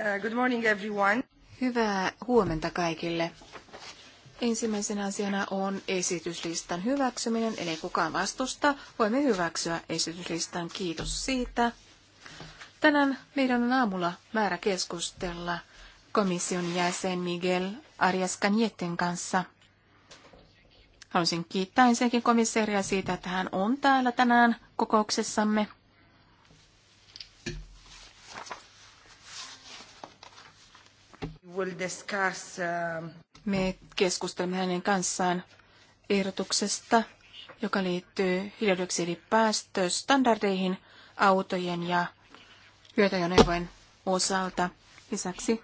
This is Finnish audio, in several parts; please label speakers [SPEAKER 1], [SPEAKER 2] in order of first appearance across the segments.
[SPEAKER 1] Uh, good morning everyone.
[SPEAKER 2] Hyvää huomenta kaikille. Ensimmäisenä asiana on esityslistan hyväksyminen, eli kukaan vastusta. Voimme hyväksyä esityslistan. Kiitos siitä. Tänään meidän on aamulla määrä keskustella komission jäsen Miguel Arias Canietten kanssa. Haluaisin kiittää ensinnäkin komissaria siitä, että hän on täällä tänään kokouksessamme
[SPEAKER 1] – will discuss, uh...
[SPEAKER 2] Me keskustelemme hänen kanssaan ehdotuksesta, joka liittyy hiilidioksidipäästöstandardeihin autojen ja hyötyajoneuvojen osalta. Lisäksi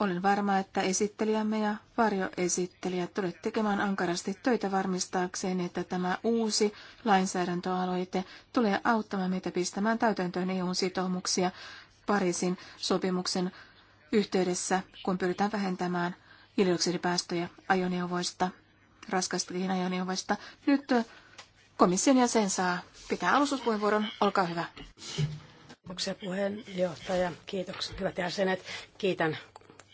[SPEAKER 2] olen varma, että esittelijämme ja varjoesittelijät tulevat tekemään ankarasti töitä varmistaakseen, että tämä uusi lainsäädäntöaloite tulee auttamaan meitä pistämään täytäntöön EUn sitoumuksia Pariisin sopimuksen yhteydessä, kun pyritään vähentämään hiilidioksidipäästöjä ajoneuvoista, raskaistakin ajoneuvoista. Nyt komission jäsen saa pitää alustuspuheenvuoron. Olkaa hyvä. Kiitoksia puheenjohtaja.
[SPEAKER 3] Kiitoksia hyvät jäsenet. Kiitän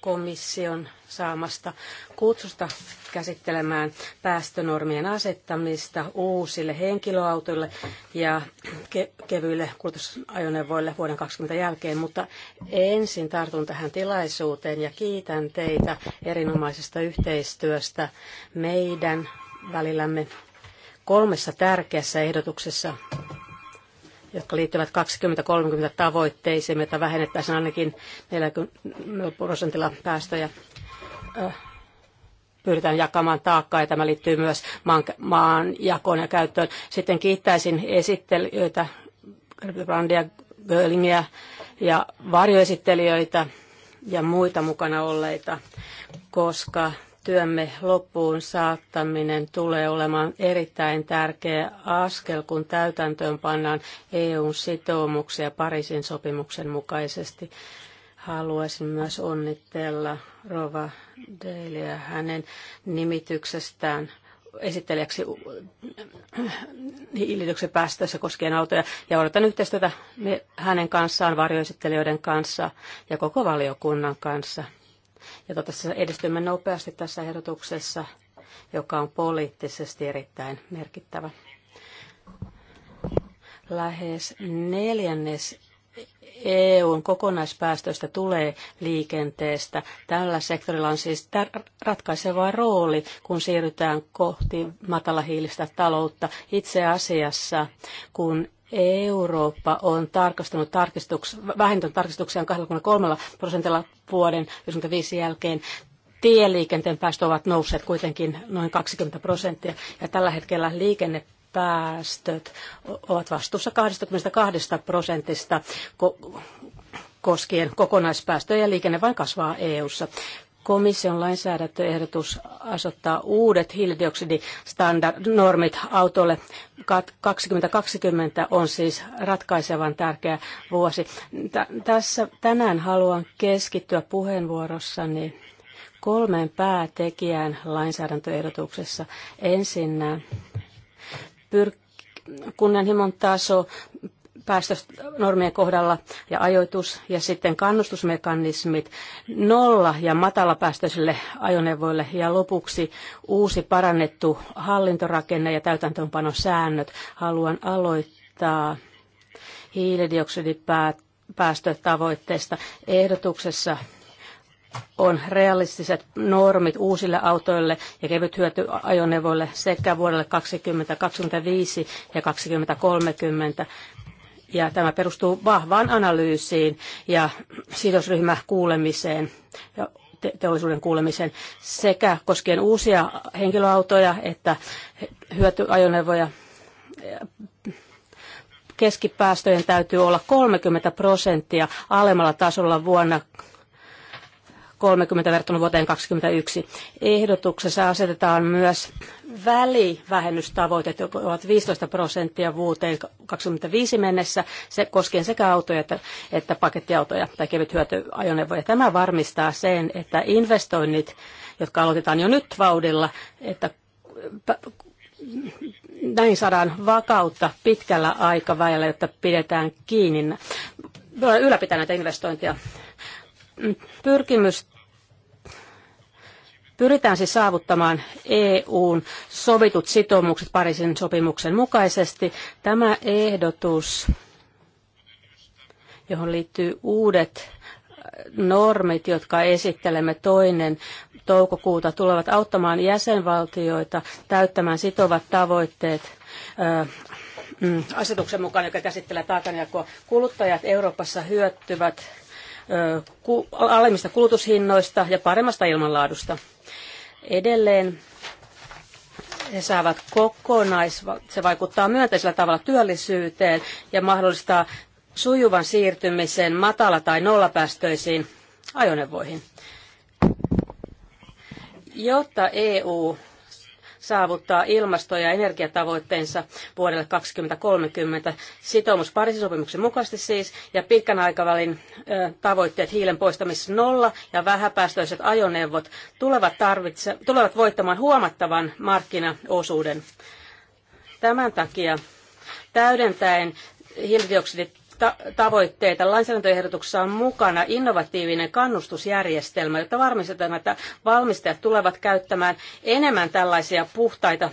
[SPEAKER 3] komission saamasta kutsusta käsittelemään päästönormien asettamista uusille henkilöautoille ja ke- kevyille kulutusajoneuvoille vuoden 2020 jälkeen, mutta ensin tartun tähän tilaisuuteen ja kiitän teitä erinomaisesta yhteistyöstä meidän välillämme kolmessa tärkeässä ehdotuksessa, jotka liittyvät 2030 tavoitteisiin, että vähennettäisiin ainakin 40 prosentilla päästöjä. Pyritään jakamaan taakkaa ja tämä liittyy myös maan, maan jakoon ja käyttöön. Sitten kiittäisin esittelijöitä, Brandia, Göllingiä ja varjoesittelijöitä ja muita mukana olleita, koska työmme loppuun saattaminen tulee olemaan erittäin tärkeä askel, kun täytäntöön pannaan EUn sitoumuksia Pariisin sopimuksen mukaisesti. Haluaisin myös onnitella Rova Deiliä hänen nimityksestään esittelijäksi hiilityksen päästössä koskien autoja ja odotan yhteistyötä hänen kanssaan, varjoesittelijöiden kanssa ja koko valiokunnan kanssa ja tässä edistymme nopeasti tässä ehdotuksessa, joka on poliittisesti erittäin merkittävä. Lähes neljännes EUn kokonaispäästöistä tulee liikenteestä. Tällä sektorilla on siis ratkaiseva rooli, kun siirrytään kohti matalahiilistä taloutta. Itse asiassa, kun Eurooppa on tarkastanut tarkistuks, vähentänyt tarkistuksiaan 23 prosentilla vuoden 2005 jälkeen. Tieliikenteen päästöt ovat nousseet kuitenkin noin 20 prosenttia ja tällä hetkellä liikenne päästöt ovat vastuussa 22 prosentista koskien kokonaispäästöjä ja liikenne vain kasvaa EU-ssa. Komission lainsäädäntöehdotus asettaa uudet hiilidioksidistandardnormit autolle. 2020 on siis ratkaisevan tärkeä vuosi. tässä tänään haluan keskittyä puheenvuorossani kolmeen päätekijään lainsäädäntöehdotuksessa. Ensinnä pyr- kunnianhimon taso päästönormien kohdalla ja ajoitus ja sitten kannustusmekanismit nolla- ja matalapäästöisille ajoneuvoille ja lopuksi uusi parannettu hallintorakenne ja täytäntöönpanosäännöt. Haluan aloittaa hiilidioksidipäästötavoitteesta. Ehdotuksessa on realistiset normit uusille autoille ja kevythyötyajoneuvoille sekä vuodelle 2025 ja 2030 ja tämä perustuu vahvaan analyysiin ja sidosryhmäkuulemiseen ja teollisuuden kuulemiseen sekä koskien uusia henkilöautoja että hyötyajoneuvoja keskipäästöjen täytyy olla 30 prosenttia alemmalla tasolla vuonna 30 verrattuna vuoteen 2021. Ehdotuksessa asetetaan myös välivähennystavoitteet, jotka ovat 15 prosenttia vuoteen 2025 mennessä, se koskien sekä autoja että, että pakettiautoja tai kevythyötyajoneuvoja. Tämä varmistaa sen, että investoinnit, jotka aloitetaan jo nyt vauhdilla, että näin saadaan vakautta pitkällä aikavälillä, jotta pidetään kiinni, ylläpitää näitä investointeja pyrkimys Pyritään siis saavuttamaan EUn sovitut sitoumukset Pariisin sopimuksen mukaisesti. Tämä ehdotus, johon liittyy uudet äh, normit, jotka esittelemme toinen toukokuuta, tulevat auttamaan jäsenvaltioita täyttämään sitovat tavoitteet äh, mm, asetuksen mukaan, joka käsittelee taakanjakoa. Kuluttajat Euroopassa hyötyvät alemmista kulutushinnoista ja paremmasta ilmanlaadusta. Edelleen he saavat kokonais, se vaikuttaa myönteisellä tavalla työllisyyteen ja mahdollistaa sujuvan siirtymisen matala- tai nollapäästöisiin ajoneuvoihin. Jotta EU saavuttaa ilmasto- ja energiatavoitteensa vuodelle 2030. Sitoumus Pariisin sopimuksen mukaisesti siis, ja pitkän aikavälin tavoitteet hiilen poistamisessa nolla ja vähäpäästöiset ajoneuvot tulevat, tarvitse, tulevat voittamaan huomattavan markkinaosuuden. Tämän takia täydentäen hiilidioksidit tavoitteita. Lainsäädäntöehdotuksessa on mukana innovatiivinen kannustusjärjestelmä, jotta varmistetaan, että valmistajat tulevat käyttämään enemmän tällaisia puhtaita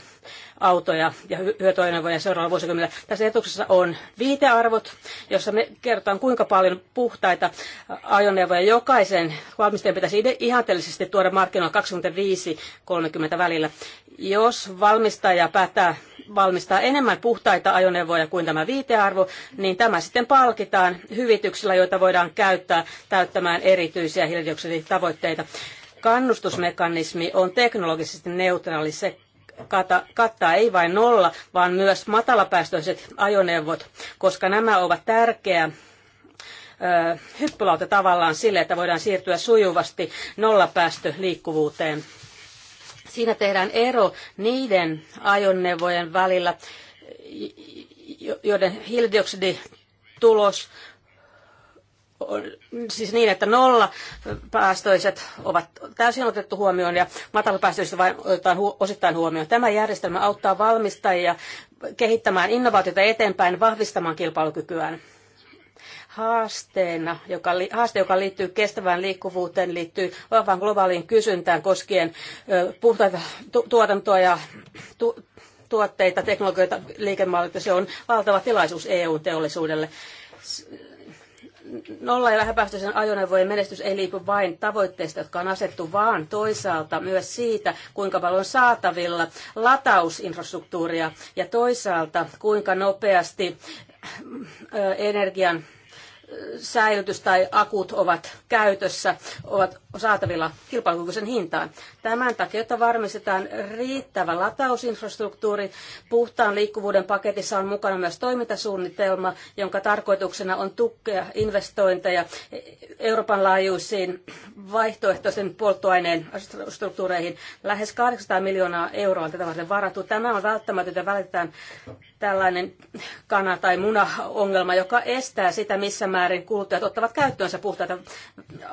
[SPEAKER 3] autoja ja hyötyajoneuvoja seuraavalla vuosikymmenellä. Tässä etuksessa on viitearvot, jossa me kerrotaan kuinka paljon puhtaita ajoneuvoja jokaisen valmistajan pitäisi ihanteellisesti tuoda markkinoilla 25-30 välillä. Jos valmistaja päättää valmistaa enemmän puhtaita ajoneuvoja kuin tämä viitearvo, niin tämä sitten palkitaan hyvityksillä, joita voidaan käyttää täyttämään erityisiä hiilidioksiditavoitteita kannustusmekanismi on teknologisesti neutraali. Se kata, kattaa ei vain nolla, vaan myös matalapäästöiset ajoneuvot, koska nämä ovat tärkeä hyppylauta tavallaan sille, että voidaan siirtyä sujuvasti nollapäästöliikkuvuuteen. Siinä tehdään ero niiden ajoneuvojen välillä, joiden hiilidioksiditulos siis niin, että nolla päästöiset ovat täysin otettu huomioon ja matalapäästöiset vain otetaan hu- osittain huomioon. Tämä järjestelmä auttaa valmistajia kehittämään innovaatioita eteenpäin, vahvistamaan kilpailukykyään. Haasteena, joka, haaste, joka liittyy kestävään liikkuvuuteen, liittyy vahvaan globaaliin kysyntään koskien ö, puhtaita tu- tuotantoa ja tu- tuotteita, teknologioita, liikemallit. Se on valtava tilaisuus EU-teollisuudelle nolla- ja vähäpäästöisen ajoneuvojen menestys ei liipu vain tavoitteista, jotka on asettu, vaan toisaalta myös siitä, kuinka paljon on saatavilla latausinfrastruktuuria ja toisaalta kuinka nopeasti energian säilytys tai akut ovat käytössä, ovat saatavilla kilpailukykyisen hintaan. Tämän takia, jotta varmistetaan riittävä latausinfrastruktuuri, puhtaan liikkuvuuden paketissa on mukana myös toimintasuunnitelma, jonka tarkoituksena on tukea investointeja Euroopan laajuisiin vaihtoehtoisen polttoaineen struktuureihin. Lähes 800 miljoonaa euroa on tätä varten varattu. Tämä on välttämätöntä, välitetään tällainen kana- tai muna-ongelma, joka estää sitä, missä määrin kuluttajat ottavat käyttöönsä puhtaita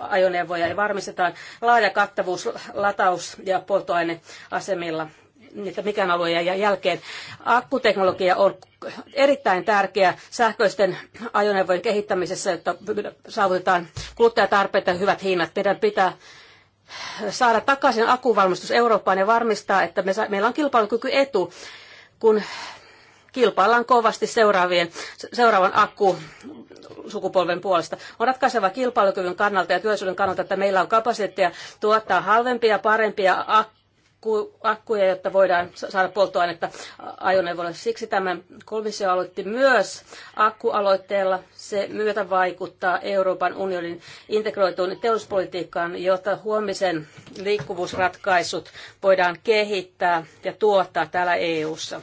[SPEAKER 3] ajoneuvoja ja varmistetaan laaja kattavuus lataus- ja polttoaineasemilla että mikään alue ja jälkeen. Akkuteknologia on erittäin tärkeä sähköisten ajoneuvojen kehittämisessä, jotta saavutetaan kuluttajatarpeet ja hyvät hinnat. Meidän pitää saada takaisin akuvalmistus Eurooppaan ja varmistaa, että me meillä on kilpailukykyetu, kun kilpaillaan kovasti seuraavien, seuraavan akku sukupolven puolesta. On ratkaiseva kilpailukyvyn kannalta ja työllisyyden kannalta, että meillä on kapasiteettia tuottaa halvempia, parempia akkuja akkuja, jotta voidaan saada polttoainetta ajoneuvolle. Siksi tämä komissio aloitti myös akkualoitteella. Se myötä vaikuttaa Euroopan unionin integroituun teollisuuspolitiikkaan, jotta huomisen liikkuvuusratkaisut voidaan kehittää ja tuottaa täällä EU:ssa.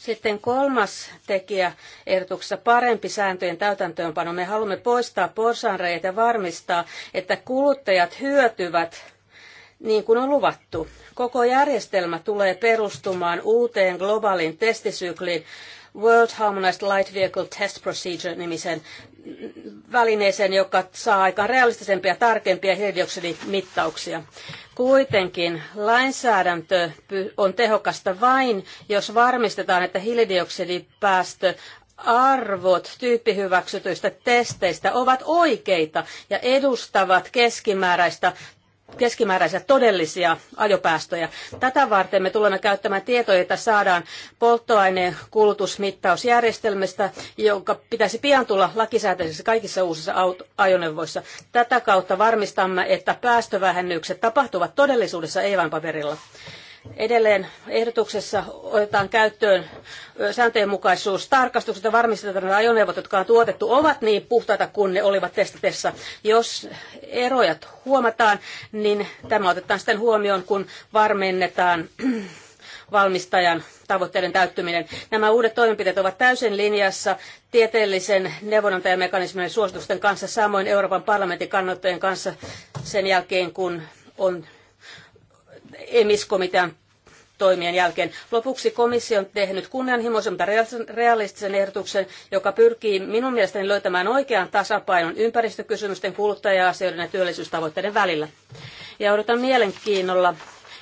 [SPEAKER 3] Sitten kolmas tekijä ehdotuksessa parempi sääntöjen täytäntöönpano. Me haluamme poistaa porsaanreijät ja varmistaa, että kuluttajat hyötyvät niin kuin on luvattu. Koko järjestelmä tulee perustumaan uuteen globaalin testisykliin, World Harmonized Light Vehicle Test Procedure nimisen välineeseen, joka saa aika realistisempia, tarkempia hiilidioksidimittauksia. Kuitenkin lainsäädäntö on tehokasta vain, jos varmistetaan, että hiilidioksidipäästö arvot tyyppihyväksytyistä testeistä ovat oikeita ja edustavat keskimääräistä keskimääräisiä todellisia ajopäästöjä. Tätä varten me tulemme käyttämään tietoja, joita saadaan polttoaineen kulutusmittausjärjestelmistä, jonka pitäisi pian tulla lakisääteisessä kaikissa uusissa ajoneuvoissa. Tätä kautta varmistamme, että päästövähennykset tapahtuvat todellisuudessa, ei vain paperilla. Edelleen ehdotuksessa otetaan käyttöön sääntöjenmukaisuustarkastukset ja varmistetaan, että ajoneuvot, jotka on tuotettu, ovat niin puhtaita kuin ne olivat testatessa. Jos eroja huomataan, niin tämä otetaan sitten huomioon, kun varmennetaan valmistajan tavoitteiden täyttyminen. Nämä uudet toimenpiteet ovat täysin linjassa tieteellisen neuvonantajamekanismin suositusten kanssa, samoin Euroopan parlamentin kannattajien kanssa sen jälkeen, kun on emiskomitean toimien jälkeen. Lopuksi komissio on tehnyt kunnianhimoisen, mutta realistisen ehdotuksen, joka pyrkii minun mielestäni löytämään oikean tasapainon ympäristökysymysten, kuluttaja-asioiden ja työllisyystavoitteiden välillä. Ja odotan mielenkiinnolla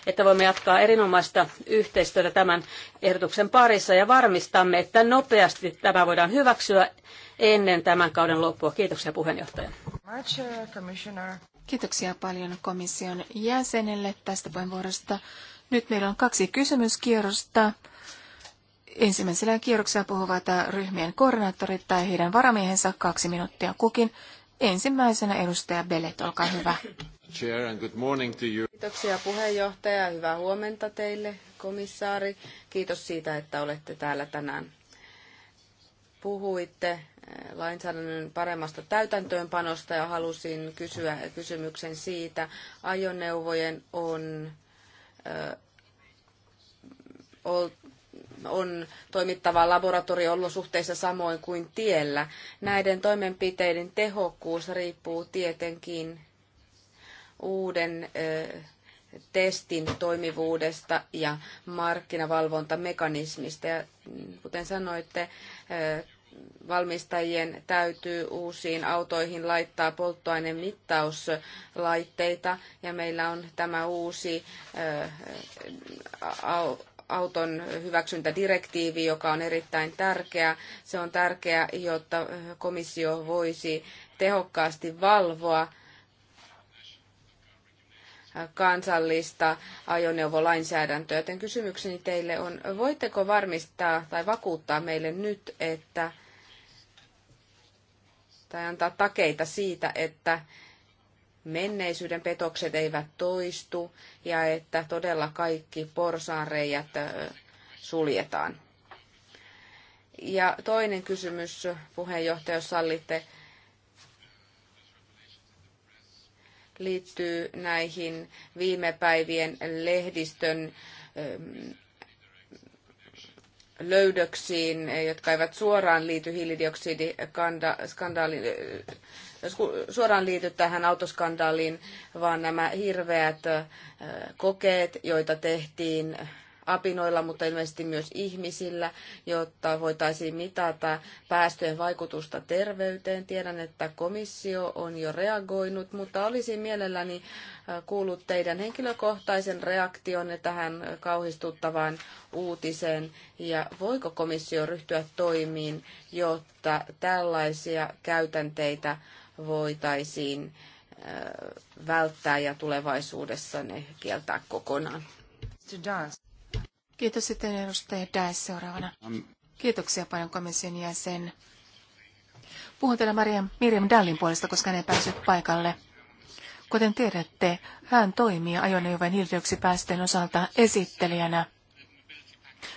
[SPEAKER 3] että voimme jatkaa erinomaista yhteistyötä tämän ehdotuksen parissa ja varmistamme, että nopeasti tämä voidaan hyväksyä ennen tämän kauden loppua. Kiitoksia puheenjohtaja.
[SPEAKER 2] Uh, Kiitoksia paljon komission jäsenelle tästä puheenvuorosta. Nyt meillä on kaksi kysymyskierrosta. Ensimmäisellä kierroksella puhuvat ryhmien koordinaattorit tai heidän varamiehensä kaksi minuuttia kukin. Ensimmäisenä edustaja Bellet, olkaa hyvä.
[SPEAKER 1] Chair and good morning to you. Kiitoksia
[SPEAKER 4] puheenjohtaja, hyvää huomenta teille, komissaari. Kiitos siitä, että olette täällä tänään. Puhuitte lainsäädännön paremmasta täytäntöönpanosta ja halusin kysyä kysymyksen siitä. Ajoneuvojen on, on toimittava laboratoriolosuhteissa samoin kuin tiellä. Näiden toimenpiteiden tehokkuus riippuu tietenkin uuden testin toimivuudesta ja markkinavalvontamekanismista. Ja mm, kuten sanoitte, valmistajien täytyy uusiin autoihin laittaa polttoainemittauslaitteita mittauslaitteita ja meillä on tämä uusi auton hyväksyntädirektiivi, joka on erittäin tärkeä. Se on tärkeä, jotta komissio voisi tehokkaasti valvoa kansallista ajoneuvolainsäädäntöä. Joten kysymykseni teille on, voitteko varmistaa tai vakuuttaa meille nyt, että tai antaa takeita siitä, että menneisyyden petokset eivät toistu ja että todella kaikki porsaanreijät suljetaan. Ja toinen kysymys, puheenjohtaja, jos sallitte, liittyy näihin viime päivien lehdistön ähm, löydöksiin, jotka eivät suoraan liity hiilidioksidiskandaaliin, äh, suoraan liity tähän autoskandaaliin, vaan nämä hirveät äh, kokeet, joita tehtiin apinoilla, mutta ilmeisesti myös ihmisillä, jotta voitaisiin mitata päästöjen vaikutusta terveyteen. Tiedän, että komissio on jo reagoinut, mutta olisin mielelläni äh, kuullut teidän henkilökohtaisen reaktionne tähän kauhistuttavaan uutiseen ja voiko komissio ryhtyä toimiin, jotta tällaisia käytänteitä voitaisiin äh, välttää ja tulevaisuudessa ne kieltää kokonaan.
[SPEAKER 2] Kiitos sitten edustaja Daes seuraavana. Um. Kiitoksia paljon komission jäsen. Puhun täällä Maria, Miriam Dallin puolesta, koska hän ei päässyt paikalle. Kuten tiedätte, hän toimii ajoneuvojen hiilidioksipäästöjen osalta esittelijänä.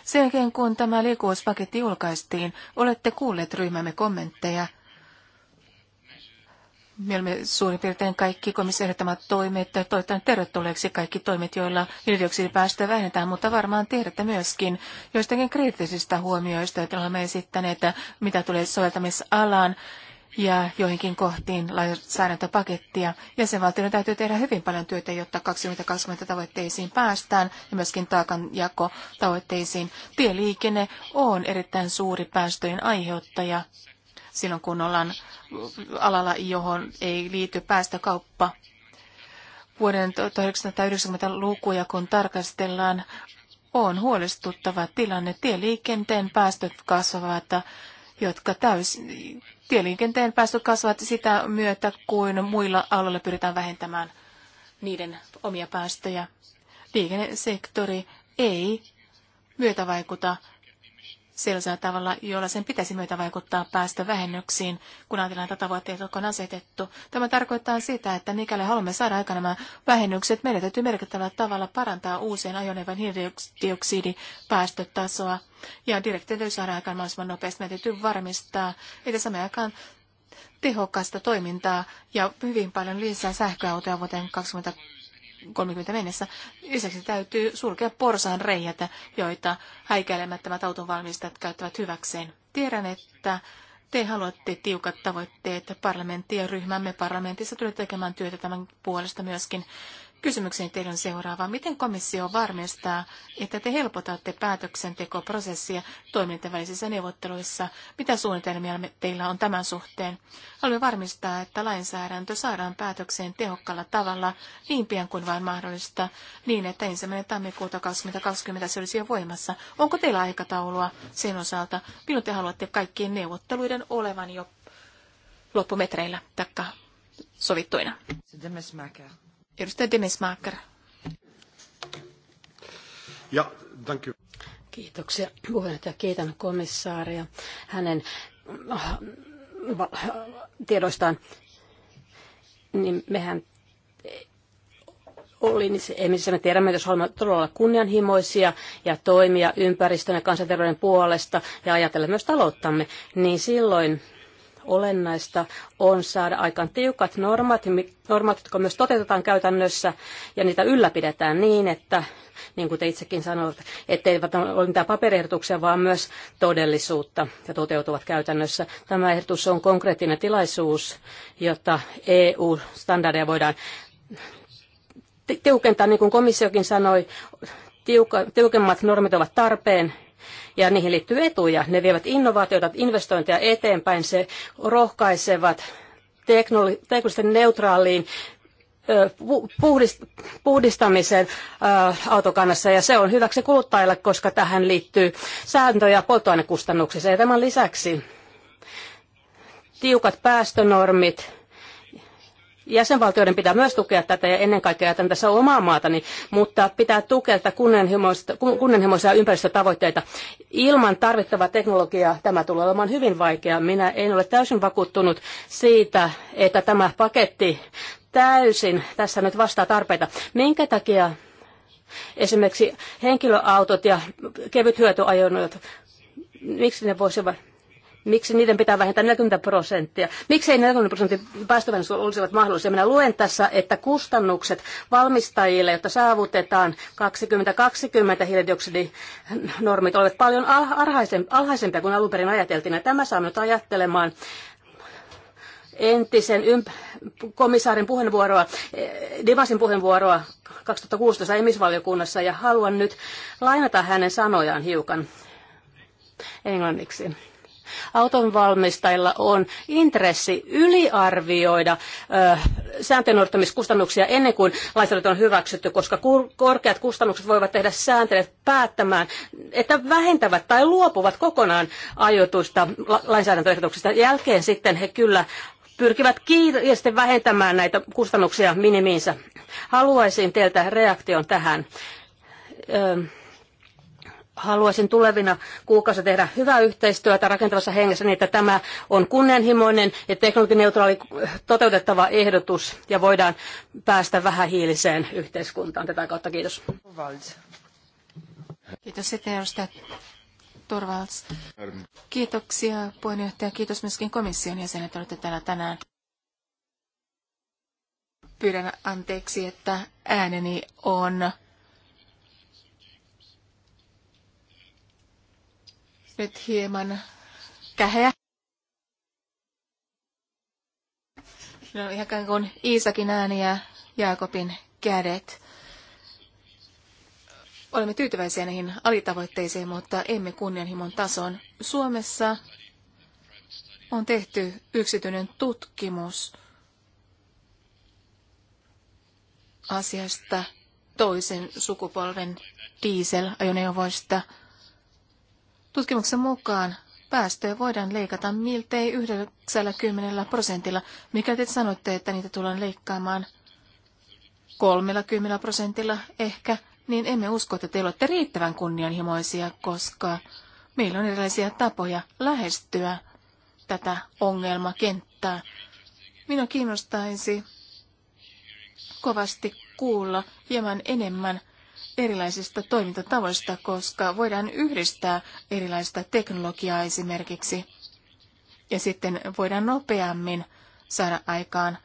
[SPEAKER 2] Sen jälkeen kun tämä liikuvuuspaketti julkaistiin, olette kuulleet ryhmämme kommentteja – olemme suurin piirtein kaikki komission ehdottamat toimet, toivotan tervetulleeksi kaikki toimet, joilla hiilidioksidipäästöjä vähennetään, mutta varmaan tiedätte myöskin joistakin kriittisistä huomioista, joita olemme esittäneet, mitä tulee soveltamisalaan ja joihinkin kohtiin lainsäädäntöpakettia. Jäsenvaltioiden täytyy tehdä hyvin paljon työtä, jotta 2020 tavoitteisiin päästään ja myöskin taakanjakotavoitteisiin. Tieliikenne on erittäin suuri päästöjen aiheuttaja silloin, kun ollaan alalla, johon ei liity päästökauppa. Vuoden 1990-lukuja, kun tarkastellaan, on huolestuttava tilanne. Tieliikenteen päästöt kasvavat, jotka täys, tieliikenteen päästöt kasvavat sitä myötä, kuin muilla aloilla pyritään vähentämään niiden omia päästöjä. Liikennesektori ei myötävaikuta sellaisella tavalla, jolla sen pitäisi myötä vaikuttaa päästövähennyksiin, kun ajatellaan tätä tavoitteet, jotka on asetettu. Tämä tarkoittaa sitä, että mikäli haluamme saada aika nämä vähennykset, meidän täytyy merkittävällä tavalla parantaa uusien ajoneuvon hiilidioksidipäästötasoa. Ja direktiivi saada aikaan mahdollisimman nopeasti. Meidän täytyy varmistaa, että samaan aikaan tehokasta toimintaa ja hyvin paljon lisää sähköautoja vuoteen 2020 2030 mennessä. Lisäksi täytyy sulkea porsaan reijät, joita häikäilemättömät autonvalmistajat käyttävät hyväkseen. Tiedän, että te haluatte tiukat tavoitteet parlamenttien ja ryhmämme parlamentissa tulee tekemään työtä tämän puolesta myöskin. Kysymykseni teille on seuraava. Miten komissio varmistaa, että te helpotatte päätöksentekoprosessia toimintavälisissä neuvotteluissa? Mitä suunnitelmia teillä on tämän suhteen? Haluamme varmistaa, että lainsäädäntö saadaan päätökseen tehokkaalla tavalla niin pian kuin vain mahdollista, niin että ensimmäinen tammikuuta 2020 se olisi jo voimassa. Onko teillä aikataulua sen osalta, milloin te haluatte kaikkien neuvotteluiden olevan jo loppumetreillä, takka sovittuina? Edustaja Demesmaker. Ja, thank you. Kiitoksia puheenjohtaja. Kiitän komissaaria
[SPEAKER 3] hänen äh, äh, tiedoistaan. Niin mehän oli, niin se, siis me tiedämme, jos haluamme todella kunnianhimoisia ja toimia ympäristön ja kansanterveyden puolesta ja ajatella myös talouttamme, niin silloin Olennaista on saada aikaan tiukat normat, normat, jotka myös toteutetaan käytännössä, ja niitä ylläpidetään niin, että, niin kuin te itsekin sanoit, ettei ole mitään paperiehdotuksia, vaan myös todellisuutta ja toteutuvat käytännössä. Tämä ehdotus on konkreettinen tilaisuus, jotta EU-standardeja voidaan tiukentaa, niin kuin komissiokin sanoi, tiukemmat normit ovat tarpeen ja niihin liittyy etuja. Ne vievät innovaatioita, investointeja eteenpäin, se rohkaisevat teknologisesti neutraaliin puhdistamiseen autokannassa ja se on hyväksi kuluttajille, koska tähän liittyy sääntöjä polttoainekustannuksissa. Ja tämän lisäksi tiukat päästönormit jäsenvaltioiden pitää myös tukea tätä ja ennen kaikkea jätän tässä omaa maatani, mutta pitää tukea tätä kunnianhimoisia ympäristötavoitteita. Ilman tarvittavaa teknologiaa tämä tulee olemaan hyvin vaikeaa. Minä en ole täysin vakuuttunut siitä, että tämä paketti täysin tässä nyt vastaa tarpeita. Minkä takia esimerkiksi henkilöautot ja kevyt hyötyajoneuvot, miksi ne voisivat miksi niiden pitää vähentää 40 prosenttia. Miksei 40 prosentin päästövähennys olisivat mahdollisia? Minä luen tässä, että kustannukset valmistajille, jotta saavutetaan 2020 hiilidioksidinormit, olivat paljon alhaisempia kuin alun perin ajateltiin. Ja tämä saa minut ajattelemaan entisen ymp- komissaarin puheenvuoroa, eh, Divasin puheenvuoroa 2016 emisvaliokunnassa ja haluan nyt lainata hänen sanojaan hiukan englanniksi autonvalmistajilla on intressi yliarvioida sääntöjen noudattamiskustannuksia ennen kuin lainsäädäntö on hyväksytty, koska korkeat kustannukset voivat tehdä sääntelijät päättämään, että vähentävät tai luopuvat kokonaan ajoituista lainsäädäntöehdotuksista. Jälkeen sitten he kyllä pyrkivät kiireesti vähentämään näitä kustannuksia minimiinsä. Haluaisin teiltä reaktion tähän. Öö haluaisin tulevina kuukausina tehdä hyvää yhteistyötä rakentavassa hengessä niin, että tämä on kunnianhimoinen ja teknologineutraali toteutettava ehdotus ja voidaan päästä vähähiiliseen yhteiskuntaan. Tätä kautta kiitos.
[SPEAKER 2] Kiitos sitten edustaja Torvalds. Kiitoksia puheenjohtaja. Kiitos myöskin komission jäsenet, että olette täällä tänään. Pyydän anteeksi, että ääneni on nyt hieman käheä. No ihan kuin Iisakin ääni ja Jaakobin kädet. Olemme tyytyväisiä näihin alitavoitteisiin, mutta emme kunnianhimon tason. Suomessa on tehty yksityinen tutkimus asiasta toisen sukupolven dieselajoneuvoista – Tutkimuksen mukaan päästöjä voidaan leikata miltei 90 prosentilla, mikä te sanotte, että niitä tullaan leikkaamaan 30 prosentilla ehkä, niin emme usko, että te olette riittävän kunnianhimoisia, koska meillä on erilaisia tapoja lähestyä tätä ongelmakenttää. Minua kiinnostaisi kovasti kuulla hieman enemmän erilaisista toimintatavoista, koska voidaan yhdistää erilaista teknologiaa esimerkiksi. Ja sitten voidaan nopeammin saada aikaan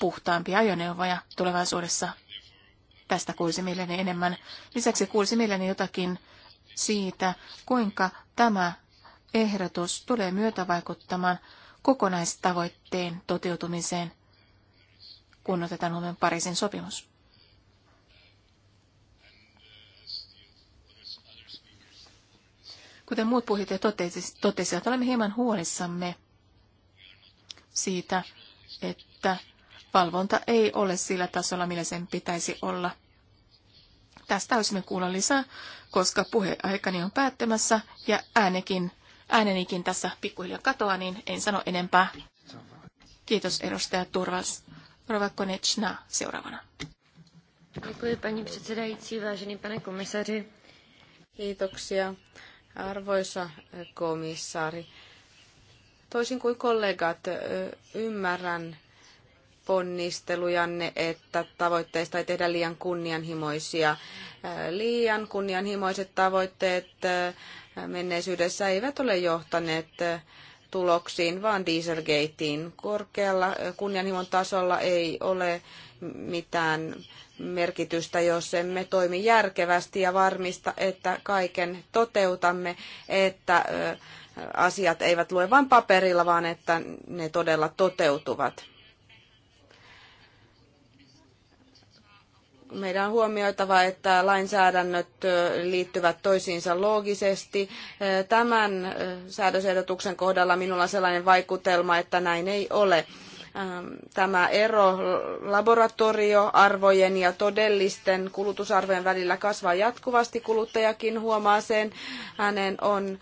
[SPEAKER 2] puhtaampia ajoneuvoja tulevaisuudessa. Tästä kuulisi mieleni enemmän. Lisäksi kuulisi mieleni jotakin siitä, kuinka tämä ehdotus tulee myötävaikuttamaan kokonaistavoitteen toteutumiseen, kun otetaan huomioon Pariisin sopimus. Kuten muut puhujat totesivat, olemme hieman huolissamme siitä, että valvonta ei ole sillä tasolla, millä sen pitäisi olla. Tästä olisimme kuulla lisää, koska puheaikani on päättämässä ja äänekin, äänenikin tässä pikkuhiljaa katoaa, niin en sano enempää. Kiitos edustaja Turvas. Rova Konechna seuraavana.
[SPEAKER 4] Děkuji paní pane Kiitoksia Arvoisa eh, komissaari, toisin kuin kollegat, eh, ymmärrän ponnistelujanne, että tavoitteista ei tehdä liian kunnianhimoisia. Eh, liian kunnianhimoiset tavoitteet menneisyydessä eivät ole johtaneet tuloksiin, vaan Dieselgateen. Korkealla kunnianhimon tasolla ei ole mitään merkitystä, jos emme toimi järkevästi ja varmista, että kaiken toteutamme, että asiat eivät lue vain paperilla, vaan että ne todella toteutuvat. meidän on huomioitava, että lainsäädännöt liittyvät toisiinsa loogisesti. Tämän säädösehdotuksen kohdalla minulla on sellainen vaikutelma, että näin ei ole. Ähm, tämä ero laboratorioarvojen ja todellisten kulutusarvojen välillä kasvaa jatkuvasti. Kuluttajakin huomaa sen. Hänen on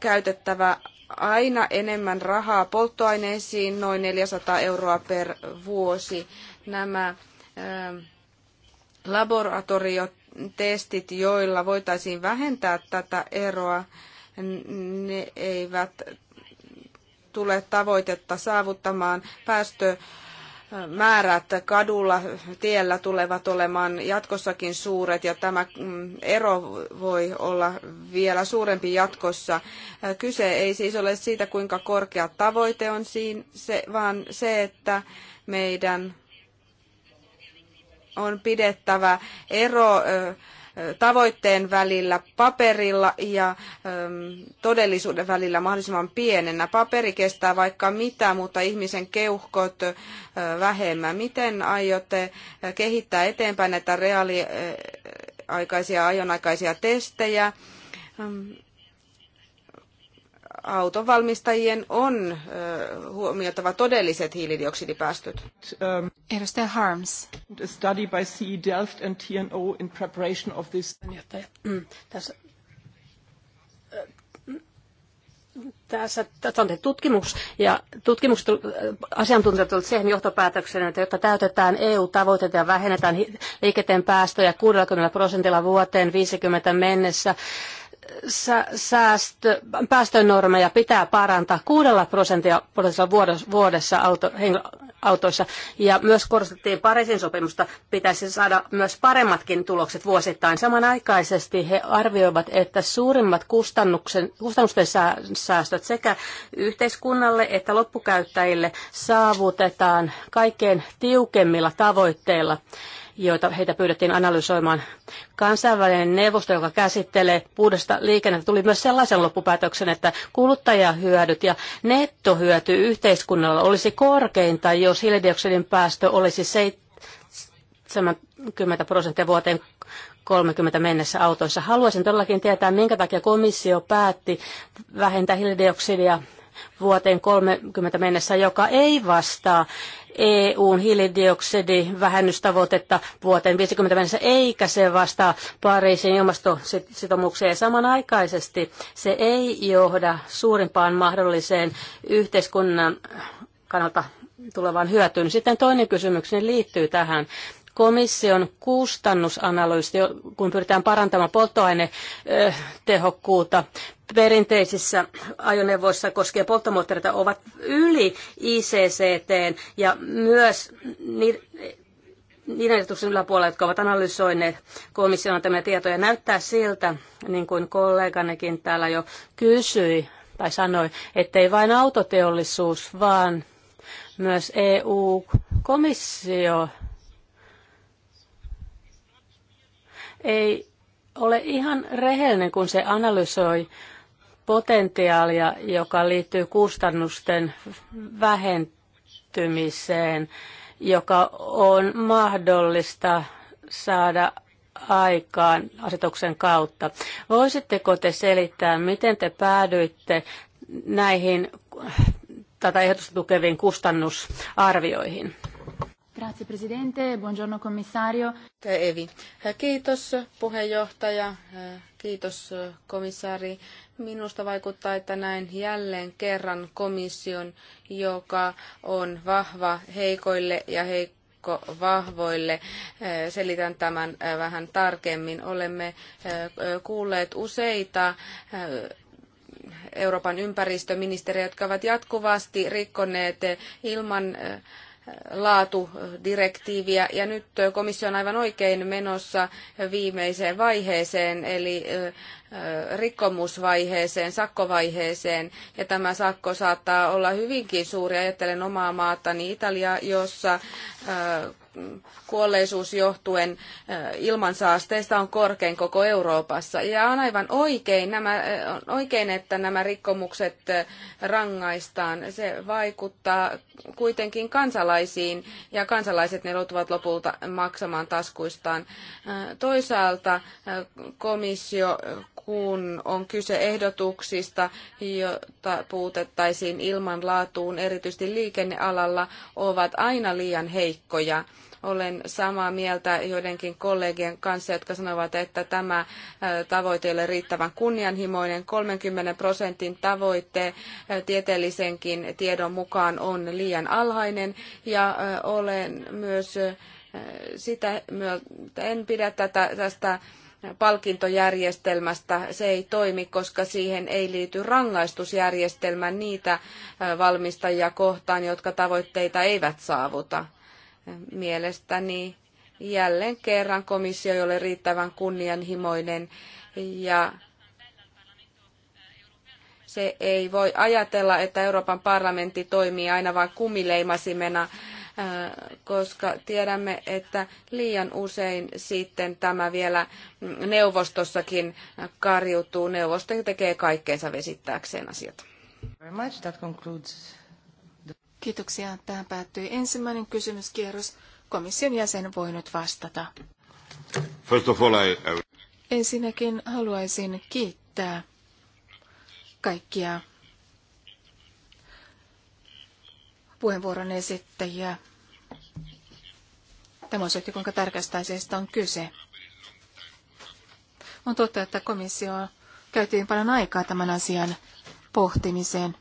[SPEAKER 4] käytettävä aina enemmän rahaa polttoaineisiin, noin 400 euroa per vuosi. Nämä laboratoriotestit, joilla voitaisiin vähentää tätä eroa, ne eivät tule tavoitetta saavuttamaan. Päästö määrät kadulla, tiellä tulevat olemaan jatkossakin suuret ja tämä mm, ero voi olla vielä suurempi jatkossa. Kyse ei siis ole siitä, kuinka korkea tavoite on siinä, vaan se, että meidän on pidettävä ero tavoitteen välillä paperilla ja ähm, todellisuuden välillä mahdollisimman pienenä. Paperi kestää vaikka mitä, mutta ihmisen keuhkot äh, vähemmän. Miten aiotte äh, kehittää eteenpäin näitä reaaliaikaisia, äh, ajonaikaisia testejä? Ähm, autonvalmistajien on huomioitava todelliset hiilidioksidipäästöt.
[SPEAKER 2] Ähm, Edustaja Harms. A study by CE Delft and TNO in preparation of this. Mm, tässä
[SPEAKER 3] tässä, tässä on tutkimus, ja tutkimukset, asiantuntijat ovat siihen johtopäätöksen, että jotta täytetään EU-tavoitteet ja vähennetään liikenteen päästöjä 60 prosentilla vuoteen 50 mennessä, säästö, päästönormeja pitää parantaa kuudella prosentilla vuodessa auto, autoissa. Ja myös korostettiin Pariisin sopimusta, pitäisi saada myös paremmatkin tulokset vuosittain. Samanaikaisesti he arvioivat, että suurimmat kustannuksen, kustannusten säästöt sekä yhteiskunnalle että loppukäyttäjille saavutetaan kaikkein tiukemmilla tavoitteilla joita heitä pyydettiin analysoimaan. Kansainvälinen neuvosto, joka käsittelee puhdasta liikennettä, tuli myös sellaisen loppupäätöksen, että kuluttajahyödyt ja nettohyöty yhteiskunnalla olisi korkeinta, jos hiilidioksidin päästö olisi 70 prosenttia vuoteen 30 mennessä autoissa. Haluaisin todellakin tietää, minkä takia komissio päätti vähentää hiilidioksidia vuoteen 30 mennessä, joka ei vastaa EUn hiilidioksidivähennystavoitetta vuoteen 50 mennessä, eikä se vastaa Pariisin ilmastositoumukseen. Samanaikaisesti se ei johda suurimpaan mahdolliseen yhteiskunnan kannalta tulevaan hyötyyn. Sitten toinen kysymykseni liittyy tähän. Komission kustannusanalyysi, kun pyritään parantamaan polttoainetehokkuutta perinteisissä ajoneuvoissa koskee polttomoottoreita, ovat yli ICCT ja myös niiden ehdotuksen yläpuolella, jotka ovat analysoineet komission antamia tietoja. Näyttää siltä, niin kuin kolleganikin täällä jo kysyi tai sanoi, ettei vain autoteollisuus, vaan myös EU-komissio ei ole ihan rehellinen, kun se analysoi potentiaalia, joka liittyy kustannusten vähentymiseen, joka on mahdollista saada aikaan asetuksen kautta. Voisitteko te selittää, miten te päädyitte näihin tätä ehdotusta tukeviin kustannusarvioihin?
[SPEAKER 2] Grazie presidente, buongiorno commissario. Evi. Eh, kiitos
[SPEAKER 4] puheenjohtaja, eh, kiitos komissaari. Minusta vaikuttaa, että näin jälleen kerran komission, joka on vahva heikoille ja heikoille Vahvoille. Eh, selitän tämän vähän tarkemmin. Olemme kuulleet useita Euroopan ympäristöministeriä, jotka ovat jatkuvasti rikkoneet ilman laatudirektiiviä ja nyt komissio on aivan oikein menossa viimeiseen vaiheeseen eli rikkomusvaiheeseen, sakkovaiheeseen ja tämä sakko saattaa olla hyvinkin suuri. Ajattelen omaa maatani Italiaa, jossa kuolleisuus johtuen eh, ilmansaasteista on korkein koko Euroopassa. Ja on aivan oikein, nämä, eh, on oikein, että nämä rikkomukset eh, rangaistaan. Se vaikuttaa kuitenkin kansalaisiin ja kansalaiset ne joutuvat lopulta maksamaan taskuistaan. Toisaalta komissio kun on kyse ehdotuksista, joita puutettaisiin ilmanlaatuun, erityisesti liikennealalla, ovat aina liian heikkoja. Olen samaa mieltä joidenkin kollegien kanssa, jotka sanovat, että tämä tavoite ei ole riittävän kunnianhimoinen. 30 prosentin tavoite tieteellisenkin tiedon mukaan on liian alhainen ja olen myös sitä en pidä tätä, tästä palkintojärjestelmästä. Se ei toimi, koska siihen ei liity rangaistusjärjestelmä niitä valmistajia kohtaan, jotka tavoitteita eivät saavuta. Mielestäni jälleen kerran komissio ei ole riittävän kunnianhimoinen ja se ei voi ajatella, että Euroopan parlamentti toimii aina vain kumileimasimena, äh, koska tiedämme, että liian usein sitten tämä vielä neuvostossakin karjutuu. Neuvosto tekee kaikkeensa vesittääkseen asiat.
[SPEAKER 2] Very much. That concludes Kiitoksia. Tähän päättyi ensimmäinen kysymyskierros. Komission jäsen voi nyt vastata.
[SPEAKER 1] First of all, I...
[SPEAKER 2] Ensinnäkin haluaisin kiittää kaikkia puheenvuoron esittäjiä. Tämä osoitti, kuinka tärkeästä asiasta on kyse. On totta, että komissio käytiin paljon aikaa tämän asian pohtimiseen.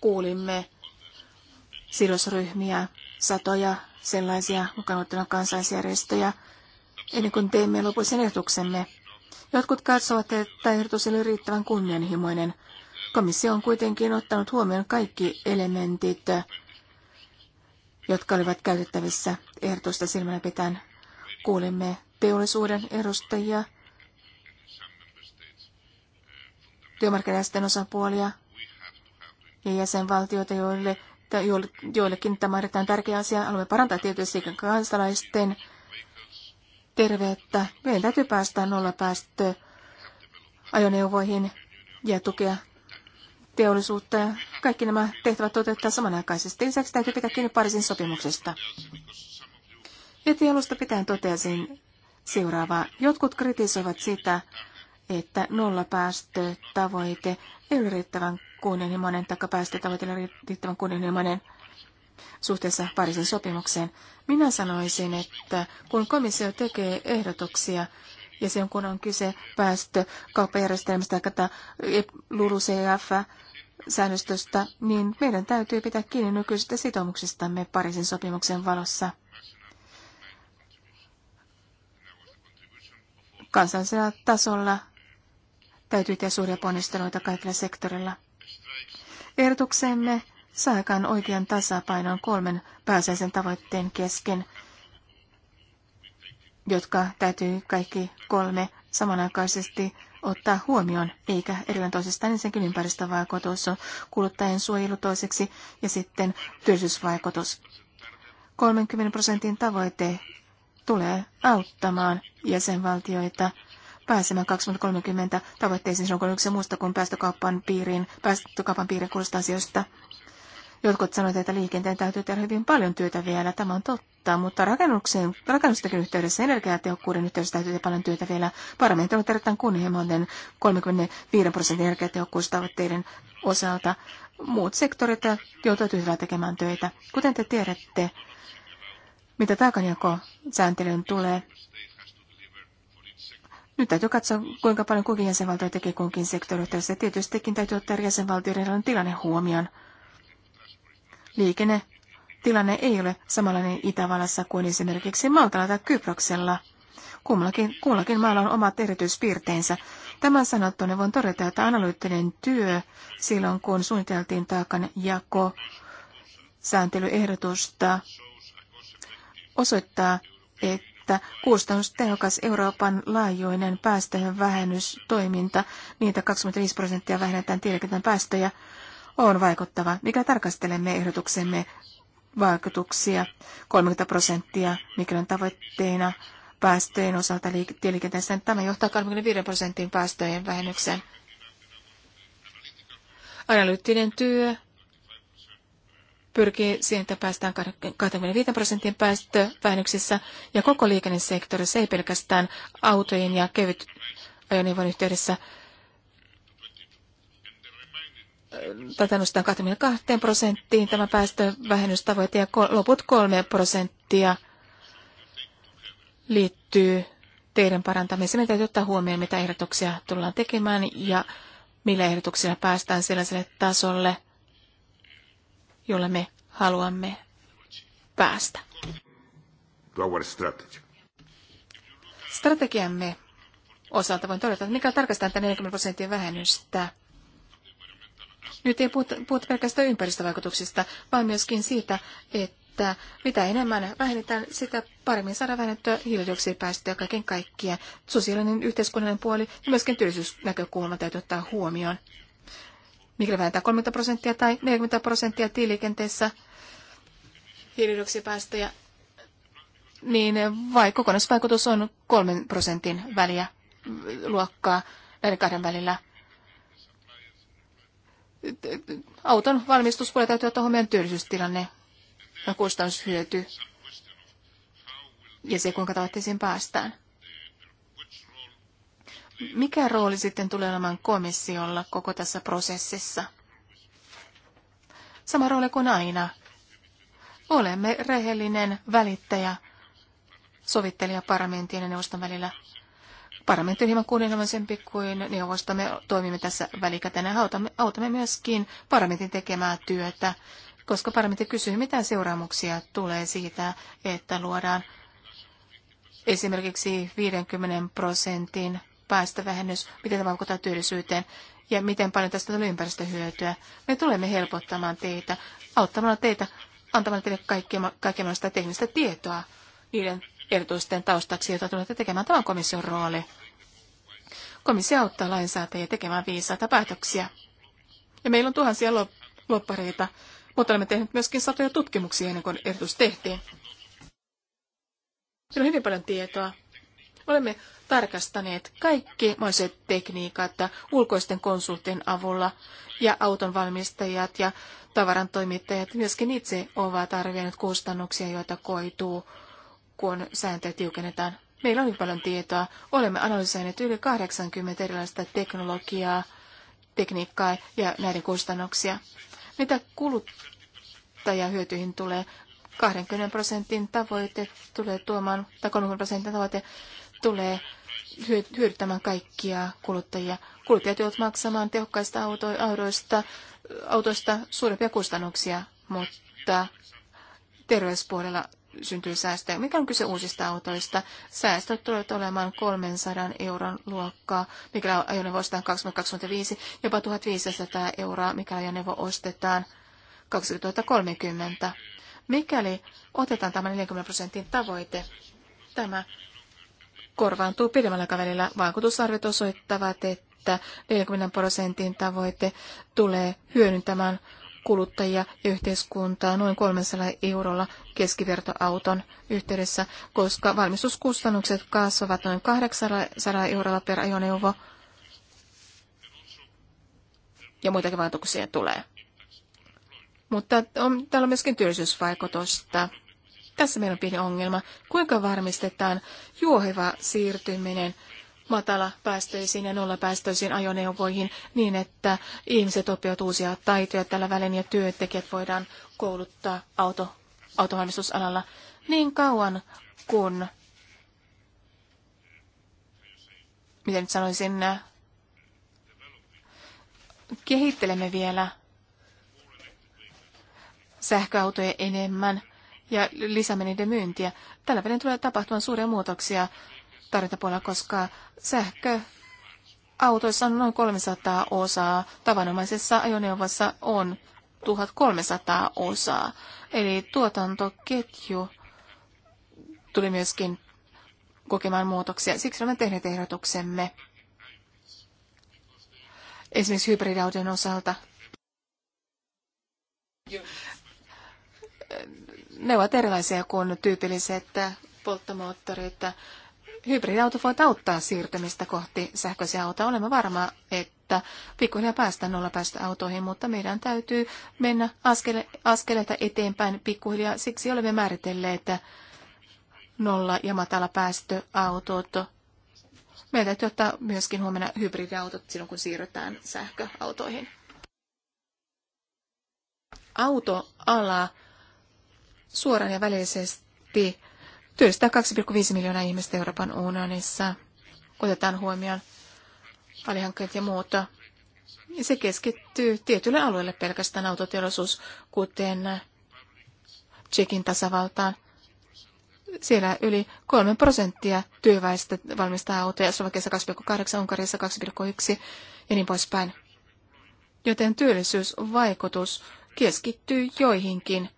[SPEAKER 2] Kuulimme sidosryhmiä, satoja sellaisia mukaan kansalaisjärjestöjä, ennen kuin teimme lopullisen ehdotuksemme. Jotkut katsovat, että ehdotus oli riittävän kunnianhimoinen. Komissio on kuitenkin ottanut huomioon kaikki elementit, jotka olivat käytettävissä ehdotusta silmällä pitäen. Kuulimme teollisuuden edustajia, työmarkkinaisten osapuolia ja jäsenvaltioita, joille että joillekin tämä on erittäin tärkeä asia. Haluamme parantaa tietysti kansalaisten terveyttä. Meidän täytyy päästä nollapäästö ajoneuvoihin ja tukea teollisuutta. Ja kaikki nämä tehtävät toteuttaa samanaikaisesti. Lisäksi täytyy pitää kiinni Pariisin sopimuksesta. Heti alusta pitäen toteaisin seuraavaa. Jotkut kritisoivat sitä, että nollapäästötavoite ei ole riittävän kunnianhimoinen tai päästötavoitella riittävän kunnianhimoinen suhteessa Pariisin sopimukseen. Minä sanoisin, että kun komissio tekee ehdotuksia, ja sen kun on kyse päästökauppajärjestelmästä tai LULUCF, säännöstöstä, niin meidän täytyy pitää kiinni nykyisistä sitoumuksistamme Pariisin sopimuksen valossa. Kansallisella tasolla täytyy tehdä suuria ponnisteluita kaikilla sektorilla. Ehdotuksemme saakaan oikean tasapainon kolmen pääsäisen tavoitteen kesken, jotka täytyy kaikki kolme samanaikaisesti ottaa huomioon, eikä erilainen toisistaan ensinnäkin ympäristövaikutus, kuluttajien suojelu toiseksi ja sitten työllisyysvaikutus. 30 prosentin tavoite tulee auttamaan jäsenvaltioita – pääsemään 2030 tavoitteisiin silloin, kun yksi muusta kuin päästökaupan piiriin, päästökaupan piiriin kuulosta asioista. Jotkut sanoivat, että liikenteen täytyy tehdä hyvin paljon työtä vielä, tämä on totta, mutta rakennuksen, rakennustakin yhteydessä, energiatehokkuuden yhteydessä täytyy tehdä paljon työtä vielä. Parlamentti on erittäin kunnianhimoinen 35 prosentin energiatehokkuustavoitteiden osalta. Muut sektorit joutuvat yhdellä tekemään töitä. Kuten te tiedätte, mitä taakanjako sääntelyn tulee, nyt täytyy katsoa, kuinka paljon kukin jäsenvaltio tekee kunkin sektoriyhteydessä. Tietystikin täytyy ottaa jäsenvaltioiden tilanne huomioon. Liikenne tilanne ei ole samanlainen Itävallassa kuin esimerkiksi Maltalla tai Kyproksella. Kummallakin, kummallakin maalla on omat erityispiirteensä. Tämän sanottuna voin todeta, että analyyttinen työ silloin, kun suunniteltiin taakan jako sääntelyehdotusta, osoittaa, että että kustannustehokas Euroopan laajuinen päästöjen vähennystoiminta, niitä 25 prosenttia vähennetään tieliikenteen päästöjä, on vaikuttava, mikä tarkastelemme ehdotuksemme vaikutuksia 30 prosenttia, mikä on tavoitteena päästöjen osalta tieliikenteessä. Tämä johtaa 25 prosentin päästöjen vähennykseen. Analyyttinen työ pyrkii siihen, että päästään 25 prosentin päästövähennyksissä ja koko liikennesektorissa, ei pelkästään autojen ja kevyt ajoneuvon yhteydessä. Tätä nostetaan 22 prosenttiin tämä päästövähennystavoite ja loput 3 prosenttia liittyy teidän parantamiseen. Meidän täytyy ottaa huomioon, mitä ehdotuksia tullaan tekemään ja millä ehdotuksilla päästään sellaiselle tasolle – jolle me haluamme päästä. Strategiamme osalta voin todeta, että mikä tarkastaa tätä 40 prosentin vähennystä. Nyt ei puhuta, puhuta pelkästään ympäristövaikutuksista, vaan myöskin siitä, että mitä enemmän vähennetään, sitä paremmin saadaan vähennettyä hiilidioksidipäästöjä kaiken kaikkiaan. Sosiaalinen yhteiskunnallinen puoli ja myöskin työllisyysnäkökulma täytyy ottaa huomioon mikä vähentää 30 prosenttia tai 40 prosenttia tieliikenteessä hiilidioksidipäästöjä, niin vai kokonaisvaikutus on 3 prosentin väliä luokkaa näiden kahden välillä. Auton voi täytyy ottaa huomioon työllisyystilanne ja kustannushyöty ja se, kuinka tavoitteisiin päästään. Mikä rooli sitten tulee olemaan komissiolla koko tässä prosessissa? Sama rooli kuin aina. Olemme rehellinen välittäjä, sovittelija parlamentin ja neuvoston välillä. Parlamentti on hieman kunnianhimoisempi kuin neuvosto. Me toimimme tässä välikätenä. Autamme, autamme myöskin parlamentin tekemää työtä, koska parlamentti kysyy, mitä seuraamuksia tulee siitä, että luodaan esimerkiksi 50 prosentin päästövähennys, miten tämä vaikuttaa työllisyyteen ja miten paljon tästä on ympäristöhyötyä. Me tulemme helpottamaan teitä, auttamalla teitä, antamalla teille kaikenlaista teknistä tietoa niiden erityisten taustaksi, joita tulette tekemään tämän komission rooli. Komissio auttaa lainsäätäjiä tekemään viisaita päätöksiä. Ja meillä on tuhansia loppareita, mutta olemme tehneet myöskin satoja tutkimuksia ennen kuin ehdotus tehtiin. Siellä on hyvin paljon tietoa Olemme tarkastaneet kaikki mahdolliset tekniikat ulkoisten konsulttien avulla ja auton valmistajat ja tavarantoimittajat myöskin itse ovat arvioineet kustannuksia, joita koituu, kun sääntöjä tiukennetaan. Meillä on niin paljon tietoa. Olemme analysoineet yli 80 erilaista teknologiaa, tekniikkaa ja näiden kustannuksia. Mitä kuluttajahyötyihin tulee, 20 prosentin tavoite tulee tuomaan, tai 30 prosentin tavoite tulee hyödyttämään kaikkia kuluttajia. Kuluttajat joutuvat maksamaan tehokkaista autoista, autoista suurempia kustannuksia, mutta terveyspuolella syntyy säästöjä. Mikä on kyse uusista autoista? Säästöt tulevat olemaan 300 euron luokkaa, mikä ajoneuvo ostetaan 2025, jopa 1500 euroa, mikä ajoneuvo ostetaan 2030. Mikäli otetaan tämä 40 prosentin tavoite, tämä korvaantuu pidemmällä aikavälillä. Vaikutusarvet osoittavat, että 40 prosentin tavoite tulee hyödyntämään kuluttajia ja yhteiskuntaa noin 300 eurolla keskivertoauton yhteydessä, koska valmistuskustannukset kasvavat noin 800 eurolla per ajoneuvo ja muitakin vaikutuksia tulee. Mutta on, täällä on myöskin työllisyysvaikutusta. Tässä meillä on pieni ongelma. Kuinka varmistetaan juoheva siirtyminen matala päästöisiin ja nollapäästöisiin ajoneuvoihin niin, että ihmiset oppivat uusia taitoja tällä välin ja työntekijät voidaan kouluttaa auto, autovalmistusalalla niin kauan kun, miten nyt sanoisin, kehittelemme vielä sähköautoja enemmän ja lisäämme niiden myyntiä. Tällä välin tulee tapahtumaan suuria muutoksia tarjontapuolella, koska sähkö autoissa on noin 300 osaa, tavanomaisessa ajoneuvossa on 1300 osaa. Eli tuotantoketju tuli myöskin kokemaan muutoksia. Siksi olemme tehneet ehdotuksemme. Esimerkiksi hybridiautojen osalta ne ovat erilaisia kuin tyypilliset polttomoottorit. Hybridiauto voi auttaa siirtymistä kohti sähköisiä autoja. Olemme varma, että pikkuhiljaa päästään nolla päästä autoihin, mutta meidän täytyy mennä askele, askeleita eteenpäin pikkuhiljaa. Siksi olemme määritelleet nolla- ja matalapäästöautot. Meidän täytyy ottaa myöskin huomenna hybridiautot silloin, kun siirrytään sähköautoihin. Autoala suoraan ja välillisesti työllistää 2,5 miljoonaa ihmistä Euroopan unionissa. Otetaan huomioon alihankkeet ja muuta. Se keskittyy tietylle alueelle pelkästään autoteollisuus, kuten Tsekin tasavaltaan. Siellä yli 3 prosenttia työväestä valmistaa autoja, Slovakiassa 2,8, Unkarissa 2,1 ja niin poispäin. Joten työllisyysvaikutus keskittyy joihinkin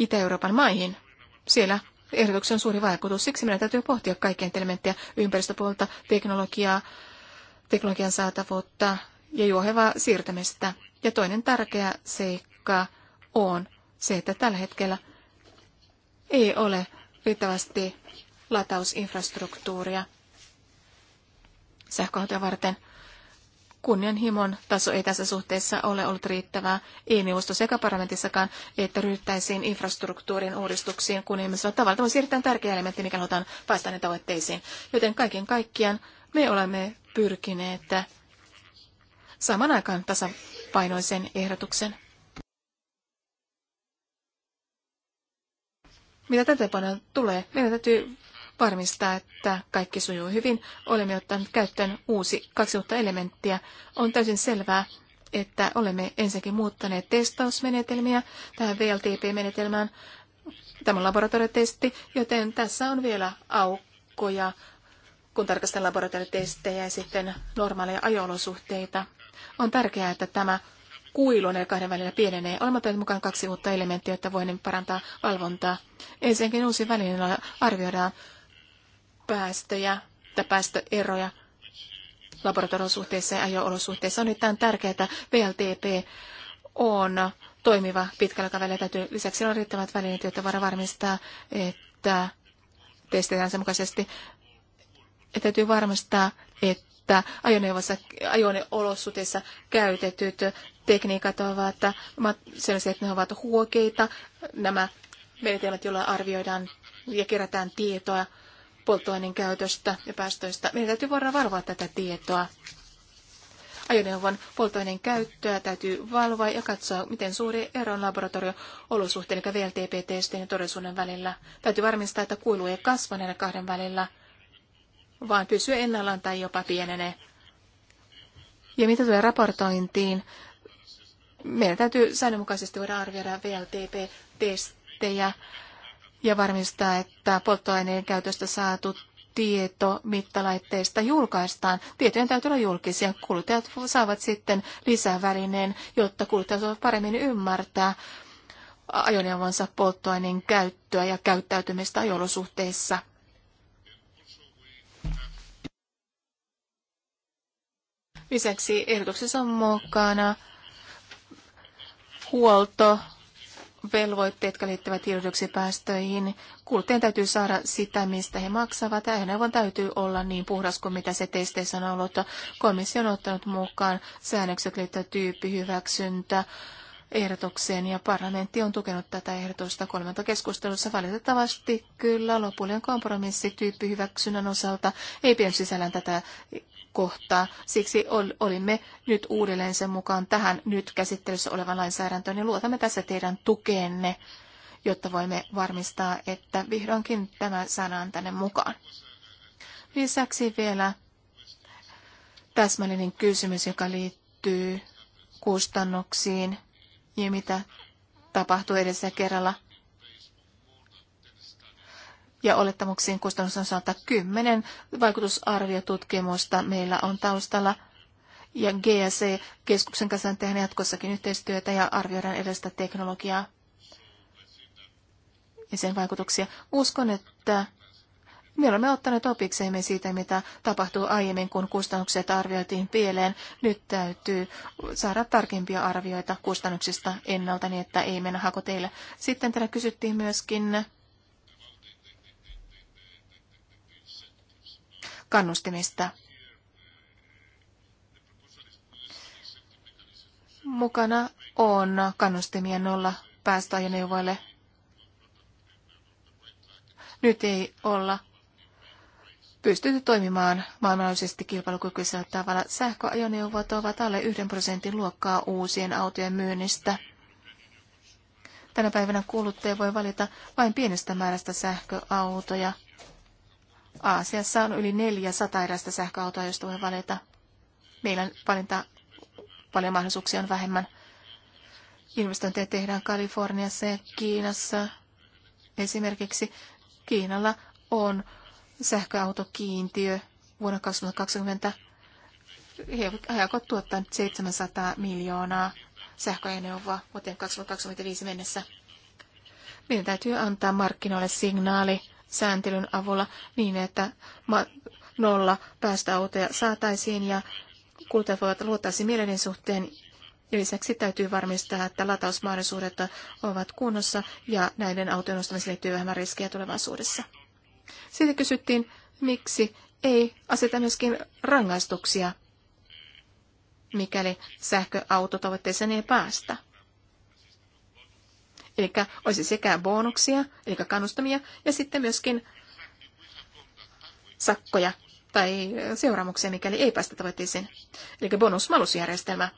[SPEAKER 2] Itä-Euroopan maihin. Siellä ehdotuksen on suuri vaikutus. Siksi meidän täytyy pohtia kaikkien elementtejä ympäristöpuolta, teknologiaa, teknologian saatavuutta ja juohevaa siirtämistä. Ja toinen tärkeä seikka on se, että tällä hetkellä ei ole riittävästi latausinfrastruktuuria sähköautoja varten – kunnianhimon taso ei tässä suhteessa ole ollut riittävää EU-neuvosto sekä parlamentissakaan, että ryhdyttäisiin infrastruktuurin uudistuksiin kunnianhimoisella tavalla. Tämä on erittäin tärkeä elementti, mikä halutaan päästä ne tavoitteisiin. Joten kaiken kaikkiaan me olemme pyrkineet saman aikaan tasapainoisen ehdotuksen. Mitä tätä tulee? Meidän täytyy varmistaa, että kaikki sujuu hyvin. Olemme ottaneet käyttöön uusi kaksi uutta elementtiä. On täysin selvää, että olemme ensinnäkin muuttaneet testausmenetelmiä tähän VLTP-menetelmään. Tämä on laboratoriotesti, joten tässä on vielä aukkoja, kun tarkastellaan laboratoriotestejä ja sitten normaaleja ajolosuhteita. On tärkeää, että tämä kuilu ja kahden välillä pienenee. Olemme ottaneet mukaan kaksi uutta elementtiä, jotta voimme parantaa valvontaa. Ensinnäkin uusi väline arvioidaan päästöjä tai päästöeroja laboratoriosuhteissa ja ajo-olosuhteissa. On erittäin tärkeää, että VLTP on toimiva pitkällä aikavälillä. Täytyy lisäksi olla riittävät välineet, jotta voidaan varmistaa, että testitään sen mukaisesti. Ja täytyy varmistaa, että ajoneuvossa, ajoneuolosuhteissa käytetyt tekniikat ovat sellaiset, että ne ovat huokeita. Nämä menetelmät, joilla arvioidaan ja kerätään tietoa polttoaineen käytöstä ja päästöistä. Meidän täytyy voida varvaa tätä tietoa. Ajoneuvon polttoaineen käyttöä täytyy valvoa ja katsoa, miten suuri ero on laboratorio-olosuhteen eli VLTP-testien ja todellisuuden välillä. Täytyy varmistaa, että kuilu ei kasva näiden kahden välillä, vaan pysyy ennallaan tai jopa pienenee. Ja mitä tulee raportointiin, meidän täytyy säännönmukaisesti voida arvioida VLTP-testejä ja varmistaa, että polttoaineen käytöstä saatu tieto mittalaitteista julkaistaan. Tietojen täytyy olla julkisia. Kuluttajat saavat sitten lisävälineen, jotta kuluttajat voivat paremmin ymmärtää ajoneuvonsa polttoaineen käyttöä ja käyttäytymistä ajolosuhteissa. Lisäksi ehdotuksessa on mukana huolto, velvoitteet, jotka liittyvät hiilidioksidipäästöihin. Kuluttajien täytyy saada sitä, mistä he maksavat. Ajoneuvon täytyy olla niin puhdas kuin mitä se testeissä on ollut. Komissio on ottanut mukaan säännökset liittyvät tyyppihyväksyntä ehdotukseen ja parlamentti on tukenut tätä ehdotusta kolmanta keskustelussa. Valitettavasti kyllä lopullinen kompromissi tyyppihyväksynnän osalta ei pidä sisällään tätä kohtaa. Siksi olimme nyt uudelleen sen mukaan tähän nyt käsittelyssä olevan lainsäädäntöön ja luotamme tässä teidän tukeenne, jotta voimme varmistaa, että vihdoinkin tämä saadaan tänne mukaan. Lisäksi vielä täsmällinen kysymys, joka liittyy kustannuksiin ja mitä tapahtuu edessä kerralla – ja olettamuksiin kustannusten saattaa kymmenen vaikutusarviotutkimusta meillä on taustalla. Ja GSE-keskuksen kanssa tehdään jatkossakin yhteistyötä ja arvioidaan edellistä teknologiaa ja sen vaikutuksia. Uskon, että me olemme ottaneet me siitä, mitä tapahtuu aiemmin, kun kustannukset arvioitiin pieleen. Nyt täytyy saada tarkempia arvioita kustannuksista ennalta niin, että ei mennä hakoteille. Sitten täällä kysyttiin myöskin kannustimista. Mukana on kannustimia nolla päästöajoneuvoille. Nyt ei olla pystytty toimimaan maailmanlaajuisesti kilpailukykyisellä tavalla. Sähköajoneuvot ovat alle yhden prosentin luokkaa uusien autojen myynnistä. Tänä päivänä kuluttaja voi valita vain pienestä määrästä sähköautoja – Aasiassa on yli 400 erästä sähköautoa, josta voi valita. Meillä valinta paljon mahdollisuuksia on vähemmän. Investointeja tehdään Kaliforniassa ja Kiinassa. Esimerkiksi Kiinalla on sähköautokiintiö vuonna 2020. He aikovat tuottaa 700 miljoonaa sähköajoneuvoa vuoteen 2025 mennessä. Meidän täytyy antaa markkinoille signaali sääntelyn avulla niin, että nolla päästöautoja saataisiin ja kuluttajat voivat luottaa mielen suhteen. Ja lisäksi täytyy varmistaa, että latausmahdollisuudet ovat kunnossa ja näiden autojen ostamiseen liittyy vähemmän riskejä tulevaisuudessa. Sitten kysyttiin, miksi ei aseta myöskin rangaistuksia, mikäli sähköautotavoitteeseen ei päästä. Eli olisi sekä bonuksia, eli kannustamia, ja sitten myöskin sakkoja tai seuraamuksia, mikäli ei päästä tavoitteisiin. Eli bonusmalusjärjestelmä.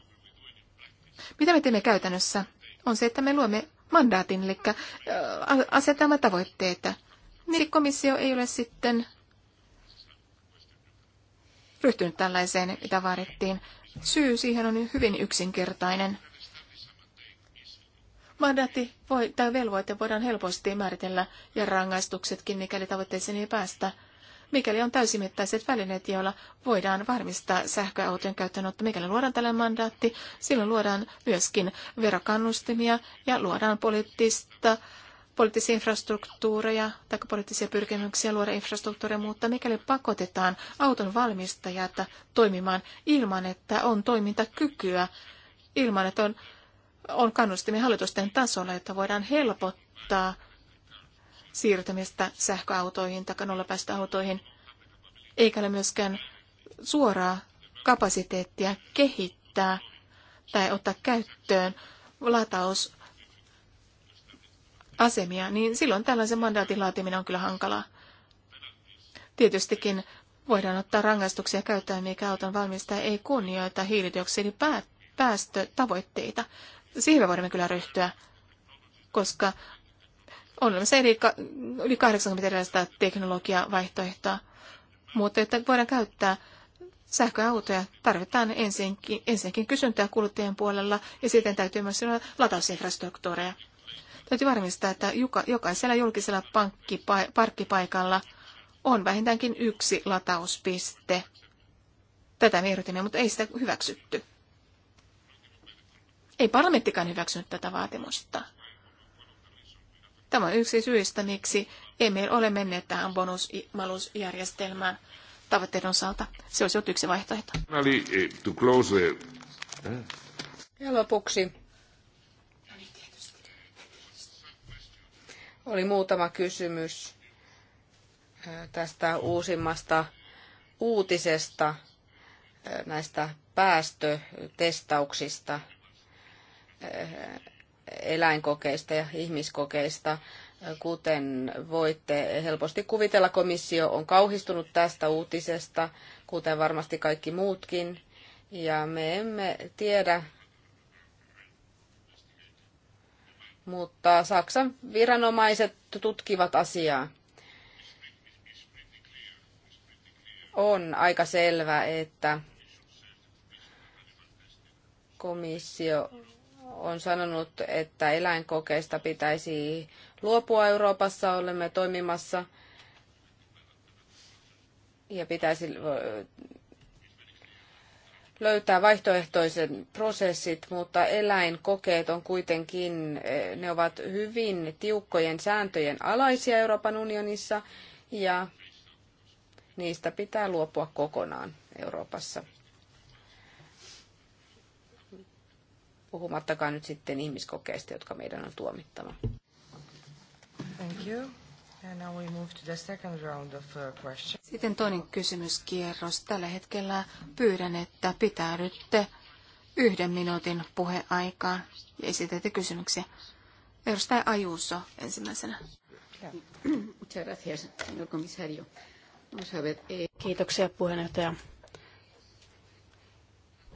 [SPEAKER 2] Mitä me teemme käytännössä? On se, että me luomme mandaatin, eli äh, asetamme tavoitteita. Niin komissio ei ole sitten ryhtynyt tällaiseen, mitä vaadittiin. Syy siihen on hyvin yksinkertainen. Mandaatti voi, tai velvoite voidaan helposti määritellä ja rangaistuksetkin, mikäli tavoitteeseen ei päästä. Mikäli on täysimittaiset välineet, joilla voidaan varmistaa sähköautojen käyttöönotto, mikäli luodaan tällainen mandaatti, silloin luodaan myöskin verokannustimia ja luodaan poliittista poliittisia infrastruktuureja tai poliittisia pyrkimyksiä luoda infrastruktuuria, mutta mikäli pakotetaan auton valmistajat toimimaan ilman, että on toimintakykyä, ilman, että on on kannustimia hallitusten tasolla, että voidaan helpottaa siirtymistä sähköautoihin tai nollapäästöautoihin, eikä ole myöskään suoraa kapasiteettia kehittää tai ottaa käyttöön latausasemia, niin silloin tällaisen mandaatin laatiminen on kyllä hankalaa. Tietystikin voidaan ottaa rangaistuksia käyttöön, mikä auton valmistaja ei kunnioita hiilidioksidipäästötavoitteita. Siihen me voimme kyllä ryhtyä, koska on olemassa eri, yli 80 erilaista teknologiavaihtoehtoa, mutta että voidaan käyttää sähköautoja tarvitaan ensinkin, ensinnäkin kysyntää kuluttajien puolella ja sitten täytyy myös olla latausinfrastruktuureja. Täytyy varmistaa, että joka, jokaisella julkisella parkkipaikalla on vähintäänkin yksi latauspiste. Tätä me mutta ei sitä hyväksytty. Ei parlamenttikaan hyväksynyt tätä vaatimusta. Tämä on yksi syistä, miksi emme ole menneet tähän bonusmalusjärjestelmään tavoitteiden osalta. Se olisi ollut yksi vaihtoehto.
[SPEAKER 1] Eh, eh.
[SPEAKER 2] Ja lopuksi oli
[SPEAKER 4] muutama kysymys eh, tästä uusimmasta uutisesta näistä päästötestauksista – eläinkokeista ja ihmiskokeista. Kuten voitte helposti kuvitella, komissio on kauhistunut tästä uutisesta, kuten varmasti kaikki muutkin. Ja me emme tiedä, mutta Saksan viranomaiset tutkivat asiaa. On aika selvä, että komissio on sanonut, että eläinkokeista pitäisi luopua Euroopassa, olemme toimimassa ja pitäisi löytää vaihtoehtoiset prosessit, mutta eläinkokeet on kuitenkin, ne ovat hyvin tiukkojen sääntöjen alaisia Euroopan unionissa ja niistä pitää luopua kokonaan Euroopassa. puhumattakaan nyt sitten ihmiskokeista, jotka meidän on tuomittava.
[SPEAKER 1] Thank you. And now we move to the second round of uh, questions. Sitten
[SPEAKER 2] toinen kysymyskierros. Tällä hetkellä pyydän, että pitäydytte yhden minuutin puheaikaan ja esitätte kysymyksiä. Edustaja Ajuuso ensimmäisenä. Eh, Kiitoksia
[SPEAKER 3] puheenjohtaja.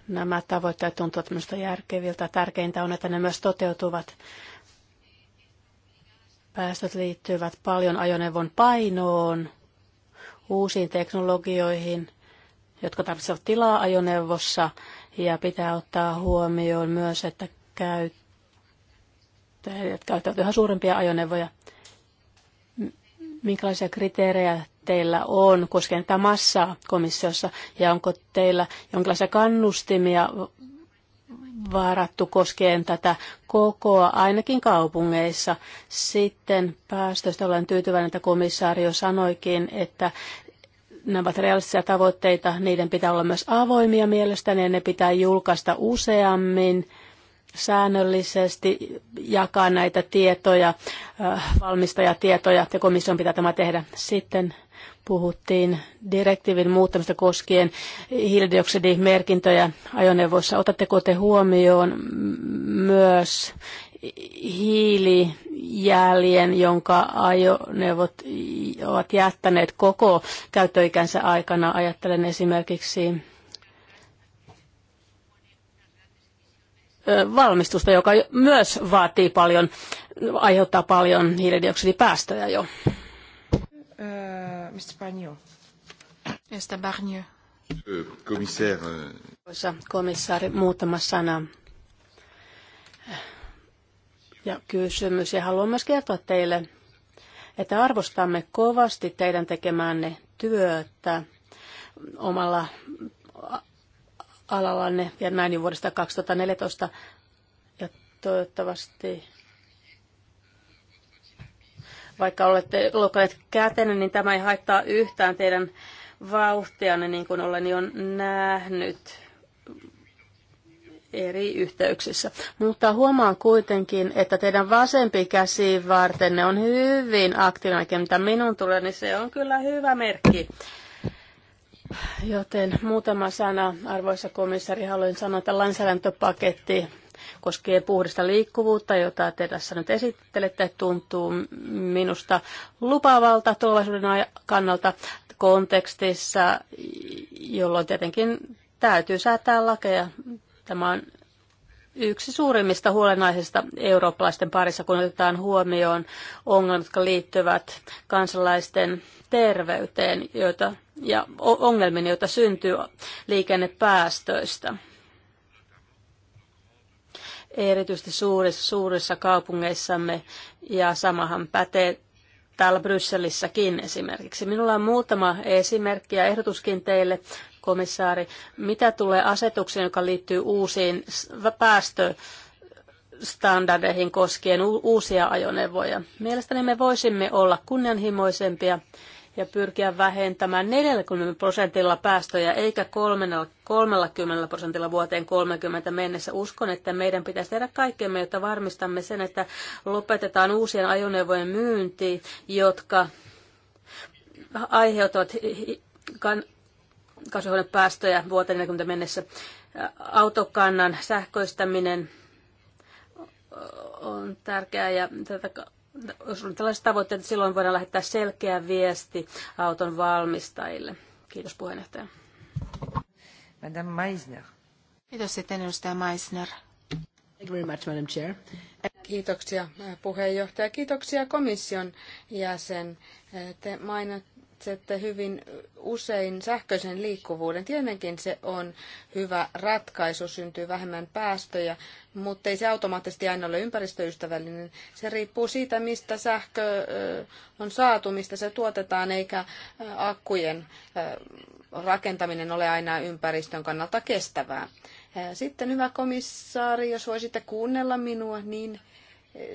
[SPEAKER 3] Nämä tavoitteet tuntuvat minusta järkeviltä. Tärkeintä on, että ne myös toteutuvat. Päästöt liittyvät paljon ajoneuvon painoon, uusiin teknologioihin, jotka tarvitsevat tilaa ajoneuvossa, ja pitää ottaa huomioon myös, että käyttäjät käyttävät yhä suurempia ajoneuvoja. Minkälaisia kriteerejä teillä on koskien tätä massaa komissiossa ja onko teillä jonkinlaisia kannustimia varattu koskien tätä kokoa ainakin kaupungeissa. Sitten päästöistä olen tyytyväinen, että komissaario sanoikin, että nämä ovat realistisia tavoitteita, niiden pitää olla myös avoimia mielestäni ja ne pitää julkaista useammin säännöllisesti jakaa näitä tietoja, äh, valmistajatietoja ja komission pitää tämä tehdä. Sitten Puhuttiin direktiivin muuttamista koskien hiilidioksidimerkintöjä ajoneuvoissa. Otatteko te huomioon myös hiilijäljen, jonka ajoneuvot ovat jättäneet koko käyttöikänsä aikana. Ajattelen esimerkiksi valmistusta, joka myös vaatii paljon, aiheuttaa paljon hiilidioksidipäästöjä jo.
[SPEAKER 2] Euh, Mr. Barnier. Mr.
[SPEAKER 3] Barnier.
[SPEAKER 1] Komissaari. Euh,
[SPEAKER 3] Arvoisa komissaari, muutama sana ja kysymys. Ja haluan myös kertoa teille, että arvostamme kovasti teidän tekemäänne työtä omalla alallanne ja näin jo vuodesta 2014. Ja toivottavasti vaikka olette lukeneet kätenne, niin tämä ei haittaa yhtään teidän vauhtianne, niin kuin olen jo nähnyt eri yhteyksissä. Mutta huomaan kuitenkin, että teidän vasempi käsi varten on hyvin aktiivinen, mitä minun tulee, niin se on kyllä hyvä merkki. Joten muutama sana, arvoisa komissari, haluan sanoa, että lainsäädäntöpaketti koskee puhdista liikkuvuutta, jota te tässä nyt esittelette, tuntuu minusta lupaavalta tulevaisuuden kannalta kontekstissa, jolloin tietenkin täytyy säätää lakeja. Tämä on yksi suurimmista huolenaiheista eurooppalaisten parissa, kun otetaan huomioon ongelmat, jotka liittyvät kansalaisten terveyteen joita, ja ongelmiin, joita syntyy liikennepäästöistä erityisesti suurissa, suurissa kaupungeissamme, ja samahan pätee täällä Brysselissäkin esimerkiksi. Minulla on muutama esimerkki ja ehdotuskin teille, komissaari. Mitä tulee asetukseen, joka liittyy uusiin päästöstandardeihin koskien uusia ajoneuvoja? Mielestäni me voisimme olla kunnianhimoisempia ja pyrkiä vähentämään 40 prosentilla päästöjä eikä 30 prosentilla vuoteen 30 mennessä. Uskon, että meidän pitäisi tehdä kaikkemme, jotta varmistamme sen, että lopetetaan uusien ajoneuvojen myynti, jotka aiheuttavat kasvihuonepäästöjä vuoteen 40 mennessä. Autokannan sähköistäminen on tärkeää ja tätä jos on tällaiset tavoitteet, silloin voidaan lähettää selkeä viesti auton valmistajille. Kiitos puheenjohtaja.
[SPEAKER 2] Madame Meisner. Kiitos sitten edustaja Meisner.
[SPEAKER 4] Thank you very much, Madam Chair. Kiitoksia puheenjohtaja. Kiitoksia komission jäsen. Te mainit, mainitsette hyvin usein sähköisen liikkuvuuden. Tietenkin se on hyvä ratkaisu, syntyy vähemmän päästöjä, mutta ei se automaattisesti aina ole ympäristöystävällinen. Se riippuu siitä, mistä sähkö on saatu, mistä se tuotetaan, eikä akkujen rakentaminen ole aina ympäristön kannalta kestävää. Sitten hyvä komissaari, jos voisitte kuunnella minua, niin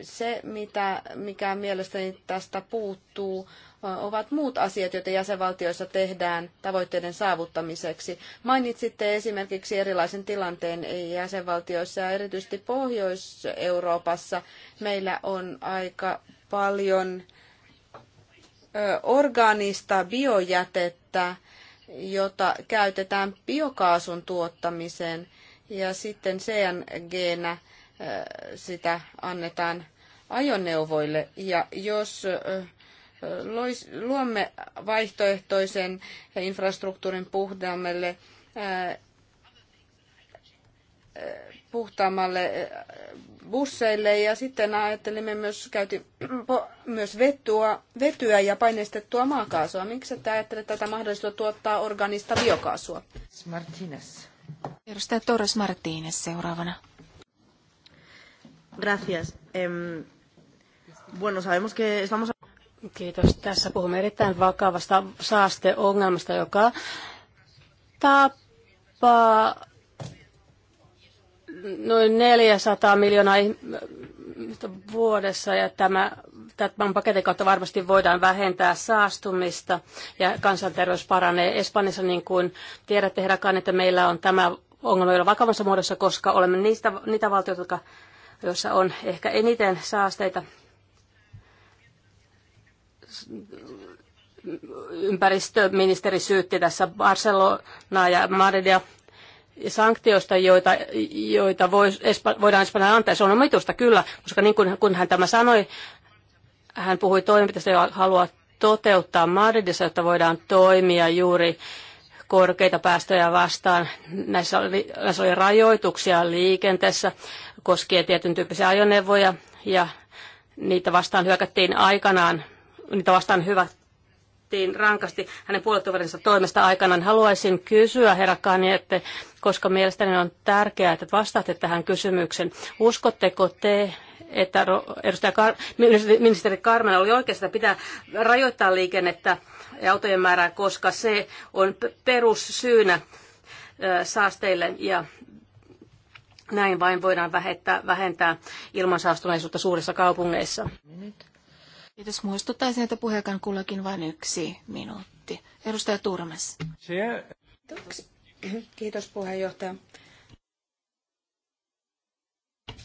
[SPEAKER 4] se, mitä, mikä mielestäni tästä puuttuu, ovat muut asiat, joita jäsenvaltioissa tehdään tavoitteiden saavuttamiseksi. Mainitsitte esimerkiksi erilaisen tilanteen jäsenvaltioissa ja erityisesti Pohjois-Euroopassa. Meillä on aika paljon orgaanista biojätettä, jota käytetään biokaasun tuottamiseen ja sitten CNG-nä sitä annetaan ajoneuvoille. Ja jos luomme vaihtoehtoisen infrastruktuurin puhdaammalle, puhtaammalle busseille ja sitten ajattelimme myös, käyti myös vetua, vetyä ja paineistettua maakaasua. Miksi te ajattelette tätä mahdollisuutta tuottaa organista biokaasua?
[SPEAKER 2] Martinez. Edustaja Torres Martínez seuraavana. Gracias. Eh, bueno, sabemos que estamos...
[SPEAKER 3] Kiitos. Tässä puhumme erittäin vakavasta saasteongelmasta, joka tappaa noin 400 miljoonaa vuodessa ja tämä, tämän paketin kautta varmasti voidaan vähentää saastumista ja kansanterveys paranee. Espanjassa, niin kuin tiedätte herrakaan, että meillä on tämä ongelma vielä vakavassa muodossa, koska olemme niistä, niitä valtioita, jotka jossa on ehkä eniten saasteita ympäristöministeri syytti tässä Barcelonaa ja Madridia sanktioista, joita, joita voi, voidaan Espanjalle antaa. Se on omituista kyllä, koska niin kuin kun hän tämä sanoi, hän puhui toimenpiteistä, joilla haluaa toteuttaa Madridissa, jotta voidaan toimia juuri korkeita päästöjä vastaan. Näissä oli, näissä oli rajoituksia liikenteessä koskee tietyn tyyppisiä ajoneuvoja ja niitä vastaan hyökättiin aikanaan, niitä vastaan hyvättiin rankasti hänen puoluetoverinsa toimesta aikanaan. Haluaisin kysyä herra Kani, että koska mielestäni on tärkeää, että vastaatte tähän kysymykseen. Uskotteko te, että edustaja Kar- ministeri Karmen oli oikeassa, että pitää rajoittaa liikennettä ja autojen määrää, koska se on perussyynä saasteille ja näin vain voidaan vähentää, vähentää ilmansaastuneisuutta suurissa kaupungeissa.
[SPEAKER 2] Kiitos. Muistuttaisin, että puheenjohtajan kullakin vain yksi minuutti. Edustaja Turmes. Kiitos puheenjohtaja.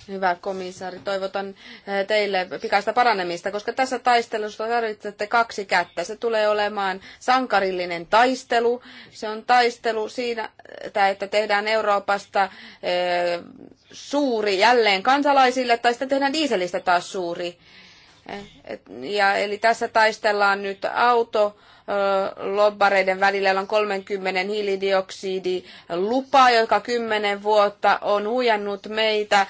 [SPEAKER 4] Hyvä komissaari, toivotan eh, teille pikaista paranemista, koska tässä taistelussa tarvitsette kaksi kättä. Se tulee olemaan sankarillinen taistelu. Se on taistelu siinä, että tehdään Euroopasta eh, suuri jälleen kansalaisille, tai sitten tehdään dieselistä taas suuri. Ja, eli tässä taistellaan nyt auto lobbareiden välillä on 30 hiilidioksidilupa, joka 10 vuotta on huijannut meitä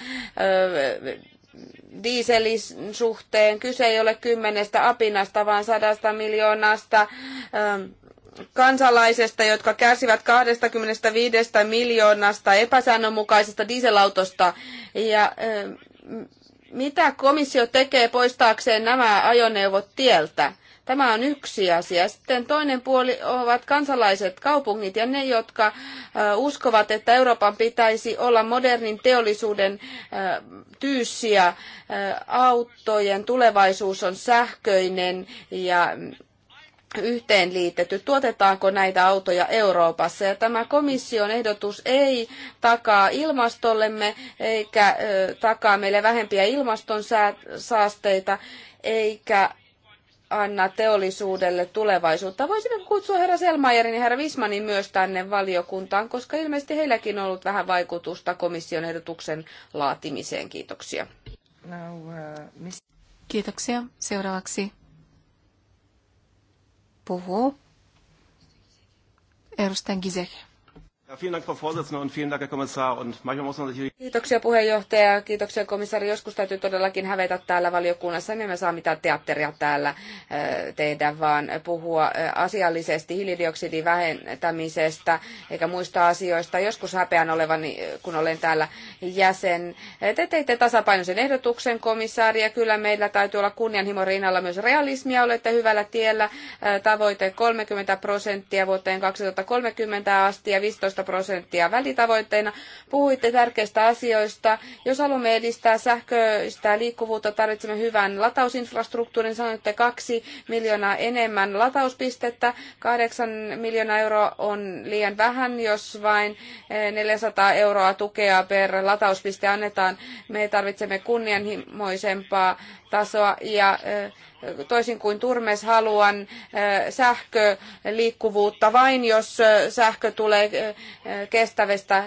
[SPEAKER 4] dieselin suhteen. Kyse ei ole kymmenestä apinasta, vaan sadasta miljoonasta kansalaisesta, jotka kärsivät 25 miljoonasta epäsäännönmukaisesta dieselautosta. Ja mitä komissio tekee poistaakseen nämä ajoneuvot tieltä? Tämä on yksi asia. Sitten toinen puoli ovat kansalaiset, kaupungit ja ne, jotka uskovat, että Euroopan pitäisi olla modernin teollisuuden tyyssiä. Autojen tulevaisuus on sähköinen ja yhteenliitetty, tuotetaanko näitä autoja Euroopassa. Ja tämä komission ehdotus ei takaa ilmastollemme eikä takaa meille vähempiä ilmaston saasteita eikä anna teollisuudelle tulevaisuutta. Voisimme kutsua herra Selmayerin ja herra Wismanin myös tänne valiokuntaan, koska ilmeisesti heilläkin on ollut vähän vaikutusta komission ehdotuksen laatimiseen. Kiitoksia.
[SPEAKER 2] Uh, Kiitoksia. Seuraavaksi puhuu. Edustaja Giseke. Kiitoksia puheenjohtaja,
[SPEAKER 4] kiitoksia komissaari. Joskus täytyy todellakin hävetä täällä valiokunnassa. Emme me saa mitään teatteria täällä äh, tehdä, vaan puhua äh, asiallisesti hiilidioksidin vähentämisestä eikä muista asioista. Joskus häpeän olevan äh, kun olen täällä jäsen. Te teitte tasapainoisen ehdotuksen, komissaari, ja kyllä meillä täytyy olla kunnianhimo rinnalla myös realismia. Olette hyvällä tiellä. Tavoite 30 prosenttia vuoteen 2030 asti ja 15 15 prosenttia välitavoitteina. Puhuitte tärkeistä asioista. Jos haluamme edistää sähköistä liikkuvuutta, tarvitsemme hyvän latausinfrastruktuurin. Sanoitte kaksi miljoonaa enemmän latauspistettä. Kahdeksan miljoonaa euroa on liian vähän, jos vain 400 eh, euroa tukea per latauspiste annetaan. Me tarvitsemme kunnianhimoisempaa tasoa ja toisin kuin Turmes haluan sähköliikkuvuutta vain, jos sähkö tulee kestävistä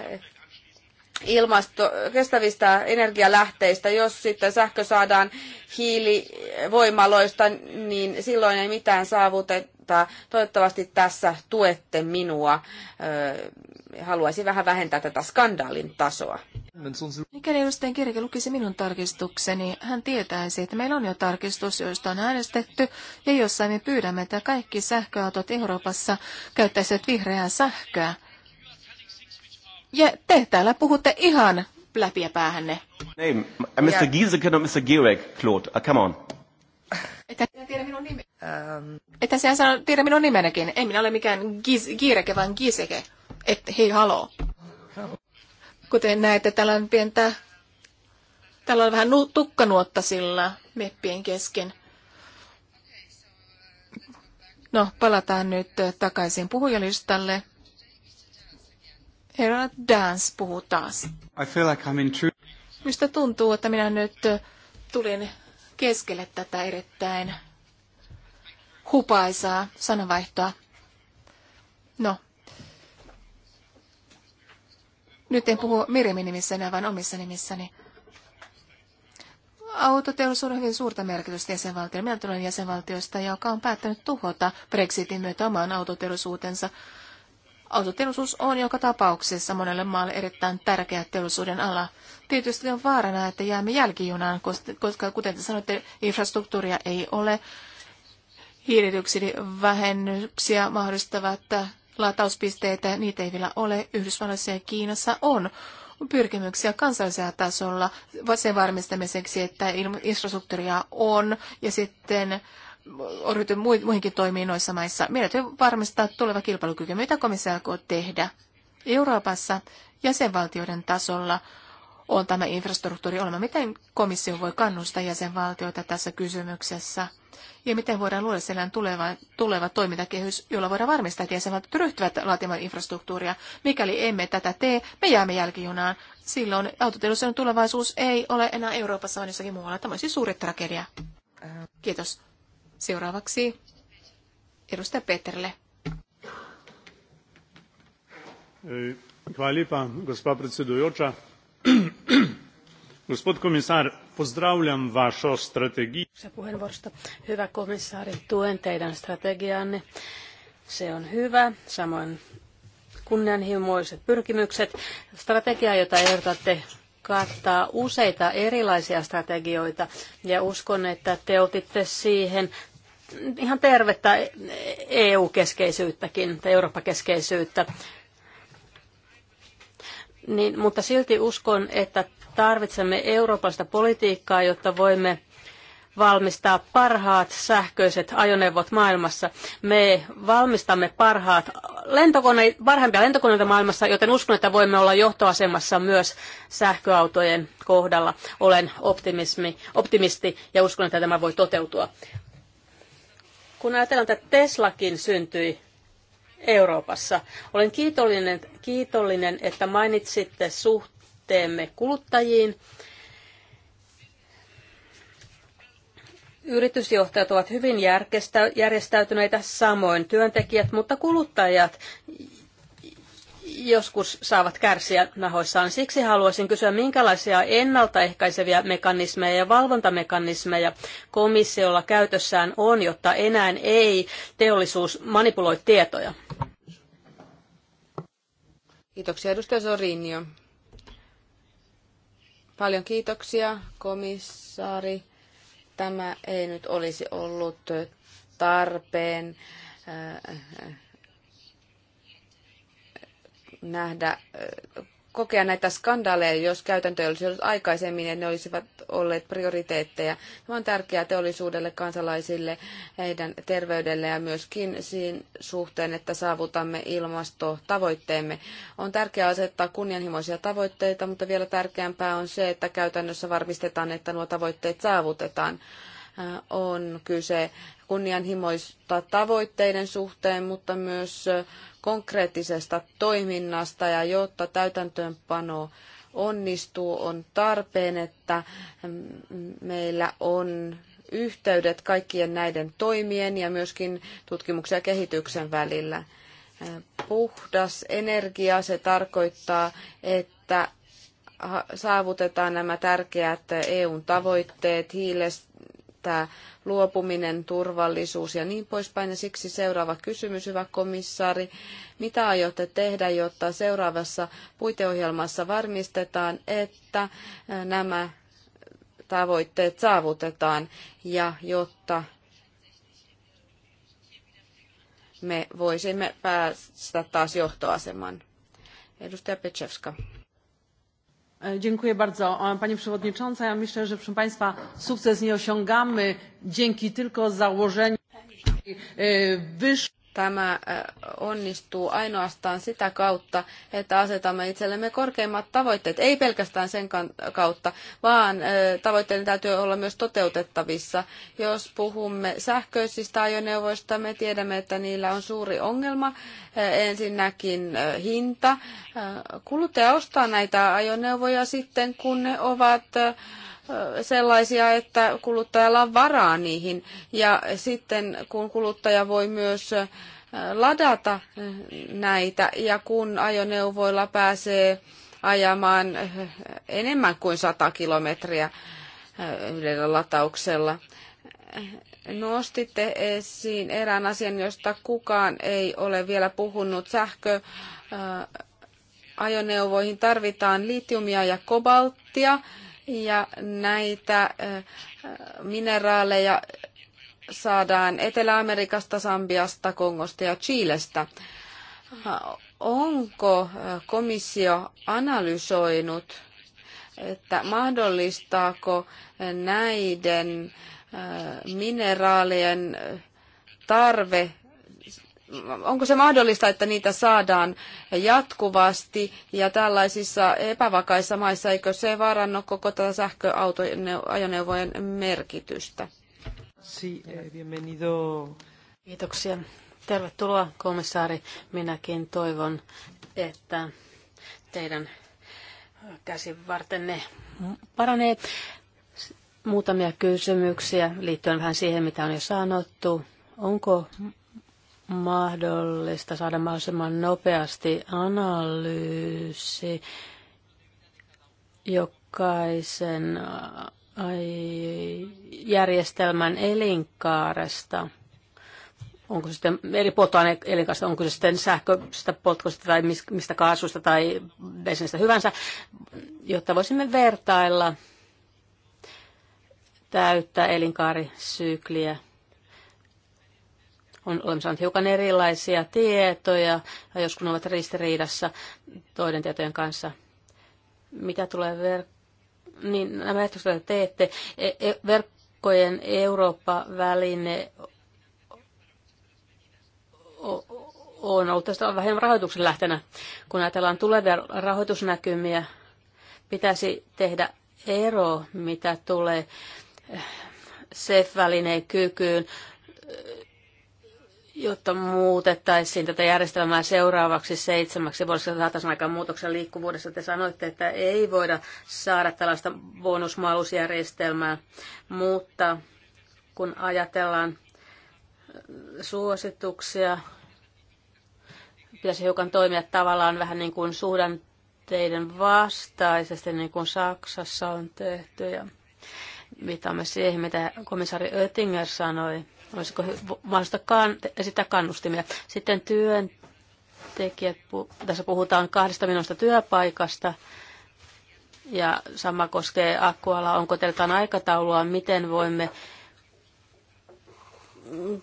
[SPEAKER 4] ilmasto, kestävistä energialähteistä. Jos sitten sähkö saadaan hiilivoimaloista, niin silloin ei mitään saavuteta. Toivottavasti tässä tuette minua. Haluaisin vähän vähentää tätä skandaalin tasoa.
[SPEAKER 2] Mikäli edustajan kirke lukisi minun tarkistukseni, hän tietäisi, että meillä on jo tarkistus, joista on äänestetty, ja jossa me pyydämme, että kaikki sähköautot Euroopassa käyttäisivät vihreää sähköä. Ja te täällä puhutte ihan läpiä päähänne.
[SPEAKER 4] Name, uh, Mr. Giesecke ja Mr. Gierek, Claude, uh, come on.
[SPEAKER 2] Että sinä tiedä minun nimeni. Ähm. Että sinä sano, tiedä minun nimenekin. Ei minä ole mikään Gies, vaan Gieseke. Et hei haloo. Kuten näette, täällä on pientä, täällä on vähän tukkanuotta sillä meppien kesken. No, palataan nyt takaisin puhujalistalle. Herra Dance puhuu taas.
[SPEAKER 3] I feel like I'm true.
[SPEAKER 2] Mistä tuntuu, että minä nyt tulin keskelle tätä erittäin hupaisaa sanavaihtoa. No, nyt en puhu Mirimin enää, vaan omissa nimissäni. Autoteollisuuden on hyvin suurta merkitystä jäsenvaltiolle. Meillä tulee jäsenvaltioista, joka on päättänyt tuhota Brexitin myötä oman autoteollisuutensa. Autoteollisuus on joka tapauksessa monelle maalle erittäin tärkeä teollisuuden ala. Tietysti on vaarana, että jäämme jälkijunaan, koska kuten te sanoitte, infrastruktuuria ei ole. Hiilidioksidivähennyksiä mahdollistavat latauspisteitä, niitä ei vielä ole. Yhdysvalloissa ja Kiinassa on pyrkimyksiä kansallisella tasolla sen varmistamiseksi, että infrastruktuuria on ja sitten on ryhty muihinkin toimiin noissa maissa. Meidän täytyy varmistaa tuleva kilpailukyky, mitä komissio aikoo tehdä Euroopassa jäsenvaltioiden tasolla on tämä infrastruktuuri olema. Miten komissio voi kannustaa jäsenvaltioita tässä kysymyksessä? Ja miten voidaan luoda sellainen tuleva, tuleva toimintakehys, jolla voidaan varmistaa, että jäsenvaltiot ryhtyvät laatimaan infrastruktuuria. Mikäli emme tätä tee, me jäämme jälkijunaan. Silloin autotelusen tulevaisuus ei ole enää Euroopassa, vaan jossakin muualla. Tämä olisi suuri tragedia. Kiitos. Seuraavaksi edustaja Peterille. Hvala lepa, gospa predsedujoča Gospod komisar, pozdravljam vašo strategiaa.
[SPEAKER 3] puheenvuorosta. Hyvä komissaari, tuen teidän strategiaanne. Se on hyvä, samoin kunnianhimoiset pyrkimykset. Strategia, jota ehdotatte, kattaa useita erilaisia strategioita ja uskon, että te otitte siihen ihan tervettä EU-keskeisyyttäkin e- e tai Eurooppa-keskeisyyttä niin, mutta silti uskon, että tarvitsemme eurooppalaista politiikkaa, jotta voimme valmistaa parhaat sähköiset ajoneuvot maailmassa. Me valmistamme parhaat lentokone, parhaimpia lentokoneita maailmassa, joten uskon, että voimme olla johtoasemassa myös sähköautojen kohdalla. Olen optimismi, optimisti ja uskon, että tämä voi toteutua. Kun ajatellaan, että Teslakin syntyi Euroopassa. Olen kiitollinen, kiitollinen että mainitsitte suhteemme kuluttajiin. Yritysjohtajat ovat hyvin järjestäytyneitä, samoin työntekijät, mutta kuluttajat joskus saavat kärsiä nahoissaan. Siksi haluaisin kysyä, minkälaisia ennaltaehkäiseviä mekanismeja ja valvontamekanismeja komissiolla käytössään on, jotta enää ei teollisuus manipuloi tietoja?
[SPEAKER 4] Kiitoksia edustaja Sorinio. Paljon kiitoksia komissaari. Tämä ei nyt olisi ollut tarpeen äh, äh, nähdä, kokea näitä skandaaleja, jos käytäntö olisi ollut aikaisemmin ja ne olisivat olleet prioriteetteja. Tämä on tärkeää teollisuudelle, kansalaisille, heidän terveydelle ja myöskin siinä suhteen, että saavutamme ilmastotavoitteemme. On tärkeää asettaa kunnianhimoisia tavoitteita, mutta vielä tärkeämpää on se, että käytännössä varmistetaan, että nuo tavoitteet saavutetaan on kyse kunnianhimoista tavoitteiden suhteen, mutta myös konkreettisesta toiminnasta ja jotta täytäntöönpano onnistuu, on tarpeen, että meillä on yhteydet kaikkien näiden toimien ja myöskin tutkimuksen ja kehityksen välillä. Puhdas energia, se tarkoittaa, että saavutetaan nämä tärkeät EUn tavoitteet hiilestä välttää luopuminen, turvallisuus ja niin poispäin. Ja siksi seuraava kysymys, hyvä komissaari. Mitä aiotte tehdä, jotta seuraavassa puiteohjelmassa varmistetaan, että nämä tavoitteet saavutetaan ja jotta me voisimme päästä taas johtoasemaan. Edustaja Petsevska. E, dziękuję bardzo Pani
[SPEAKER 3] Przewodnicząca.
[SPEAKER 4] Ja myślę, że proszę Państwa sukces nie osiągamy dzięki tylko założeniu e, wyższych tämä äh, onnistuu ainoastaan sitä kautta, että asetamme itsellemme korkeimmat tavoitteet. Ei pelkästään sen kautta, vaan äh, tavoitteiden täytyy olla myös toteutettavissa. Jos puhumme sähköisistä ajoneuvoista, me tiedämme, että niillä on suuri ongelma. Äh, ensinnäkin hinta. Kuluttaja ostaa näitä ajoneuvoja sitten, kun ne ovat sellaisia, että kuluttajalla on varaa niihin. Ja sitten kun kuluttaja voi myös ladata näitä ja kun ajoneuvoilla pääsee ajamaan enemmän kuin 100 kilometriä yhdellä latauksella. Nostitte esiin erään asian, josta kukaan ei ole vielä puhunut. Sähkö ajoneuvoihin tarvitaan litiumia ja kobalttia ja näitä äh, mineraaleja saadaan Etelä-Amerikasta, Sambiasta, Kongosta ja Chilestä. Onko äh, komissio analysoinut, että mahdollistaako näiden äh, mineraalien tarve onko se mahdollista, että niitä saadaan jatkuvasti ja tällaisissa epävakaissa maissa, eikö se vaaranno koko tätä sähköajoneuvojen merkitystä?
[SPEAKER 1] Si, eh, bienvenido.
[SPEAKER 3] Kiitoksia. Tervetuloa, komissaari. Minäkin toivon, että teidän käsivartenne paranee. Muutamia kysymyksiä liittyen vähän siihen, mitä on jo sanottu. Onko mahdollista saada mahdollisimman nopeasti analyysi jokaisen äh, järjestelmän elinkaaresta. Onko se sitten eri polttoaineelinkaista, onko se sitten sähköistä potkosta tai mistä kaasusta tai bensiinistä hyvänsä, jotta voisimme vertailla täyttää elinkaarisykliä on, olemme saaneet hiukan erilaisia tietoja, ja joskus ne ovat ristiriidassa toiden tietojen kanssa. Mitä tulee ver- niin nämä ehdotukset, joita teette, e- e- verkkojen Eurooppa-väline on ollut tästä vähän rahoituksen lähtenä. Kun ajatellaan tulevia rahoitusnäkymiä, pitäisi tehdä ero, mitä tulee eh, se välineen kykyyn jotta muutettaisiin tätä järjestelmää seuraavaksi seitsemäksi vuodessa saataisiin aikaan muutoksen liikkuvuudessa. Te sanoitte, että ei voida saada tällaista bonusmalusjärjestelmää, mutta kun ajatellaan suosituksia, pitäisi hiukan toimia tavallaan vähän niin kuin suhdanteiden vastaisesti, niin kuin Saksassa on tehty. Ja me siihen, mitä komissaari Oettinger sanoi olisiko kan, sitä kannustimia. Sitten työntekijät, tässä puhutaan kahdesta minusta työpaikasta, ja sama koskee akkuala. Onko teillä aikataulua, miten voimme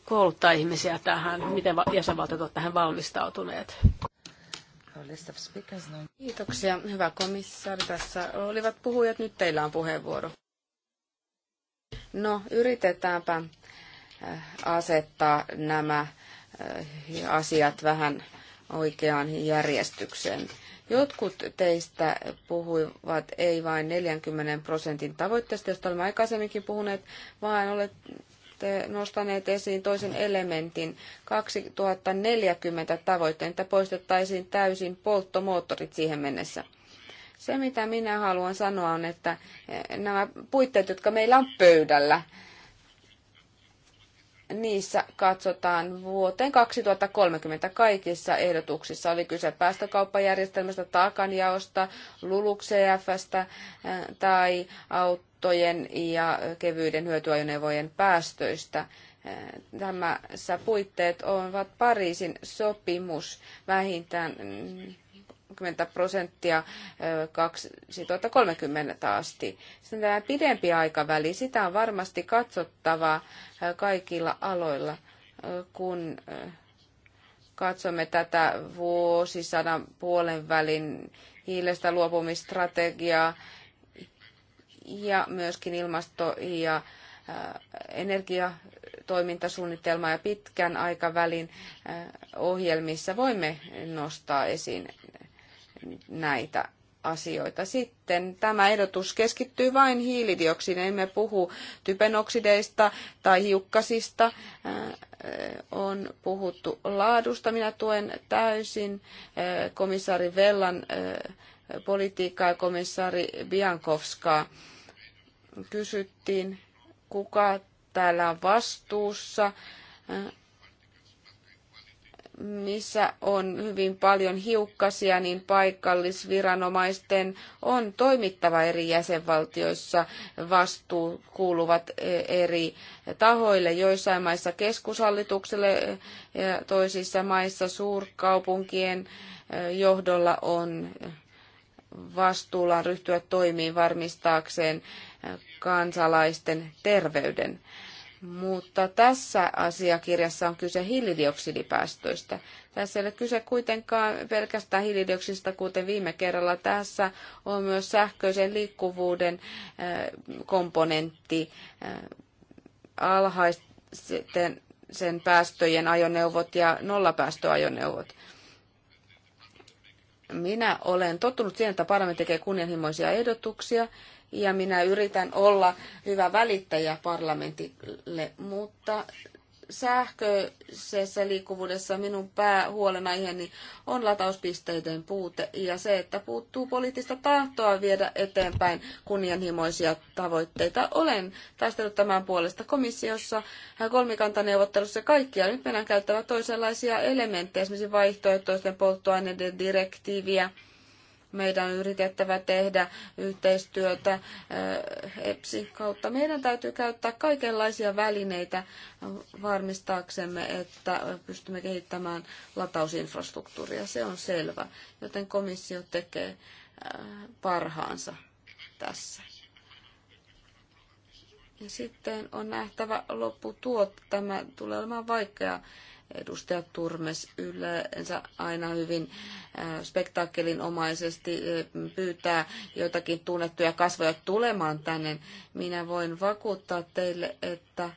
[SPEAKER 3] kouluttaa ihmisiä tähän, miten jäsenvaltiot ovat tähän valmistautuneet?
[SPEAKER 4] Kiitoksia, hyvä komissaari. Tässä olivat puhujat, nyt teillä on puheenvuoro. No, yritetäänpä asettaa nämä äh, asiat vähän oikeaan järjestykseen. Jotkut teistä puhuivat ei vain 40 prosentin tavoitteesta, josta olemme aikaisemminkin puhuneet, vaan olette nostaneet esiin toisen elementin 2040 tavoitteen, että poistettaisiin täysin polttomoottorit siihen mennessä. Se, mitä minä haluan sanoa, on, että eh, nämä puitteet, jotka meillä on pöydällä, Niissä katsotaan vuoteen 2030 kaikissa ehdotuksissa. Oli kyse päästökauppajärjestelmästä, taakanjaosta, LULUCFstä äh, tai autojen ja kevyiden hyötyajoneuvojen päästöistä. Äh, tämässä puitteet ovat Pariisin sopimus vähintään 30 prosenttia 2030 asti. Sitten tämä pidempi aikaväli, sitä on varmasti katsottava kaikilla aloilla, kun katsomme tätä vuosisadan puolen välin hiilestä luopumistrategiaa ja myöskin ilmasto- ja energiatoimintasuunnitelmaa ja pitkän aikavälin ohjelmissa voimme nostaa esiin näitä asioita. Sitten tämä ehdotus keskittyy vain hiilidioksidiin. Emme puhu typenoksideista tai hiukkasista. Äh, on puhuttu laadusta. Minä tuen täysin äh, komissaari Vellan äh, politiikkaa ja komissaari Biankovskaa. Kysyttiin, kuka täällä on vastuussa missä on hyvin paljon hiukkasia, niin paikallisviranomaisten on toimittava eri jäsenvaltioissa. Vastuu kuuluvat e- eri tahoille, joissain maissa keskushallitukselle ja toisissa maissa suurkaupunkien e, johdolla on vastuullaan ryhtyä toimiin varmistaakseen e, kansalaisten terveyden mutta tässä asiakirjassa on kyse hiilidioksidipäästöistä. Tässä ei ole kyse kuitenkaan pelkästään hiilidioksidista, kuten viime kerralla. Tässä on myös sähköisen liikkuvuuden komponentti, alhaisten sen päästöjen ajoneuvot ja nollapäästöajoneuvot. Minä olen tottunut siihen, että parlamentti tekee kunnianhimoisia ehdotuksia ja minä yritän olla hyvä välittäjä parlamentille, mutta sähköisessä liikkuvuudessa minun päähuolenaiheeni on latauspisteiden puute ja se, että puuttuu poliittista tahtoa viedä eteenpäin kunnianhimoisia tavoitteita. Olen taistellut tämän puolesta komissiossa ja kolmikantaneuvottelussa kaikkia. Nyt meidän käyttävät toisenlaisia elementtejä, esimerkiksi vaihtoehtoisten polttoaineiden direktiiviä meidän on yritettävä tehdä yhteistyötä EPSI kautta. Meidän täytyy käyttää kaikenlaisia välineitä varmistaaksemme, että pystymme kehittämään latausinfrastruktuuria. Se on selvä, joten komissio tekee parhaansa tässä. Ja sitten on nähtävä lopputuot Tämä tulee olemaan vaikea Edustaja Turmes yleensä aina hyvin spektaakkelinomaisesti pyytää jotakin tunnettuja kasvoja tulemaan tänne. Minä voin vakuuttaa teille, että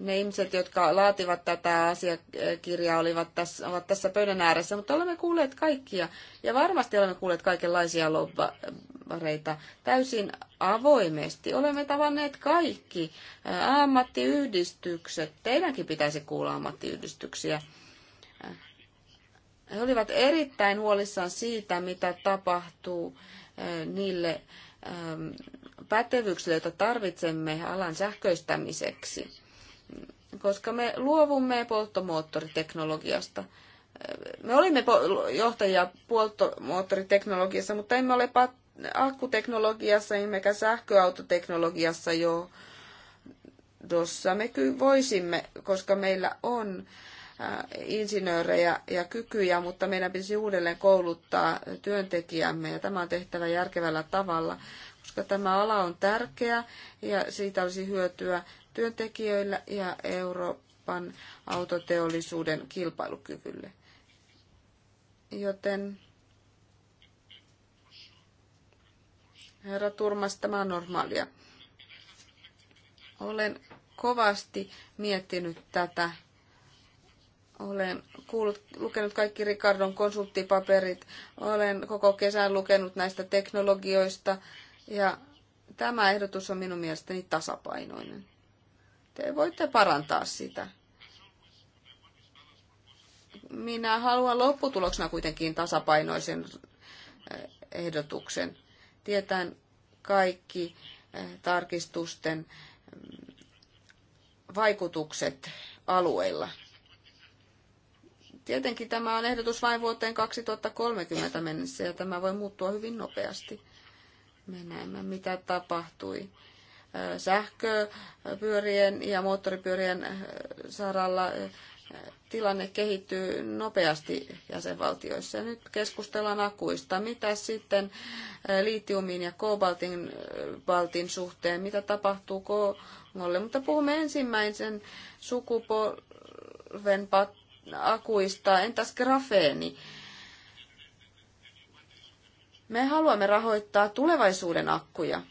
[SPEAKER 4] ne ihmiset, jotka laativat tätä asiakirjaa, olivat tässä, ovat tässä pöydän ääressä, mutta olemme kuulleet kaikkia. Ja varmasti olemme kuulleet kaikenlaisia lobba, tuomareita täysin avoimesti. Olemme tavanneet kaikki ammattiyhdistykset. Teidänkin pitäisi kuulla ammattiyhdistyksiä. He olivat erittäin huolissaan siitä, mitä tapahtuu niille pätevyyksille, joita tarvitsemme alan sähköistämiseksi. Koska me luovumme polttomoottoriteknologiasta. Me olimme johtajia polttomoottoriteknologiassa, mutta emme ole akkuteknologiassa emmekä sähköautoteknologiassa jo tuossa me kyllä voisimme, koska meillä on äh, insinöörejä ja kykyjä, mutta meidän pitäisi uudelleen kouluttaa työntekijämme ja tämä on tehtävä järkevällä tavalla, koska tämä ala on tärkeä ja siitä olisi hyötyä työntekijöillä ja Euroopan autoteollisuuden kilpailukyvylle. Joten Herra Turmas, tämä on normaalia. Olen kovasti miettinyt tätä. Olen kuullut, lukenut kaikki Ricardon konsulttipaperit. Olen koko kesän lukenut näistä teknologioista. Ja tämä ehdotus on minun mielestäni tasapainoinen. Te voitte parantaa sitä. Minä haluan lopputuloksena kuitenkin tasapainoisen ehdotuksen tietäen kaikki eh, tarkistusten mm, vaikutukset alueilla. Tietenkin tämä on ehdotus vain vuoteen 2030 mennessä ja tämä voi muuttua hyvin nopeasti. Me näemme, mitä tapahtui eh, sähköpyörien ja moottoripyörien eh, saralla tilanne kehittyy nopeasti jäsenvaltioissa. Nyt keskustellaan akuista. Mitä sitten liitiumin ja kobaltin valtin suhteen? Mitä tapahtuu Kongolle? Mutta puhumme ensimmäisen sukupolven akuista. Entäs grafeeni? Me haluamme rahoittaa tulevaisuuden akkuja.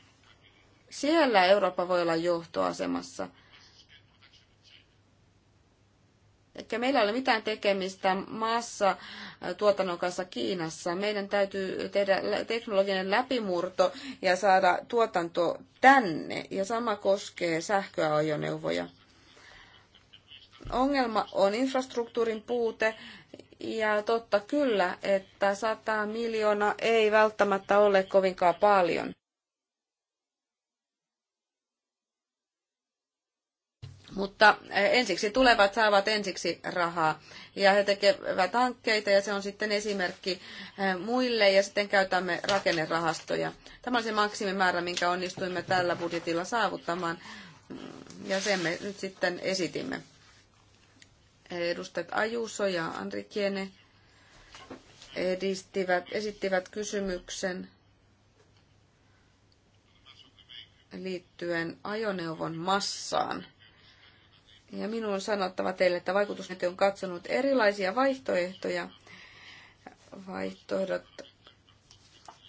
[SPEAKER 4] Siellä Eurooppa voi olla johtoasemassa – Eli meillä ei ole mitään tekemistä maassa äh, tuotannon kanssa Kiinassa. Meidän täytyy tehdä teknologinen läpimurto ja saada tuotanto tänne. Ja sama koskee sähköajoneuvoja. Ongelma on infrastruktuurin puute ja totta kyllä, että 100 miljoonaa ei välttämättä ole kovinkaan paljon. Mutta eh, ensiksi tulevat saavat ensiksi rahaa ja he tekevät hankkeita ja se on sitten esimerkki eh, muille ja sitten käytämme rakennerahastoja. Tämä on se maksimimäärä, minkä onnistuimme tällä budjetilla saavuttamaan mm, ja sen me nyt sitten esitimme. Edustajat Ajuso ja Andri Kiene edistivät, esittivät kysymyksen liittyen ajoneuvon massaan. Ja minun on sanottava teille, että vaikutusnäyttö on katsonut erilaisia vaihtoehtoja. Vaihtoehdot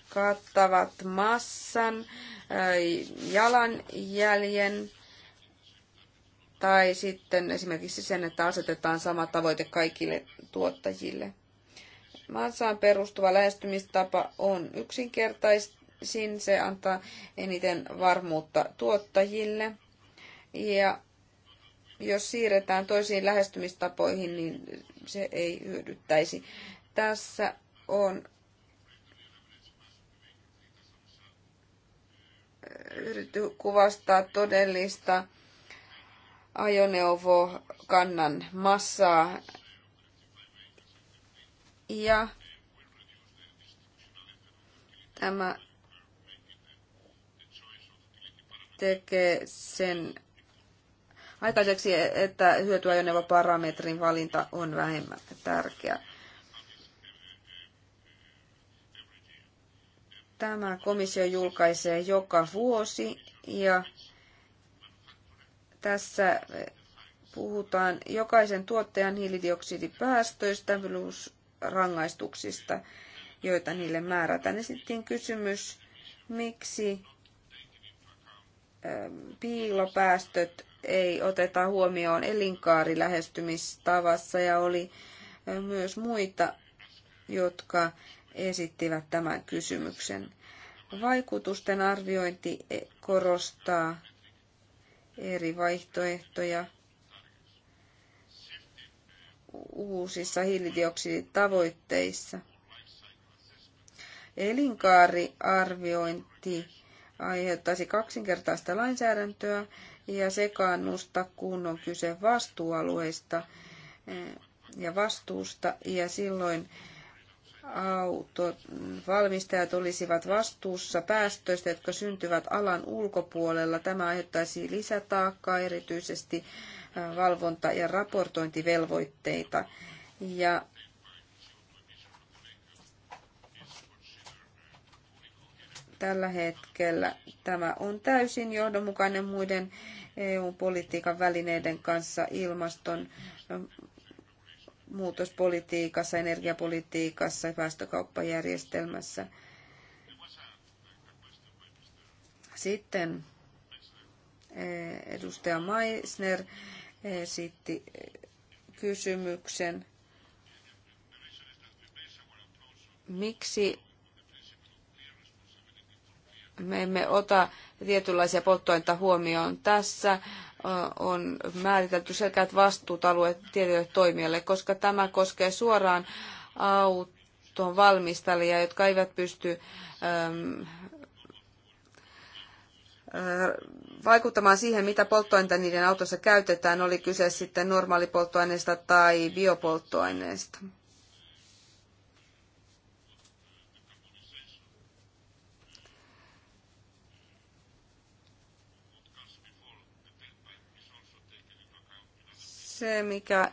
[SPEAKER 4] kattavat massan, äh, jalanjäljen tai sitten esimerkiksi sen, että asetetaan sama tavoite kaikille tuottajille. Massaan perustuva lähestymistapa on yksinkertaisin, se antaa eniten varmuutta tuottajille ja jos siirretään toisiin lähestymistapoihin, niin se ei hyödyttäisi. Tässä on eh, yritetty kuvastaa todellista ajoneuvokannan massaa. Ja tämä tekee sen aikaiseksi, että hyötyajoneuvoparametrin valinta on vähemmän tärkeä. Tämä komissio julkaisee joka vuosi ja tässä puhutaan jokaisen tuottajan hiilidioksidipäästöistä plus rangaistuksista, joita niille määrätään. Esittiin kysymys, miksi piilopäästöt ei oteta huomioon elinkaarilähestymistavassa ja oli myös muita, jotka esittivät tämän kysymyksen. Vaikutusten arviointi korostaa eri vaihtoehtoja uusissa hiilidioksiditavoitteissa. Elinkaariarviointi aiheuttaisi kaksinkertaista lainsäädäntöä ja sekaannusta, kun on kyse vastuualueista eh, ja vastuusta, ja silloin auto, valmistajat olisivat vastuussa päästöistä, jotka syntyvät alan ulkopuolella. Tämä aiheuttaisi lisätaakkaa, erityisesti eh, valvonta- ja raportointivelvoitteita. Ja Tällä hetkellä tämä on täysin johdonmukainen muiden EU-politiikan välineiden kanssa ilmaston muutospolitiikassa, energiapolitiikassa ja päästökauppajärjestelmässä. Sitten e, edustaja Meissner esitti kysymyksen, miksi me emme ota tietynlaisia polttoaineita huomioon. Tässä on määritelty selkeät vastuutalueet tietyille toimijoille, koska tämä koskee suoraan auton valmistajia, jotka eivät pysty vaikuttamaan siihen, mitä polttoainetta niiden autossa käytetään, oli kyse sitten normaalipolttoaineesta tai biopolttoaineesta. Se, mikä äh,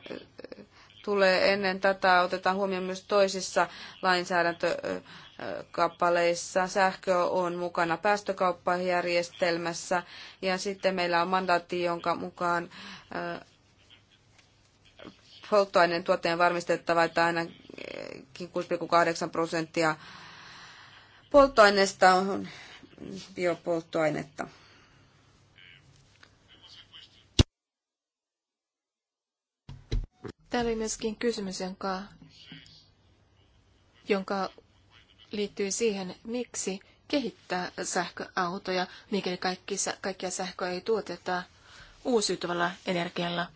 [SPEAKER 4] tulee ennen tätä, otetaan huomioon myös toisissa lainsäädäntökappaleissa. Sähkö on mukana päästökauppajärjestelmässä ja sitten meillä on mandaatti, jonka mukaan äh, polttoaineen tuottajan varmistettava, että ainakin 6,8 prosenttia polttoaineesta on biopolttoainetta.
[SPEAKER 2] Täällä oli myöskin kysymys, jonka, jonka liittyy siihen, miksi kehittää sähköautoja, mikäli kaikki, kaikkia sähköä ei tuoteta uusiutuvalla energialla.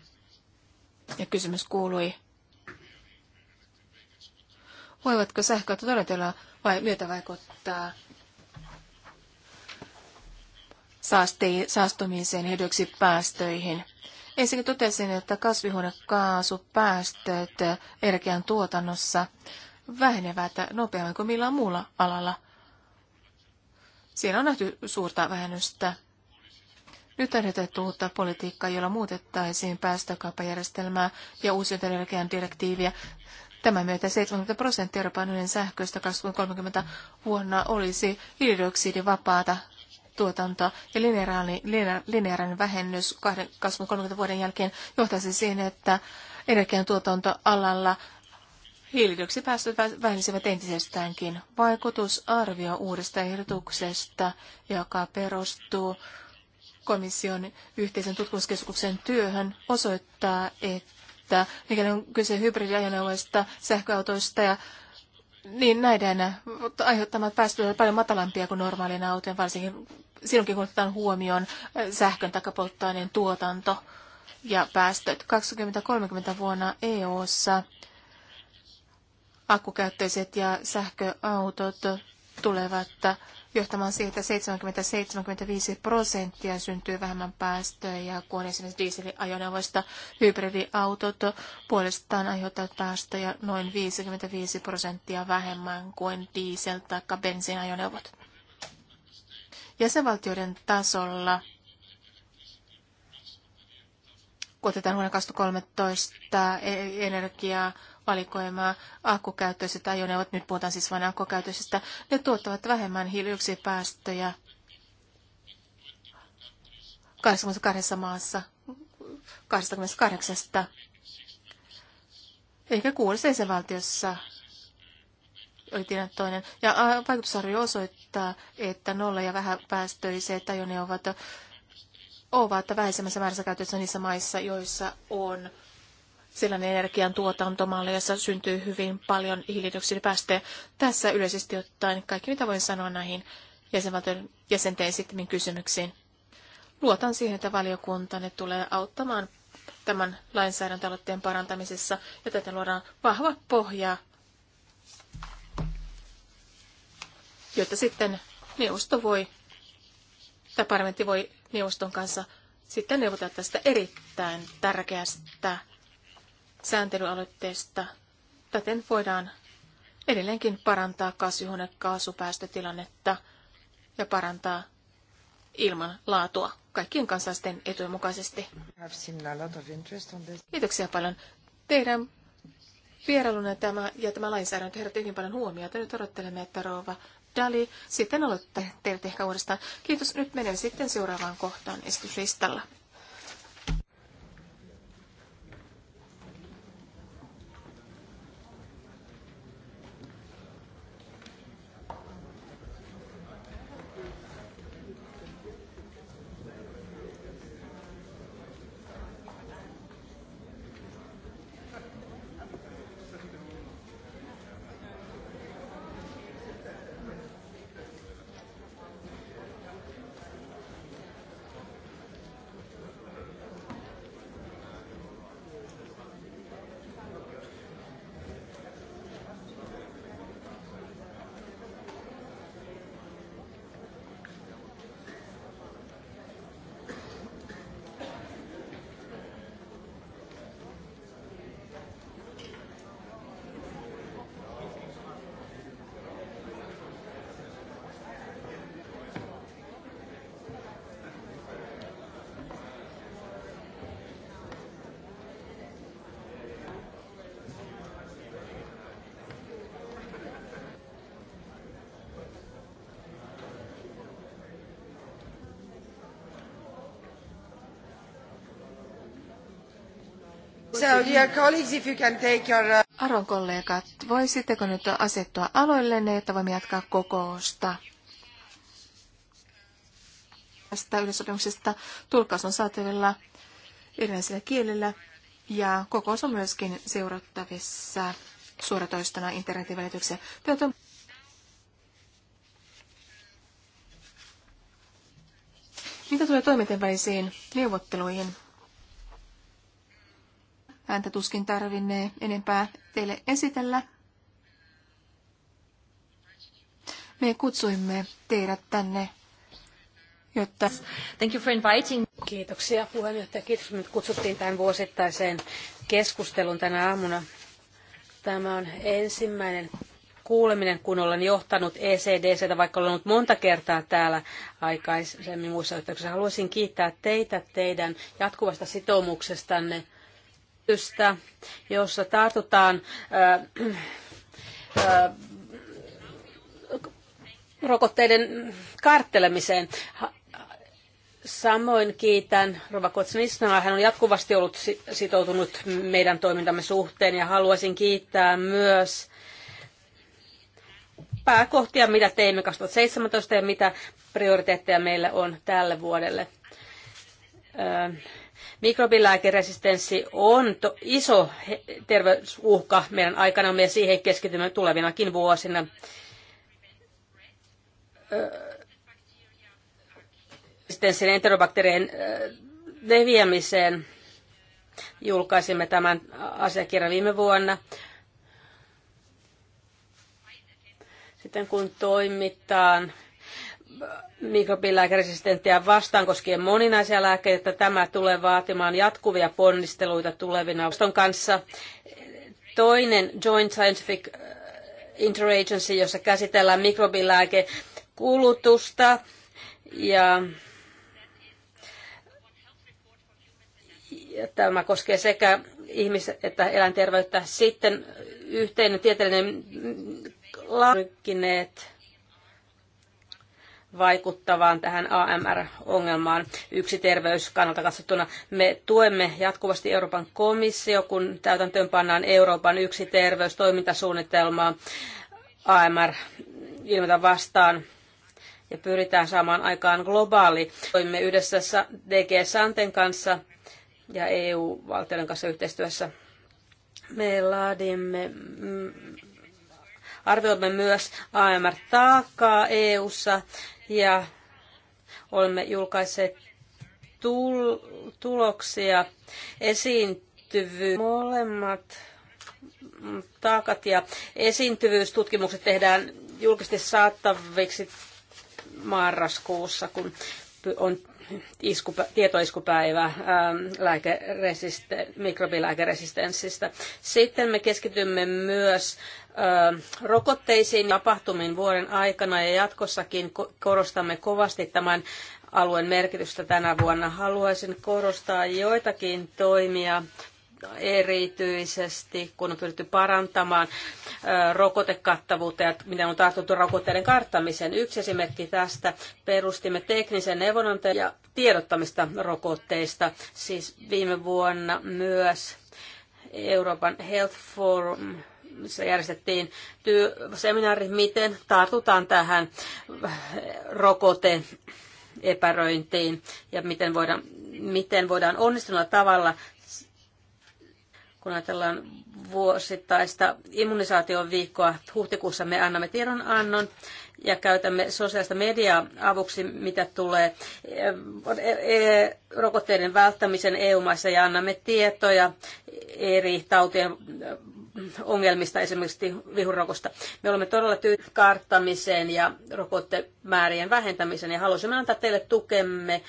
[SPEAKER 2] Ja kysymys kuului, voivatko sähköautot todella vai myötävaikuttaa saastumiseen ja päästöihin? Ensinnäkin totesin, että kasvihuonekaasupäästöt energian tuotannossa vähenevät nopeammin kuin millään muulla alalla. Siinä on nähty suurta vähennystä. Nyt on ehdotettu uutta politiikkaa, jolla muutettaisiin päästökauppajärjestelmää ja uusien energian direktiiviä. Tämän myötä 70 prosenttia Euroopan unionin sähköistä 2030 vuonna olisi hiilidioksidivapaata tuotanto ja lineaarinen, lineaarinen vähennys 20-30 vuoden jälkeen johtaisi siihen, että energiantuotantoalalla hiilidioksipäästöt vähenisivät entisestäänkin. Vaikutusarvio uudesta ehdotuksesta, joka perustuu komission yhteisen tutkimuskeskuksen työhön, osoittaa, että mikäli on kyse hybridiajoneuvoista, sähköautoista ja niin näiden aiheuttamat päästöt ovat paljon matalampia kuin normaalien autojen, varsinkin silloinkin kun otetaan huomioon äh, sähkön takapolttoaineen tuotanto ja päästöt. 2030 vuonna EU-ssa akkukäyttöiset ja sähköautot tulevat johtamaan siitä 70-75 prosenttia syntyy vähemmän päästöjä kuin esimerkiksi dieseliajoneuvoista. Hybridiautot puolestaan aiheuttavat päästöjä noin 55 prosenttia vähemmän kuin diesel- tai bensiinajoneuvot. Jäsenvaltioiden tasolla, kun otetaan vuonna 2013 energiaa, valikoimaa akkukäyttöiset ajoneuvot, nyt puhutaan siis vain akkukäyttöisistä, ne tuottavat vähemmän hiilidioksidipäästöjä 22 maassa 28. Eikä kuulisi jäsenvaltiossa oli tilanne toinen. Ja äh, vaikutusarvio osoittaa, että nolla- ja vähäpäästöiset ajoneuvot ovat vähäisemmässä määrässä käytössä niissä maissa, joissa on sellainen energiantuotantomalli, jossa syntyy hyvin paljon hiilidioksidipäästöjä. Tässä yleisesti ottaen kaikki, mitä voin sanoa näihin jäsenvaltion jäsenten esittämiin kysymyksiin. Luotan siihen, että valiokunta ne tulee auttamaan tämän lainsäädäntöaloitteen parantamisessa ja tätä luodaan vahva pohja jotta sitten neuvosto voi, tai parlamentti voi neuvoston kanssa sitten neuvotella tästä erittäin tärkeästä sääntelyaloitteesta. Täten voidaan edelleenkin parantaa kasvihuonekaasupäästötilannetta ja parantaa ilman laatua kaikkien kansalaisten etujen mukaisesti. Kiitoksia paljon. Teidän vierailunne tämä ja tämä lainsäädäntö herätti hyvin paljon huomiota. Nyt odottelemme, että rouva Dali. Sitten aloitte teiltä ehkä uudestaan. Kiitos. Nyt menen sitten seuraavaan kohtaan esityslistalla. Aron uh, kollegat, voisitteko nyt asettua aloillenne, että voimme jatkaa kokousta? Tästä yleisopimuksesta tulkkaus on saatavilla erilaisilla kielillä ja kokous on myöskin seurattavissa suoratoistona internetin välityksiä. Mitä tulee toimintojen välisiin neuvotteluihin? Häntä tuskin tarvinnee enempää teille esitellä. Me kutsuimme teidät tänne, jotta...
[SPEAKER 3] Thank you for inviting. Kiitoksia puheenjohtaja. Kiitos, että kutsuttiin tämän vuosittaiseen keskustelun tänä aamuna. Tämä on ensimmäinen kuuleminen, kun olen johtanut ECDC, vaikka olen ollut monta kertaa täällä aikaisemmin muissa yhteyksissä. Haluaisin kiittää teitä teidän jatkuvasta sitoumuksestanne – esitystä, jossa tartutaan ää, äh, ää, äh, rokotteiden karttelemiseen. Samoin kiitän Rova Kotsnisnaa. Hän on jatkuvasti ollut sitoutunut meidän toimintamme suhteen ja haluaisin kiittää myös pääkohtia, mitä teimme 2017 ja mitä prioriteetteja meillä on tälle vuodelle. Äh, Mikrobilääkeresistenssi on to- iso terveysuhka meidän aikana, me siihen keskitymme tulevinakin vuosina. Resistenssin enterobakteerien leviämiseen julkaisimme tämän asiakirjan viime vuonna. Sitten kun toimitaan mikrobilääkeresistenttiä vastaan koskien moninaisia lääkkeitä. Tämä tulee vaatimaan jatkuvia ponnisteluita tulevina oston kanssa. Toinen Joint Scientific äh, Interagency, jossa käsitellään mikrobilääkekulutusta ja tämä koskee sekä ihmis- että eläinterveyttä. Sitten yhteinen tieteellinen mm, mm, lankineet vaikuttavaan tähän AMR-ongelmaan yksi terveyskannalta katsottuna. Me tuemme jatkuvasti Euroopan komissio, kun täytäntöönpannaan Euroopan yksi terveystoimintasuunnitelmaa AMR ilmetä vastaan ja pyritään saamaan aikaan globaali. Toimimme yhdessä DG Santen kanssa ja EU-valtioiden kanssa yhteistyössä. Me laadimme mm, arvioimme myös AMR-taakkaa EU-ssa ja olemme julkaisseet tul- tuloksia esiintyvyys Molemmat taakat ja esiintyvyystutkimukset tehdään julkisesti saattaviksi marraskuussa, kun on isku, tietoiskupäivä ähm, ää, mikrobilääkeresistenssistä. Sitten me keskitymme myös rokotteisiin tapahtumiin vuoden aikana ja jatkossakin korostamme kovasti tämän alueen merkitystä tänä vuonna. Haluaisin korostaa joitakin toimia erityisesti, kun on pyritty parantamaan rokotekattavuutta ja miten on tartuttu rokotteiden karttamiseen. Yksi esimerkki tästä perustimme teknisen neuvonantajan ja tiedottamista rokotteista, siis viime vuonna myös Euroopan Health Forum se järjestettiin työ, seminaari, miten tartutaan tähän rokoteen epäröintiin ja miten voidaan, miten voidaan onnistuneella tavalla, kun ajatellaan vuosittaista immunisaation viikkoa, huhtikuussa me annamme tiedonannon ja käytämme sosiaalista mediaa avuksi, mitä tulee eh, eh, rokotteiden välttämisen EU-maissa ja annamme tietoja eri tautien ongelmista, esimerkiksi vihurokosta. Me olemme todella tyy- karttamiseen ja rokottemäärien vähentämiseen ja halusimme antaa teille tukemme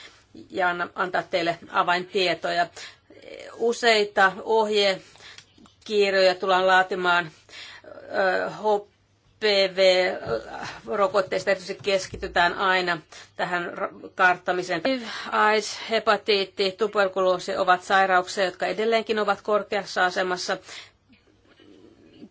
[SPEAKER 3] ja antaa teille avaintietoja. Useita ohjekirjoja tullaan laatimaan HPV-rokotteista, äh, erityisesti keskitytään aina tähän karttamiseen. AIDS, hepatiitti, tuberkuloosi ovat sairauksia, jotka edelleenkin ovat korkeassa asemassa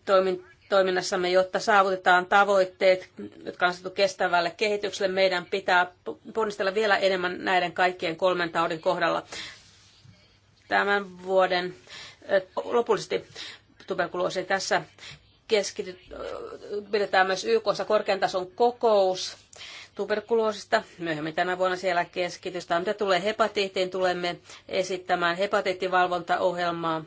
[SPEAKER 3] toimin, toiminnassamme, jotta saavutetaan tavoitteet, jotka on asetettu kestävälle kehitykselle. Meidän pitää ponnistella vielä enemmän näiden kaikkien kolmen taudin kohdalla tämän vuoden lopullisesti tuberkuloosi tässä keskity, pidetään myös YKssa korkean tason kokous tuberkuloosista. Myöhemmin tänä vuonna siellä keskitytään. Mitä tulee hepatiittiin, tulemme esittämään hepatiittivalvontaohjelmaa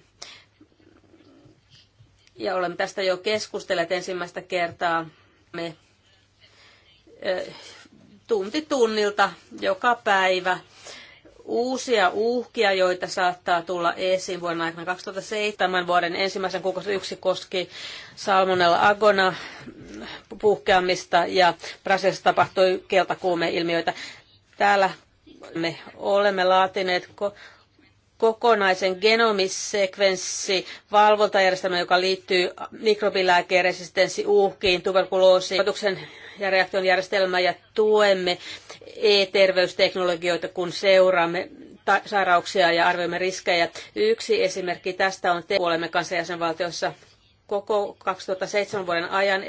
[SPEAKER 3] ja olemme tästä jo keskustelleet ensimmäistä kertaa. Me tunti tunnilta joka päivä uusia uhkia, joita saattaa tulla esiin vuonna aikana 2007. Vuoden ensimmäisen kuukauden yksi koski Salmonella agona puhkeamista ja Brasiliassa tapahtui keltakuumeilmiöitä. Täällä me olemme laatineet kokonaisen genomisekvenssi valvontajärjestelmä, joka liittyy mikrobilääkeresistenssiuhkiin, tuberkuloosiin, rokotuksen ja reaktion järjestelmä ja tuemme e-terveysteknologioita, kun seuraamme sairauksia ja arvioimme riskejä. Yksi esimerkki tästä on te kuolemme kanssa jäsenvaltiossa koko 2007 vuoden ajan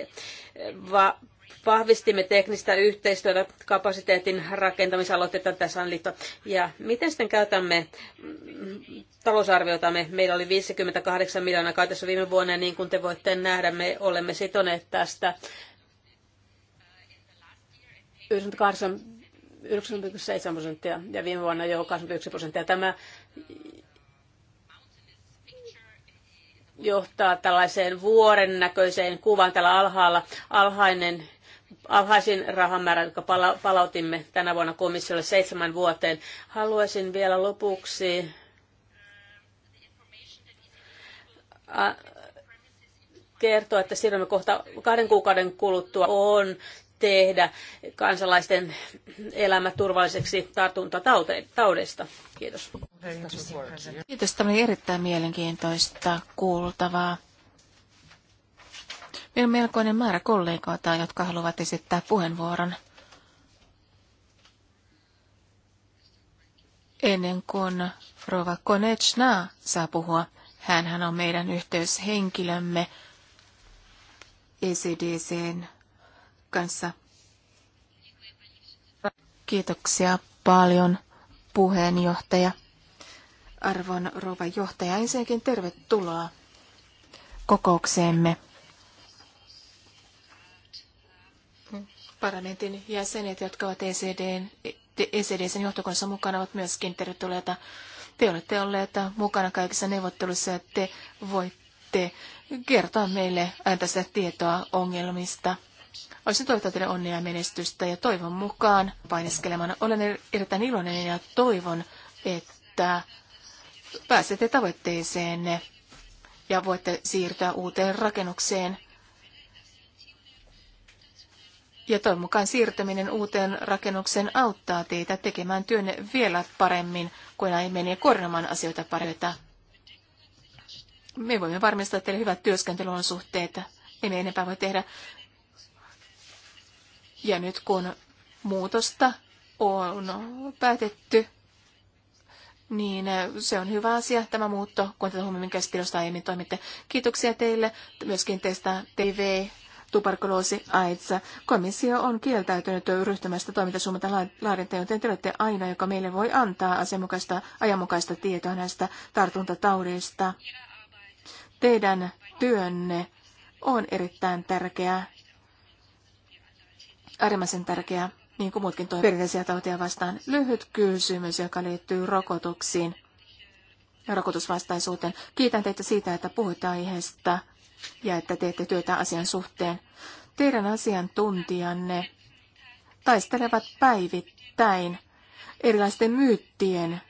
[SPEAKER 3] va- Vahvistimme teknistä yhteistyötä, kapasiteetin rakentamisaloitteita tässä on liitto. Ja miten sitten käytämme mm, talousarviotamme? Meillä oli 58 miljoonaa käytössä viime vuonna, ja niin kuin te voitte nähdä, me olemme sitoneet tästä 98 9,7 prosenttia ja viime vuonna jo 21 prosenttia. Tämä johtaa tällaiseen vuoren näköiseen kuvaan täällä alhaalla. Alhainen alhaisin rahamäärä, jonka palautimme tänä vuonna komissiolle seitsemän vuoteen. Haluaisin vielä lopuksi kertoa, että siirrymme kohta kahden kuukauden kuluttua on tehdä kansalaisten elämä turvalliseksi tartuntataudeista. Kiitos.
[SPEAKER 2] Kiitos, tämä oli erittäin mielenkiintoista kuultavaa. Meillä on melkoinen määrä kollegoita, jotka haluavat esittää puheenvuoron. Ennen kuin Frova Konechna saa puhua, hän on meidän yhteyshenkilömme ECDCn kanssa. Kiitoksia paljon puheenjohtaja. Arvon rouva johtaja, ensinnäkin tervetuloa kokoukseemme. Parlamentin jäsenet, jotka ovat ECDn, e ECDn johtokunnassa mukana, ovat myöskin tervetulleita. Te olette olleet mukana kaikissa neuvotteluissa ja te voitte kertoa meille tästä tietoa ongelmista. Olisin toivottaa teille onnea ja menestystä ja toivon mukaan painiskelemaan. Olen erittäin iloinen ja toivon, että pääsette tavoitteeseenne ja voitte siirtyä uuteen rakennukseen ja toivon mukaan siirtäminen uuteen rakennukseen auttaa teitä tekemään työnne vielä paremmin kuin aiemmin ja koordinoimaan asioita paremmin. Me voimme varmistaa teille hyvät työskentelyolosuhteet. Emme enempää voi tehdä. Ja nyt kun muutosta on päätetty, niin se on hyvä asia, tämä muutto, kun tätä huomioon käsittelystä aiemmin toimitte. Kiitoksia teille myöskin teistä TV tuberkuloosi, AIDS. Komissio on kieltäytynyt ryhtymästä toimintasuunnitelman laadintaan, joten te olette aina, joka meille voi antaa asianmukaista, ajanmukaista tietoa näistä tartuntataudeista. Teidän työnne on erittäin tärkeää, äärimmäisen tärkeää, niin kuin muutkin toimivat perinteisiä tautia vastaan. Lyhyt kysymys, joka liittyy rokotuksiin ja rokotusvastaisuuteen. Kiitän teitä siitä, että puhuitte aiheesta ja että teette työtä asian suhteen. Teidän asiantuntijanne taistelevat päivittäin erilaisten myyttien,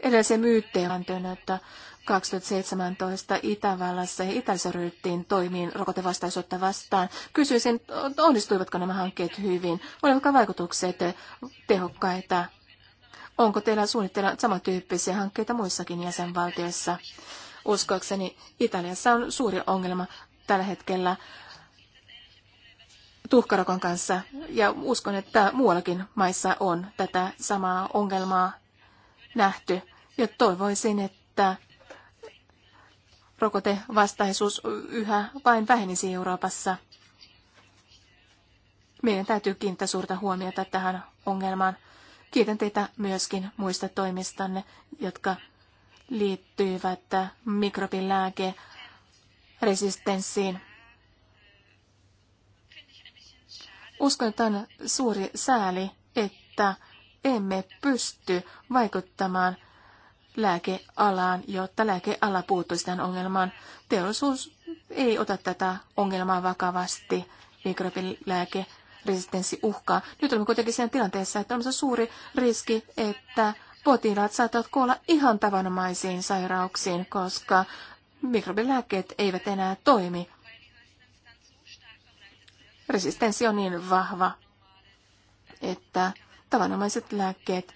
[SPEAKER 2] erilaisen myyttien että 2017 Itävallassa ja Itässä ryhdyttiin toimiin rokotevastaisuutta vastaan. Kysyisin, onnistuivatko nämä hankkeet hyvin? Olivatko vaikutukset tehokkaita? Onko teillä suunnitteilla samantyyppisiä hankkeita muissakin jäsenvaltioissa? Uskoakseni Italiassa on suuri ongelma tällä hetkellä tuhkarokon kanssa, ja uskon, että muuallakin maissa on tätä samaa ongelmaa nähty. Ja toivoisin, että rokotevastaisuus yhä vain vähenisi Euroopassa. Meidän täytyy kiinnittää suurta huomiota tähän ongelmaan. Kiitän teitä myöskin muista toimistanne, jotka liittyivät mikrobilääkeresistenssiin. Uskon, että on suuri sääli, että emme pysty vaikuttamaan lääkealaan, jotta lääkeala puuttuisi tämän ongelmaan. Teollisuus ei ota tätä ongelmaa vakavasti, mikrobilääkeresistenssi uhkaa. Nyt olemme kuitenkin siinä tilanteessa, että on se suuri riski, että Potilaat saattavat kuolla ihan tavanomaisiin sairauksiin, koska mikrobilääkkeet eivät enää toimi. Resistenssi on niin vahva, että tavanomaiset lääkkeet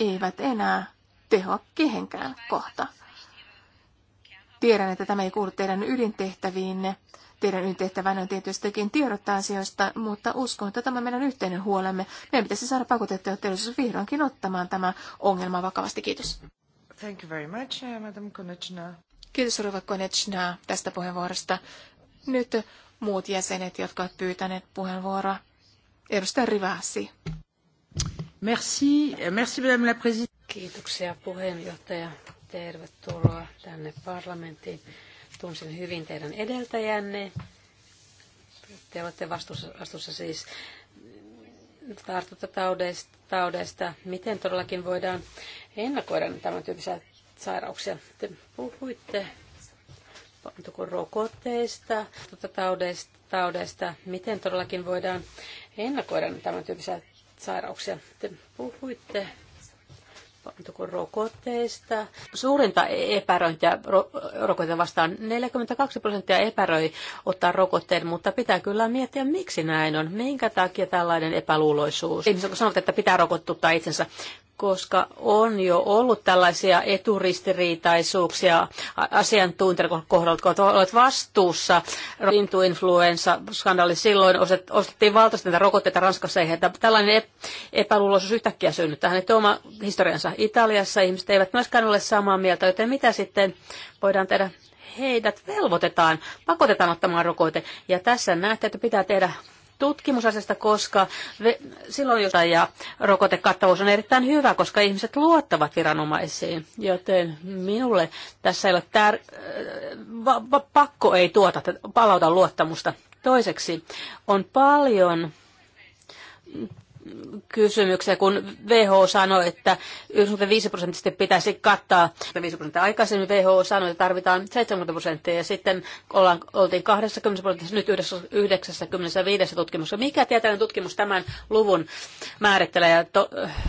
[SPEAKER 2] eivät enää tehoa kehenkään kohta. Tiedän, että tämä ei kuulu teidän ydintehtäviinne. Teidän ydintehtävänne on tietystikin tiedottaa asioista, mutta uskon, että tämä on meidän yhteinen huolemme. Meidän pitäisi saada pakotettua teollisuus vihdoinkin ottamaan tämä ongelma vakavasti. Kiitos.
[SPEAKER 1] Thank you very much, uh, Madam Konechna.
[SPEAKER 2] Kiitos Ruva Konechna tästä puheenvuorosta. Nyt muut jäsenet, jotka ovat pyytäneet puheenvuoroa. Edustaja Rivasi.
[SPEAKER 1] Merci, merci Madame la
[SPEAKER 2] Kiitoksia puheenjohtaja. Tervetuloa tänne
[SPEAKER 3] parlamenttiin. Tunsin hyvin teidän edeltäjänne. Te olette vastuussa, vastuussa siis tartuntataudeista. Miten todellakin voidaan ennakoida tämän tyyppisiä sairauksia? Te puhuitte rokotteista, tartuntataudeista, miten todellakin voidaan ennakoida tämän tyyppisiä sairauksia. Te puhuitte rokotteista. Suurinta epäröintiä rokotteen vastaan 42 prosenttia epäröi ottaa rokotteen, mutta pitää kyllä miettiä, miksi näin on. Minkä takia tällainen epäluuloisuus? Ihmiset sanovat, että pitää rokottuttaa itsensä koska on jo ollut tällaisia eturistiriitaisuuksia asiantuntijoiden kohdalla, jotka ovat vastuussa skandaali Silloin ostettiin valtaisesti näitä rokotteita Ranskassa, eihän tällainen epäluuloisuus yhtäkkiä synny. Tähän että oma historiansa Italiassa ihmiset eivät myöskään ole samaa mieltä, joten mitä sitten voidaan tehdä? Heidät velvoitetaan, pakotetaan ottamaan rokote. Ja tässä näette, että pitää tehdä tutkimusasiasta, koska silloin jotain ja rokotekattavuus on erittäin hyvä, koska ihmiset luottavat viranomaisiin, joten minulle tässä ei ole tär- va- va- pakko ei tuota, palauta luottamusta. Toiseksi on paljon kysymykseen, kun WHO sanoi, että 95 prosenttisesti pitäisi kattaa 5 prosenttia. Aikaisemmin WHO sanoi, että tarvitaan 70 prosenttia ja sitten ollaan, oltiin 20 prosentissa, nyt 95 tutkimuksessa. Mikä tieteellinen tutkimus tämän luvun määrittelee ja to, äh,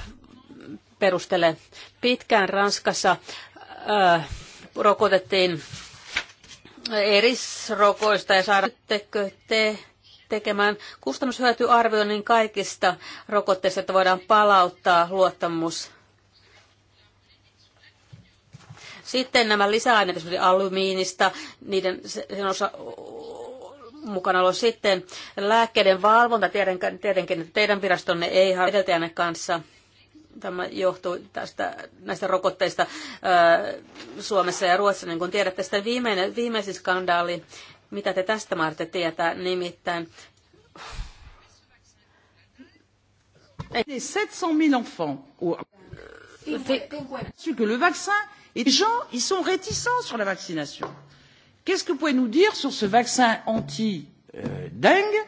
[SPEAKER 3] perustelee? Pitkään Ranskassa ää, äh, rokotettiin erisrokoista ja saada, te tekemään kustannushyötyarvioinnin kaikista rokotteista, että voidaan palauttaa luottamus. Sitten nämä lisäaineet, esimerkiksi alumiinista, niiden sen osa mukana on sitten lääkkeiden valvonta, tietenkin, tietenkin teidän virastonne ei edeltäjänne kanssa tämä johtuu tästä, näistä rokotteista ää, Suomessa ja Ruotsissa, niin kuin tiedätte. Sitten viimeinen, viimeisin skandaali mitä te tästä Marte tietää, nimittäin
[SPEAKER 1] 700 000 vaccin Qu'est-ce que vous pouvez nous dire sur ce vaccin anti euh, dengue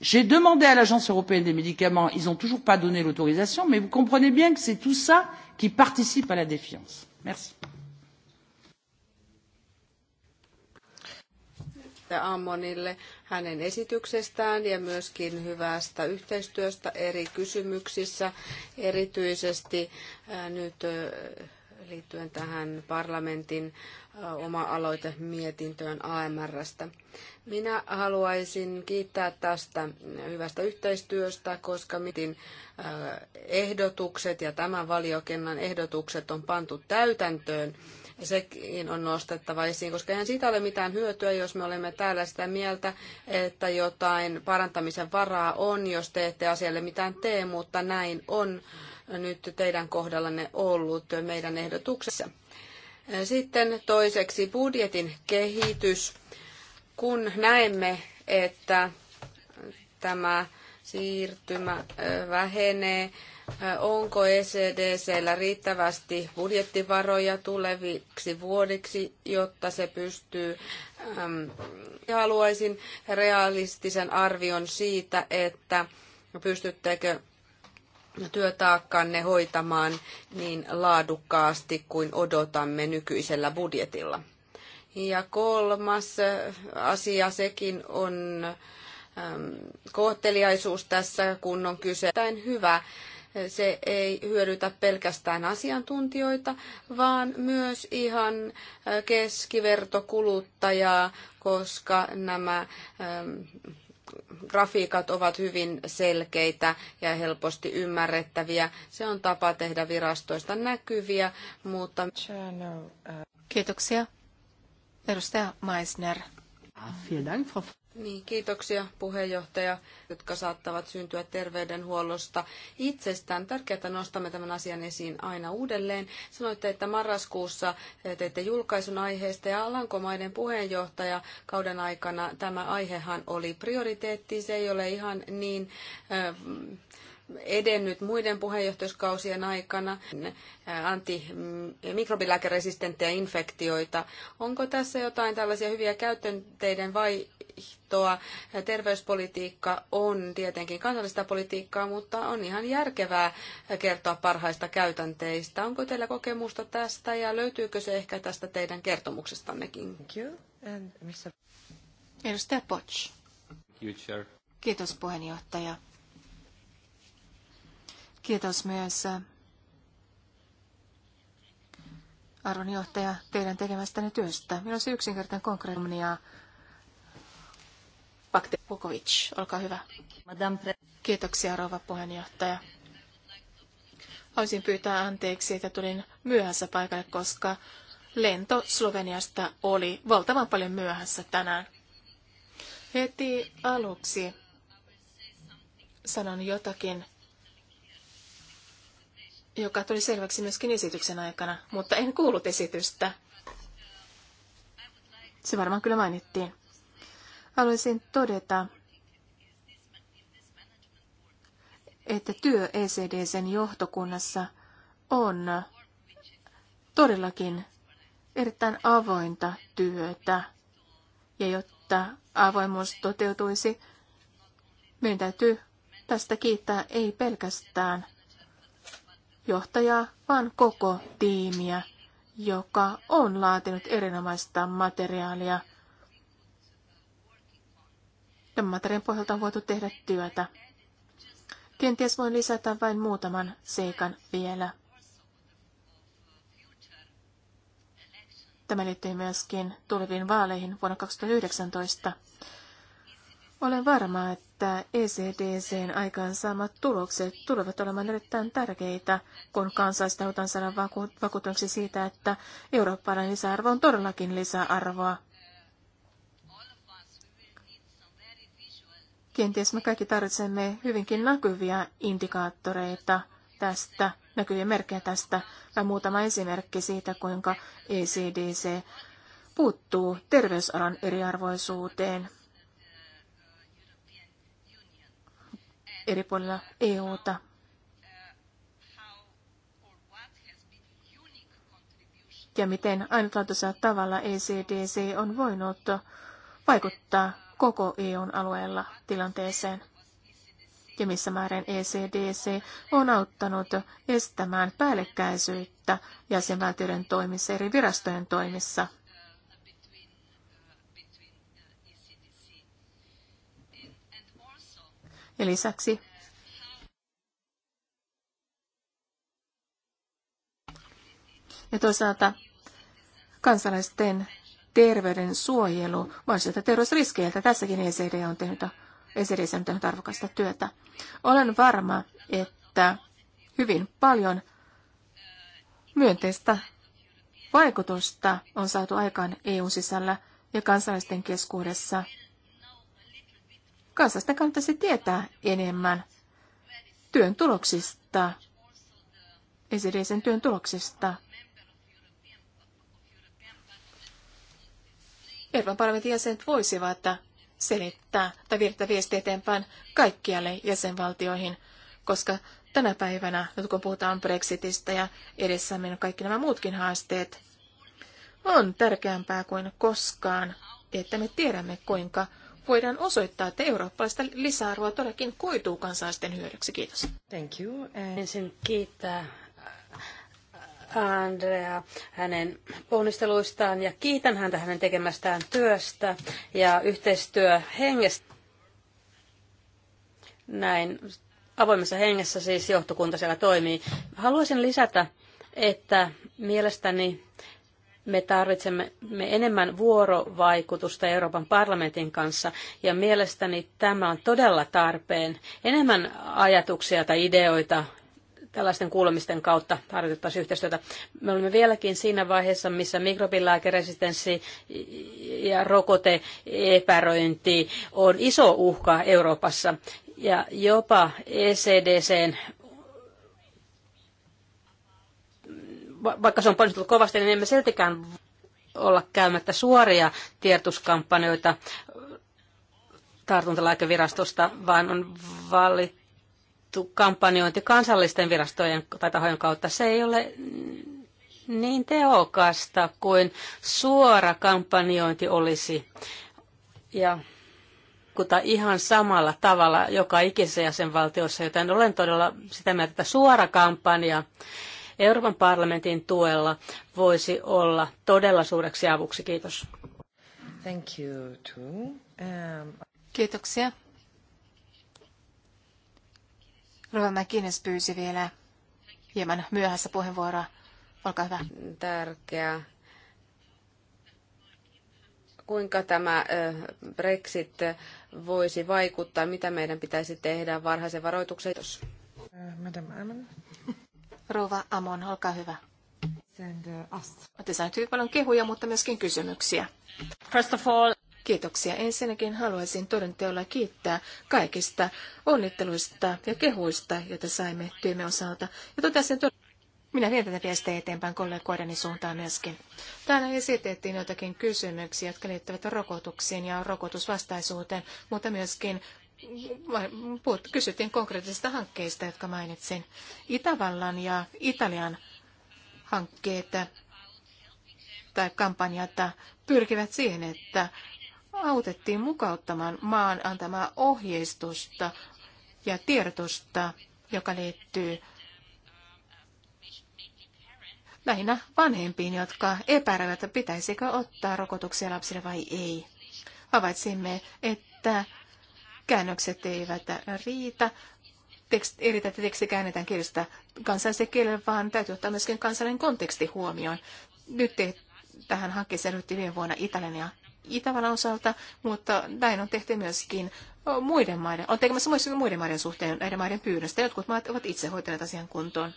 [SPEAKER 4] J'ai demandé à l'Agence européenne des médicaments, ils n'ont toujours pas donné l'autorisation, mais vous comprenez bien
[SPEAKER 1] que c'est tout ça qui participe à la défiance. Merci.
[SPEAKER 4] Ammonille hänen esityksestään ja myöskin hyvästä yhteistyöstä eri kysymyksissä, erityisesti nyt liittyen tähän parlamentin oma-aloitemietintöön AMRstä. Minä haluaisin kiittää tästä hyvästä yhteistyöstä, koska mitin ehdotukset ja tämän valiokunnan ehdotukset on pantu täytäntöön ja sekin on nostettava esiin, koska eihän siitä ole mitään hyötyä, jos me olemme täällä sitä mieltä, että jotain parantamisen varaa on, jos te ette asialle mitään tee, mutta näin on nyt teidän kohdallanne ollut meidän ehdotuksessa. Sitten toiseksi budjetin kehitys. Kun näemme, että tämä siirtymä vähenee, Onko ECDCllä riittävästi budjettivaroja tuleviksi vuodiksi, jotta se pystyy Ähm, haluaisin realistisen arvion siitä, että pystyttekö työtaakkanne hoitamaan niin laadukkaasti kuin odotamme nykyisellä budjetilla. Ja kolmas asia sekin on kohteliaisuus tässä, kun on kyse. Tämä hyvä se ei hyödytä pelkästään asiantuntijoita, vaan myös ihan keskivertokuluttajaa, koska nämä grafiikat ovat hyvin selkeitä ja helposti ymmärrettäviä. Se on tapa
[SPEAKER 2] tehdä virastoista näkyviä, mutta... Äh. Kiitoksia. Edustaja Meisner. Ah,
[SPEAKER 4] niin, kiitoksia puheenjohtaja, jotka saattavat syntyä terveydenhuollosta itsestään. Tärkeää, että nostamme tämän asian esiin aina uudelleen. Sanoitte, että marraskuussa teitte julkaisun aiheesta ja Alankomaiden puheenjohtaja kauden aikana tämä aihehan oli prioriteetti. Se ei ole ihan niin äh, edennyt muiden puheenjohtajuuskausien aikana anti- äh, infektioita. Onko tässä jotain tällaisia hyviä käytänteiden vai vaihtoa. Terveyspolitiikka on tietenkin kansallista politiikkaa, mutta on ihan järkevää kertoa parhaista käytänteistä. Onko teillä kokemusta tästä ja löytyykö se ehkä tästä teidän kertomuksestannekin?
[SPEAKER 2] Edustaja Poch. Kiitos puheenjohtaja. Kiitos myös äh, arvonjohtaja teidän tekemästänne työstä. Minulla on se yksinkertainen konkreettinen Bakte Pukovic, olkaa hyvä. Kiitoksia, rouva puheenjohtaja. Haluaisin pyytää anteeksi, että tulin myöhässä paikalle, koska lento Sloveniasta oli valtavan paljon myöhässä tänään. Heti aluksi sanon jotakin, joka tuli selväksi myöskin esityksen aikana, mutta en kuullut esitystä. Se varmaan kyllä mainittiin haluaisin todeta, että työ ECDCn johtokunnassa on todellakin erittäin avointa työtä. Ja jotta avoimuus toteutuisi, meidän täytyy tästä kiittää ei pelkästään johtajaa, vaan koko tiimiä, joka on laatinut erinomaista materiaalia – Tämän materiaalin pohjalta on voitu tehdä työtä. Kenties voin lisätä vain muutaman seikan vielä. Tämä liittyy myöskin tuleviin vaaleihin vuonna 2019. Olen varma, että ECDCn aikaansaamat tulokset tulevat olemaan erittäin tärkeitä, kun kansalaiset halutaan saada vakuutuksi siitä, että eurooppalainen lisäarvo on todellakin lisäarvoa. Kenties me kaikki tarvitsemme hyvinkin näkyviä indikaattoreita tästä, näkyviä merkkejä tästä, ja muutama esimerkki siitä, kuinka ECDC puuttuu terveysalan eriarvoisuuteen eri puolilla EUta. Ja miten ainutlaatuisella tavalla ECDC on voinut vaikuttaa koko EUn alueella tilanteeseen ja missä määrin ECDC on auttanut estämään päällekkäisyyttä jäsenvaltioiden toimissa eri virastojen toimissa. Ja lisäksi ja toisaalta kansalaisten terveyden suojelu mahdollisilta terveysriskeiltä. Tässäkin ECD on tehnyt, ECD on tehnyt arvokasta työtä. Olen varma, että hyvin paljon myönteistä vaikutusta on saatu aikaan EUn sisällä ja kansalaisten keskuudessa. Kansalaisten kannattaisi tietää enemmän työn tuloksista, esideisen työn tuloksista. Euroopan parlamentin jäsenet voisivat selittää tai viettää viesti eteenpäin kaikkialle jäsenvaltioihin, koska tänä päivänä, nyt kun puhutaan Brexitistä ja edessä on kaikki nämä muutkin haasteet, on tärkeämpää kuin koskaan, että me tiedämme, kuinka voidaan osoittaa, että eurooppalaista lisäarvoa todellakin koituu kansalaisten hyödyksi. Kiitos. Thank you. Ensin kiittää
[SPEAKER 3] Andrea hänen ponnisteluistaan ja kiitän häntä hänen tekemästään työstä ja yhteistyöhengestä. Näin avoimessa hengessä siis johtokunta siellä toimii. Haluaisin lisätä, että mielestäni me tarvitsemme me enemmän vuorovaikutusta Euroopan parlamentin kanssa ja mielestäni tämä on todella tarpeen. Enemmän ajatuksia tai ideoita tällaisten kuulemisten kautta harjoitettaisiin yhteistyötä. Me olemme vieläkin siinä vaiheessa, missä mikrobilääkeresistenssi ja rokoteepäröinti on iso uhka Euroopassa. Ja jopa ECDCn vaikka se on ponnistunut kovasti, niin emme siltikään olla käymättä suoria tiedotuskampanjoita tartuntalääkevirastosta, vaan on vali, tehostettu kampanjointi kansallisten virastojen tai tahojen kautta, se ei ole niin tehokasta kuin suora kampanjointi olisi. Ja vaikuta ihan samalla tavalla joka ikisessä jäsenvaltiossa, joten olen todella sitä mieltä, että suora kampanja Euroopan parlamentin tuella voisi olla todella suureksi avuksi. Kiitos.
[SPEAKER 1] Thank you too. Um...
[SPEAKER 2] Kiitoksia. Rova McInnes pyysi vielä hieman myöhässä puheenvuoroa. Olkaa hyvä. Tärkeää.
[SPEAKER 4] Kuinka tämä Brexit voisi vaikuttaa? Mitä meidän pitäisi tehdä varhaisen varoituksen? Kiitos.
[SPEAKER 1] Amon.
[SPEAKER 2] Rova Amon, olkaa hyvä. Olette saaneet hyvin paljon kehuja, mutta myöskin kysymyksiä. First of all... Kiitoksia. Ensinnäkin haluaisin todenteolla kiittää kaikista onnitteluista ja kehuista, joita saimme työmme osalta. Ja totesin, minä vien tätä viestiä eteenpäin kollegoideni suuntaan myöskin. Täällä esitettiin jotakin kysymyksiä, jotka liittyvät rokotuksiin ja rokotusvastaisuuteen, mutta myöskin kysyttiin konkreettisista hankkeista, jotka mainitsin. Itävallan ja Italian hankkeita tai kampanjat pyrkivät siihen, että autettiin mukauttamaan maan antamaa ohjeistusta ja tiedotusta, joka liittyy lähinnä vanhempiin, jotka epäröivät, pitäisikö ottaa rokotuksia lapsille vai ei. Havaitsimme, että käännökset eivät riitä. Tekst, eri tätä teksti käännetään kielestä kansalliselle kielelle, vaan täytyy ottaa myöskin kansallinen konteksti huomioon. Nyt tähän hankkeeseen ryhtyi viime vuonna Italian ja Itävallan osalta, mutta näin on tehty myöskin muiden maiden, on tekemässä myös muiden maiden suhteen näiden maiden pyynnöstä. Jotkut maat ovat itse hoitaneet asian kuntoon.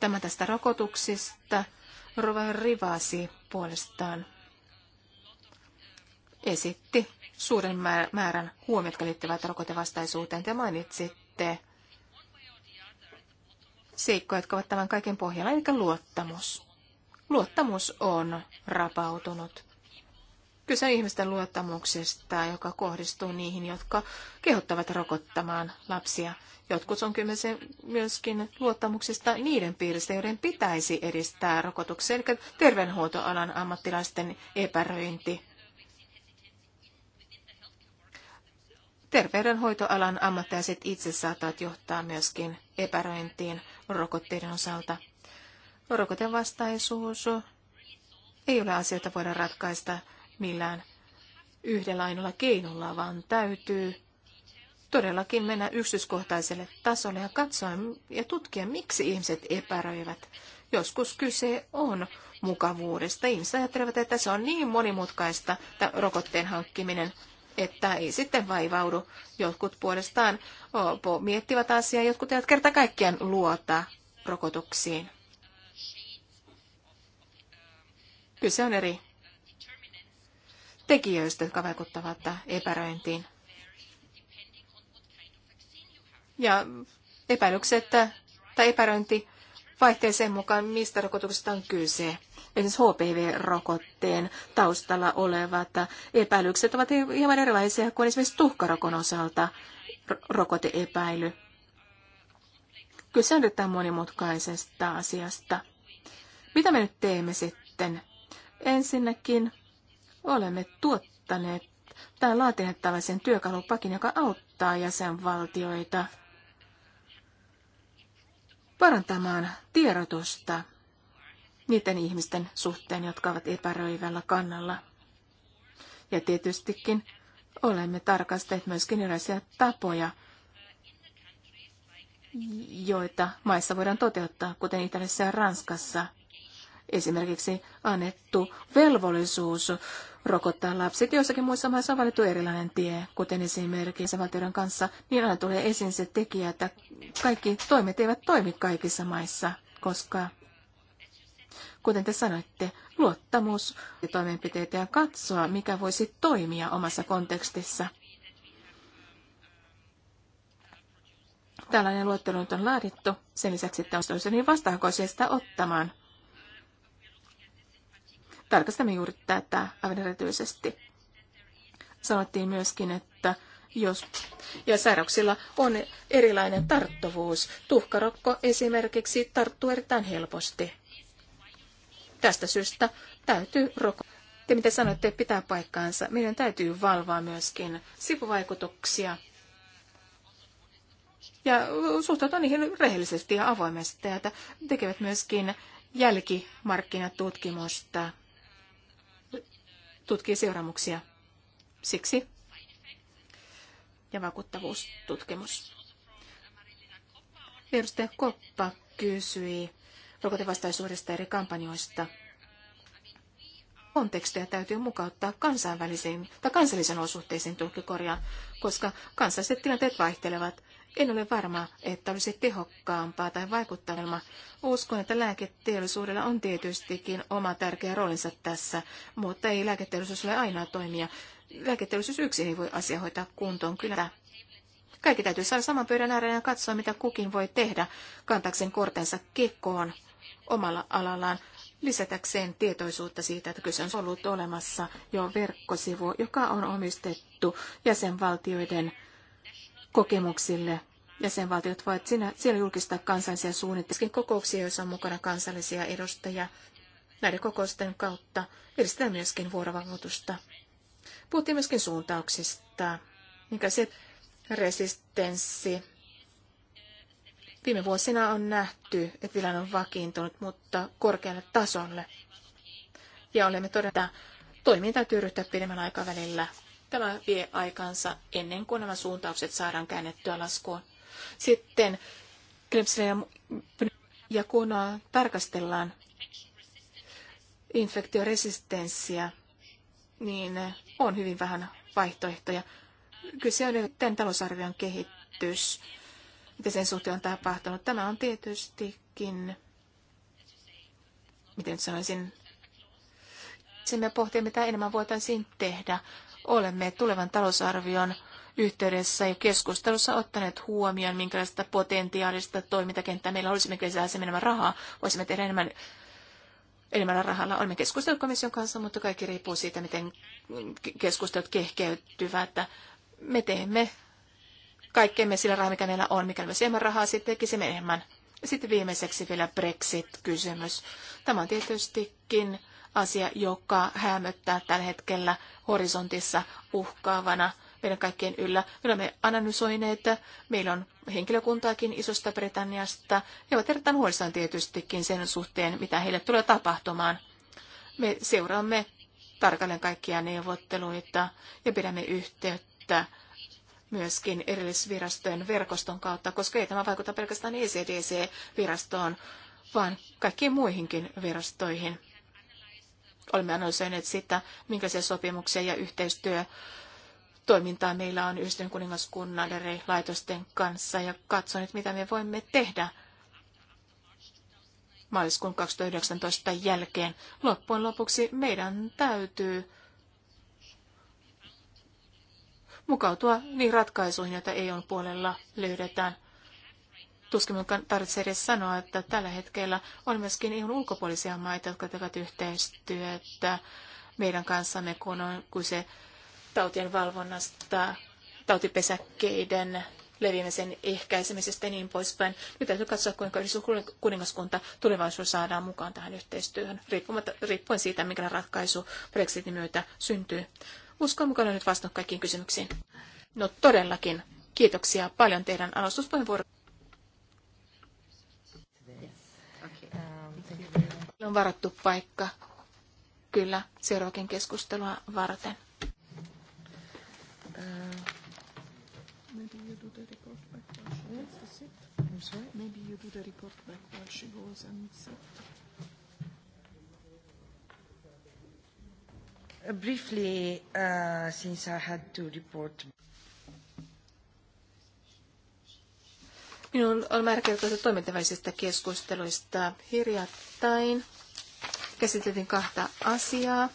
[SPEAKER 2] Tämä tästä rokotuksista. Rova Rivasi puolestaan esitti suuren määrän huomiot, jotka liittyvät rokotevastaisuuteen. Te mainitsitte seikkoja, jotka ovat tämän kaiken pohjalla, eli luottamus. Luottamus on rapautunut. Kyse on ihmisten luottamuksesta, joka kohdistuu niihin, jotka kehottavat rokottamaan lapsia. Jotkut on kyse myöskin luottamuksesta niiden piiristä, joiden pitäisi edistää rokotuksia, eli terveydenhuoltoalan ammattilaisten epäröinti. Terveydenhoitoalan ammattilaiset itse saattavat johtaa myöskin epäröintiin rokotteiden osalta. Rokotevastaisuus ei ole asioita voida ratkaista millään yhdellä ainoalla keinolla, vaan täytyy todellakin mennä yksityiskohtaiselle tasolle ja katsoa ja tutkia, miksi ihmiset epäröivät. Joskus kyse on mukavuudesta. Ihmiset ajattelevat, että se on niin monimutkaista, tämä rokotteen hankkiminen, että ei sitten vaivaudu. Jotkut puolestaan miettivät asiaa, jotkut eivät kerta kaikkiaan luota rokotuksiin. Kyse on eri tekijöistä, jotka vaikuttavat epäröintiin. Ja epäilykset tai epäröinti vaihteeseen mukaan, mistä rokotuksesta on kyse. Esimerkiksi HPV-rokotteen taustalla olevat epäilykset ovat hieman erilaisia kuin esimerkiksi tuhkarokon osalta rokoteepäily. Kyse on erittäin monimutkaisesta asiasta. Mitä me nyt teemme sitten? Ensinnäkin olemme tuottaneet tai laatineet tällaisen työkalupakin, joka auttaa jäsenvaltioita – parantamaan tiedotusta niiden ihmisten suhteen, jotka ovat epäröivällä kannalla. Ja tietystikin olemme tarkastaneet myöskin erilaisia tapoja, joita maissa voidaan toteuttaa, kuten Italiassa ja Ranskassa – esimerkiksi annettu velvollisuus rokottaa lapset. Joissakin muissa maissa on valittu erilainen tie, kuten esimerkiksi valtioiden kanssa. Niin aina tulee esiin se tekijä, että kaikki toimet eivät toimi kaikissa maissa, koska kuten te sanoitte, luottamus ja toimenpiteitä ja katsoa, mikä voisi toimia omassa kontekstissa. Tällainen luottelu on laadittu. Sen lisäksi, että on niin vastaako sitä ottamaan – tarkastamme juuri tätä aivan erityisesti. Sanottiin myöskin, että jos, ja sairauksilla on erilainen tarttuvuus. Tuhkarokko esimerkiksi tarttuu erittäin helposti. Tästä syystä täytyy roko. Te mitä sanoitte pitää paikkaansa, meidän täytyy valvoa myöskin sivuvaikutuksia ja suhtautua niihin rehellisesti ja avoimesti, että tekevät myöskin jälkimarkkinatutkimusta tutkii seuraamuksia. Siksi ja vakuuttavuustutkimus. Edustaja Koppa kysyi rokotevastaisuudesta eri kampanjoista. Konteksteja täytyy mukauttaa kansainvälisiin tai kansallisen olosuhteisiin tulkikorjaan, koska kansalliset tilanteet vaihtelevat. En ole varma, että olisi tehokkaampaa tai vaikuttavilma. Uskon, että lääketeollisuudella on tietystikin oma tärkeä roolinsa tässä, mutta ei lääketeollisuus ole ainoa toimija. Lääketeollisuus yksin ei voi asia hoitaa kuntoon kyllä. Kaikki täytyy saada saman pöydän ääreen ja katsoa, mitä kukin voi tehdä kantakseen kortensa kekoon omalla alallaan lisätäkseen tietoisuutta siitä, että kyse on ollut olemassa jo verkkosivu, joka on omistettu jäsenvaltioiden kokemuksille. Jäsenvaltiot voivat sinä, siellä julkistaa kansallisia suunnitelmia, kokouksia, joissa on mukana kansallisia edustajia. Näiden kokousten kautta edistetään myöskin vuorovaikutusta. Puhuttiin myöskin suuntauksista, mikä se resistenssi. Viime vuosina on nähty, että tilanne on vakiintunut, mutta korkealle tasolle. Ja olemme todella, että toimiin täytyy ryhtyä pidemmän aikavälillä Tämä vie aikansa ennen kuin nämä suuntaukset saadaan käännettyä laskuun. Sitten ja kun äh, tarkastellaan infektioresistenssiä, niin äh, on hyvin vähän vaihtoehtoja. Kyse on tämän talousarvion kehitys, mitä sen suhteen on tapahtunut. Tämä on tietystikin, miten sanoisin, sen me pohtia, mitä enemmän voitaisiin tehdä olemme tulevan talousarvion yhteydessä ja keskustelussa ottaneet huomioon, minkälaista potentiaalista toimintakenttää meillä olisi, mikä lisäisi enemmän rahaa, voisimme tehdä enemmän enemmän rahalla. Olemme keskustelleet komission kanssa, mutta kaikki riippuu siitä, miten keskustelut kehkeytyvät. että Me teemme kaikkemme sillä rahalla, mikä meillä on. Mikäli me enemmän rahaa, sitten tekisimme enemmän. Sitten viimeiseksi vielä Brexit-kysymys. Tämä on tietystikin asia, joka hämöttää tällä hetkellä horisontissa uhkaavana meidän kaikkien yllä. Me olemme analysoineet, meillä on henkilökuntaakin Isosta Britanniasta. He ovat erittäin huolissaan tietystikin sen suhteen, mitä heille tulee tapahtumaan. Me seuraamme tarkalleen kaikkia neuvotteluita ja pidämme yhteyttä myöskin erillisvirastojen verkoston kautta, koska ei tämä vaikuta pelkästään ECDC-virastoon, vaan kaikkiin muihinkin virastoihin olemme analysoineet sitä, minkälaisia sopimuksia ja yhteistyö toimintaa meillä on Yhdistyneen kuningaskunnan eri laitosten kanssa ja katsonut, mitä me voimme tehdä maaliskuun 2019 jälkeen. Loppujen lopuksi meidän täytyy mukautua niin ratkaisuihin, joita EUn puolella löydetään. Tuskin minun tarvitsee edes sanoa, että tällä hetkellä on myöskin ihan ulkopuolisia maita, jotka tekevät yhteistyötä meidän kanssamme, kun on kyse tautien valvonnasta, tautipesäkkeiden leviämisen ehkäisemisestä ja niin poispäin. Nyt täytyy katsoa, kuinka kuningaskunta tulevaisuus saadaan mukaan tähän yhteistyöhön, riippuen siitä, mikä ratkaisu Brexitin myötä syntyy. Uskon mukana nyt vastannut kaikkiin kysymyksiin. No todellakin. Kiitoksia paljon teidän alustuspuheenvuorosta. on varattu paikka kyllä seuraakin keskustelua varten.
[SPEAKER 1] Briefly, uh, since I had to report.
[SPEAKER 2] Minun on määrä kertoa toimintavälisistä keskusteluista hirjattain. Käsiteltiin kahta asiaa.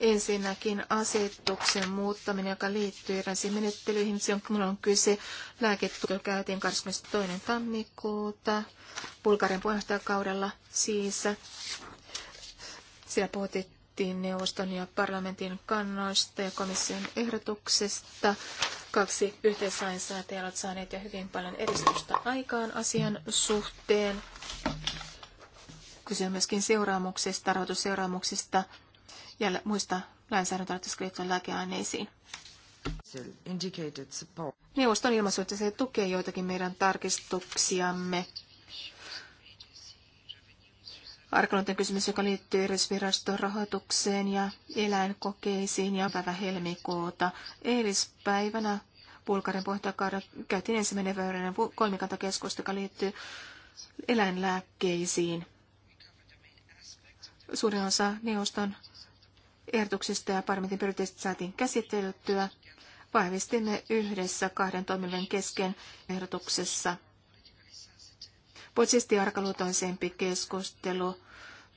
[SPEAKER 2] Ensinnäkin asetuksen muuttaminen, joka liittyy eräisiin menettelyihin. Se on, minulla on kyse lääketukio, joka käytiin 22. tammikuuta Bulgarian puheenjohtajakaudella siis. Siellä puhuttiin neuvoston ja parlamentin kannoista ja komission ehdotuksesta Kaksi yhteislainsäätäjää ovat saaneet jo hyvin paljon edistystä aikaan asian suhteen. Kyse on myöskin seuraamuksista, rahoitusseuraamuksista ja muista lainsäädäntöratkaisuista liittyen lääkeaineisiin. Neuvoston ilmaisuutta se tukee joitakin meidän tarkistuksiamme Arkaluonteen kysymys, joka liittyy Erisviraston rahoitukseen ja eläinkokeisiin ja päivä helmikuuta. Eilispäivänä Bulgarin puheenjohtajakaudella käytiin ensimmäinen väyräinen kolmikantakeskustelu, joka liittyy eläinlääkkeisiin. Suurin osa neuvoston ehdotuksista ja parlamentin perinteistä saatiin käsiteltyä. Vahvistimme yhdessä kahden toimivan kesken ehdotuksessa Poliittisesti arkaluutoisempi keskustelu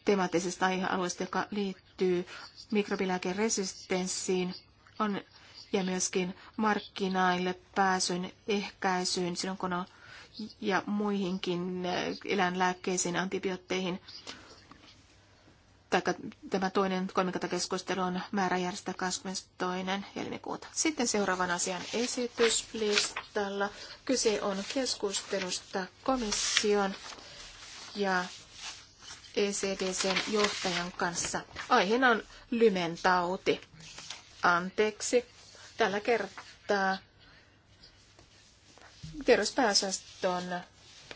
[SPEAKER 2] temaattisesta aihealueesta, joka liittyy mikrobilääkeresistenssiin on, ja myöskin markkinaille pääsyn ehkäisyyn silloin kun on, ja muihinkin äh, eläinlääkkeisiin, antibiootteihin taikka tämä toinen kolmikantakeskustelu on määrä järjestää 22. helmikuuta. Sitten seuraavan asian esityslistalla. Kyse on keskustelusta komission ja ECDCn johtajan kanssa. Aiheena on lymentauti. Anteeksi, tällä kertaa terveyspääsaston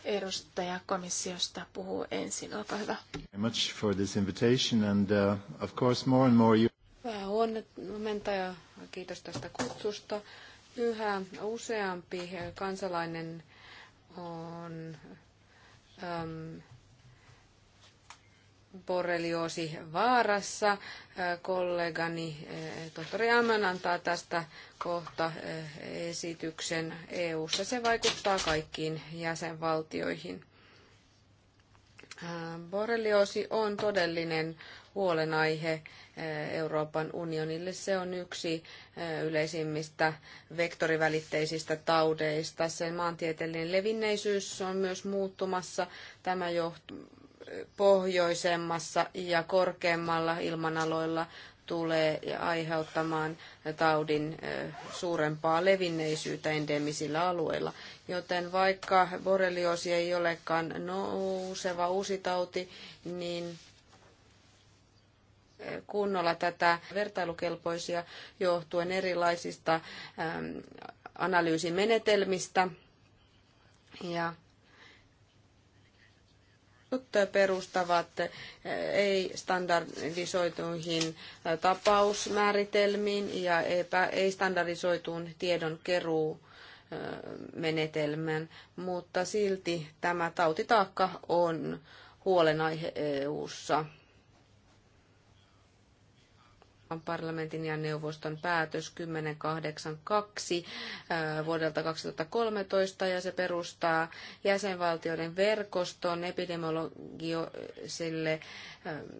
[SPEAKER 2] edustaja komissiosta puhuu ensin. Olkaa hyvä.
[SPEAKER 1] Much for this invitation and uh, of course more and more you...
[SPEAKER 4] Hyvää huomenta ja kiitos tästä kutsusta. Yhä useampi kansalainen on äm, um, borrelioosi vaarassa. Äh, kollegani äh, tohtori Amman antaa tästä kohta äh, esityksen EU-ssa. Se vaikuttaa kaikkiin jäsenvaltioihin. Borrelioosi on todellinen huolenaihe Euroopan unionille. Se on yksi yleisimmistä vektorivälitteisistä taudeista. Sen maantieteellinen levinneisyys on myös muuttumassa. Tämä johtuu pohjoisemmassa ja korkeammalla ilmanaloilla tulee aiheuttamaan taudin suurempaa levinneisyyttä endemisillä alueilla. Joten vaikka borrelioosi ei olekaan nouseva uusi tauti, niin kunnolla tätä vertailukelpoisia johtuen erilaisista analyysimenetelmistä ja perustavat eh, ei-standardisoituihin eh, tapausmääritelmiin ja ei-standardisoituun tiedon keruu eh, menetelmän, mutta silti tämä tautitaakka on huolenaihe EU:ssa parlamentin ja neuvoston päätös 1082 äh, vuodelta 2013 ja se perustaa jäsenvaltioiden verkoston epidemiologiselle äh,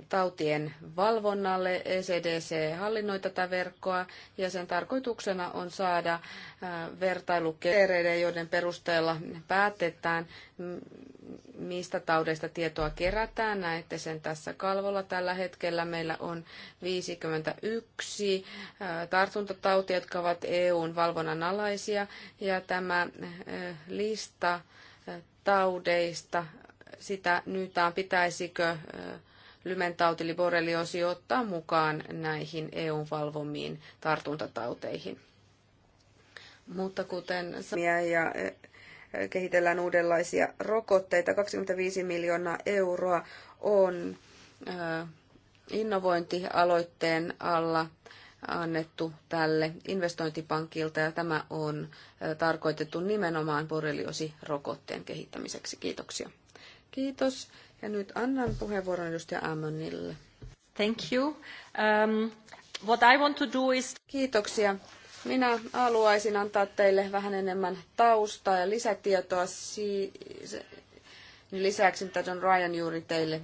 [SPEAKER 4] tautien valvonnalle. ECDC hallinnoi tätä verkkoa ja sen tarkoituksena on saada äh, vertailukereiden, joiden perusteella päätetään, mistä taudeista tietoa kerätään. Näette sen tässä kalvolla. Tällä hetkellä meillä on 50 yksi tartuntatauti, jotka ovat EUn valvonnan alaisia, ja tämä lista taudeista, sitä nytään pitäisikö lymentauti eli borreliosi ottaa mukaan näihin EUn valvomiin tartuntatauteihin. Mutta kuten ja kehitellään uudenlaisia rokotteita, 25 miljoonaa euroa on innovointialoitteen alla annettu tälle investointipankilta ja tämä on tarkoitettu nimenomaan borreliosirokotteen kehittämiseksi. Kiitoksia. Kiitos. Ja nyt annan puheenvuoron edustaja Ammonille. Thank you. Um, what I want to do is... Kiitoksia. Minä haluaisin antaa teille vähän enemmän taustaa ja lisätietoa si- lisäksi, mitä John Ryan juuri teille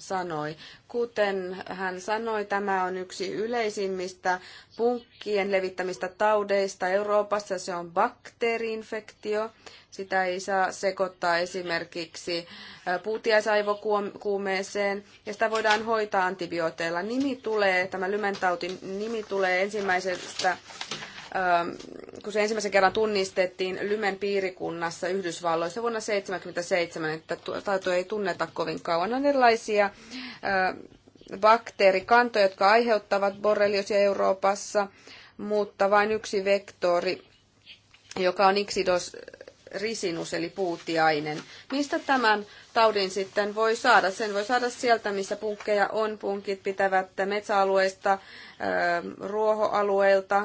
[SPEAKER 4] sanoi. Kuten hän sanoi, tämä on yksi yleisimmistä punkkien levittämistä taudeista Euroopassa. Se on bakteeriinfektio. Sitä ei saa sekoittaa esimerkiksi äh, puutiaisaivokuumeeseen ja sitä voidaan hoitaa antibiooteilla. Nimi tulee, tämä lymentautin nimi tulee ensimmäisestä Ähm, kun se ensimmäisen kerran tunnistettiin Lymen piirikunnassa Yhdysvalloissa vuonna 1977, että taitoja ei tunneta kovin kauan. On erilaisia ähm, bakteerikantoja, jotka aiheuttavat borreliosia Euroopassa, mutta vain yksi vektori, joka on iksidos risinus eli puutiainen. Mistä tämän taudin sitten voi saada? Sen voi saada sieltä, missä punkkeja on. Punkit pitävät metsäalueista, ähm, ruohoalueilta,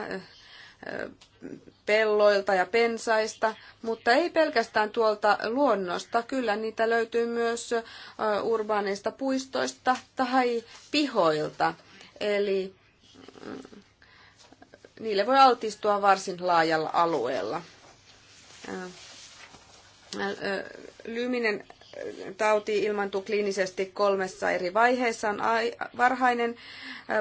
[SPEAKER 4] pelloilta ja pensaista, mutta ei pelkästään tuolta luonnosta. Kyllä niitä löytyy myös urbaaneista puistoista tai pihoilta. Eli mm, niille voi altistua varsin laajalla alueella. Lyyminen tauti ilmantuu kliinisesti kolmessa eri vaiheessa. On varhainen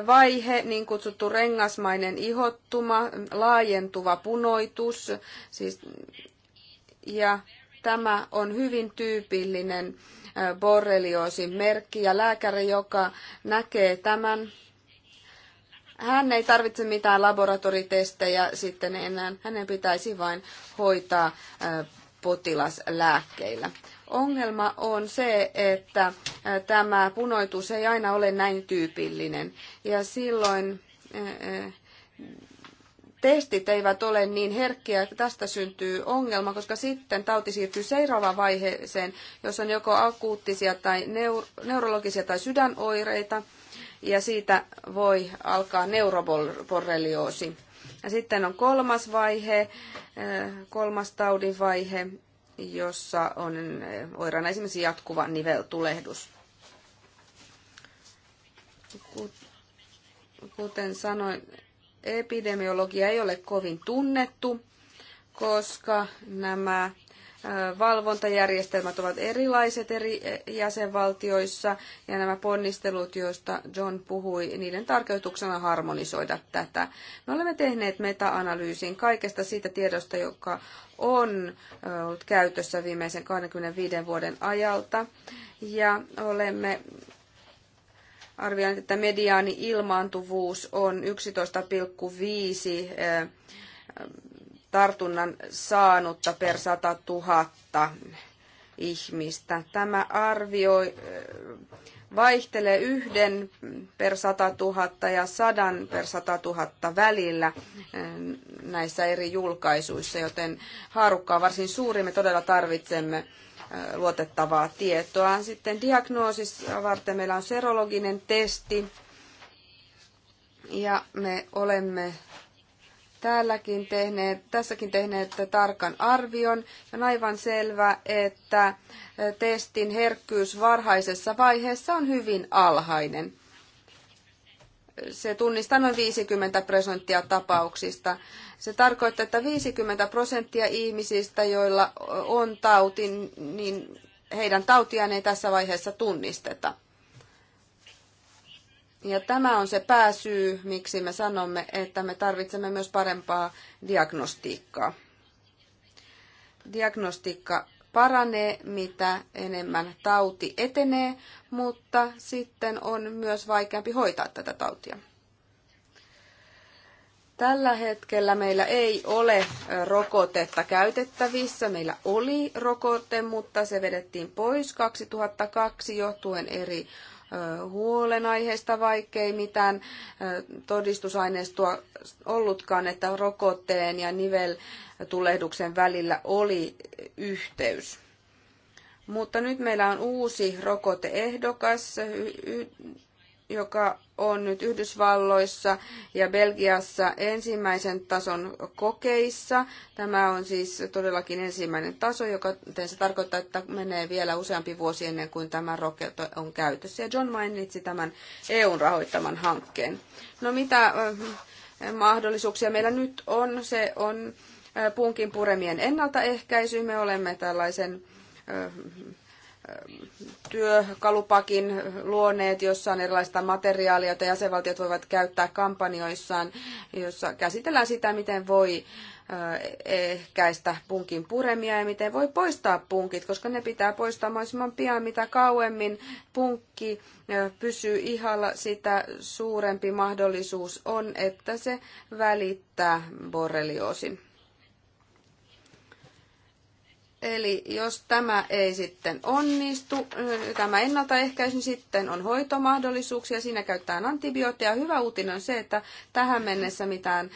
[SPEAKER 4] vaihe, niin kutsuttu rengasmainen ihottuma, laajentuva punoitus, siis, ja tämä on hyvin tyypillinen borrelioosin merkki, ja lääkäri, joka näkee tämän, hän ei tarvitse mitään laboratoritestejä sitten enää, hänen pitäisi vain hoitaa potilaslääkkeillä. Ongelma on se, että äh, tämä punoitus ei aina ole näin tyypillinen ja silloin äh, äh, testit eivät ole niin herkkiä, tästä syntyy ongelma, koska sitten tauti siirtyy seuraavaan vaiheeseen, jossa on joko akuuttisia tai neurologisia tai sydänoireita, ja siitä voi alkaa neuroborrelioosi. Ja sitten on kolmas vaihe, kolmas taudin vaihe, jossa on oirana esimerkiksi jatkuva niveltulehdus. Kuten sanoin, epidemiologia ei ole kovin tunnettu, koska nämä valvontajärjestelmät ovat erilaiset eri e, jäsenvaltioissa ja nämä ponnistelut, joista John puhui, niiden tarkoituksena harmonisoida tätä. Me olemme tehneet meta-analyysin kaikesta siitä tiedosta, joka on ollut käytössä viimeisen 25 vuoden ajalta ja olemme arvioineet, että mediaani ilmaantuvuus on 11,5 tartunnan saanutta per 100 000 ihmistä. Tämä arvio eh, vaihtelee yhden per 100 000 ja sadan per 100 000 välillä eh, näissä eri julkaisuissa, joten haarukkaa varsin suuri. Me todella tarvitsemme eh, luotettavaa tietoa. Sitten diagnoosissa varten meillä on serologinen testi ja me olemme täälläkin tehneet, tässäkin tehneet tarkan arvion. On aivan selvä, että testin herkkyys varhaisessa vaiheessa on hyvin alhainen. Se tunnistaa noin 50 prosenttia tapauksista. Se tarkoittaa, että 50 prosenttia ihmisistä, joilla on tauti, niin heidän tautiaan ei tässä vaiheessa tunnisteta. Ja tämä on se pääsyy, miksi me sanomme, että me tarvitsemme myös parempaa diagnostiikkaa. Diagnostiikka paranee, mitä enemmän tauti etenee, mutta sitten on myös vaikeampi hoitaa tätä tautia. Tällä hetkellä meillä ei ole rokotetta käytettävissä. Meillä oli rokote, mutta se vedettiin pois 2002 johtuen eri huolenaiheesta, vaikkei mitään todistusaineistoa ollutkaan, että rokotteen ja niveltulehduksen välillä oli yhteys. Mutta nyt meillä on uusi rokoteehdokas joka on nyt Yhdysvalloissa ja Belgiassa ensimmäisen tason kokeissa. Tämä on siis todellakin ensimmäinen taso, joka se tarkoittaa, että menee vielä useampi vuosi ennen kuin tämä rokote on käytössä. Ja John mainitsi tämän EUn rahoittaman hankkeen. No mitä eh, mahdollisuuksia meillä nyt on? Se on eh, punkin puremien ennaltaehkäisy. Me olemme tällaisen eh, työkalupakin luoneet, jossa on erilaista materiaalia, jota jäsenvaltiot voivat käyttää kampanjoissaan, jossa käsitellään sitä, miten voi eh, ehkäistä punkin puremia ja miten voi poistaa punkit, koska ne pitää poistaa mahdollisimman pian. Mitä kauemmin punkki eh, pysyy ihalla, sitä suurempi mahdollisuus on, että se välittää borrelioosin. Eli jos tämä ei sitten onnistu, tämä ennaltaehkäisy, niin sitten on hoitomahdollisuuksia, siinä käytetään antibiootteja. Hyvä uutinen on se, että tähän mennessä mitään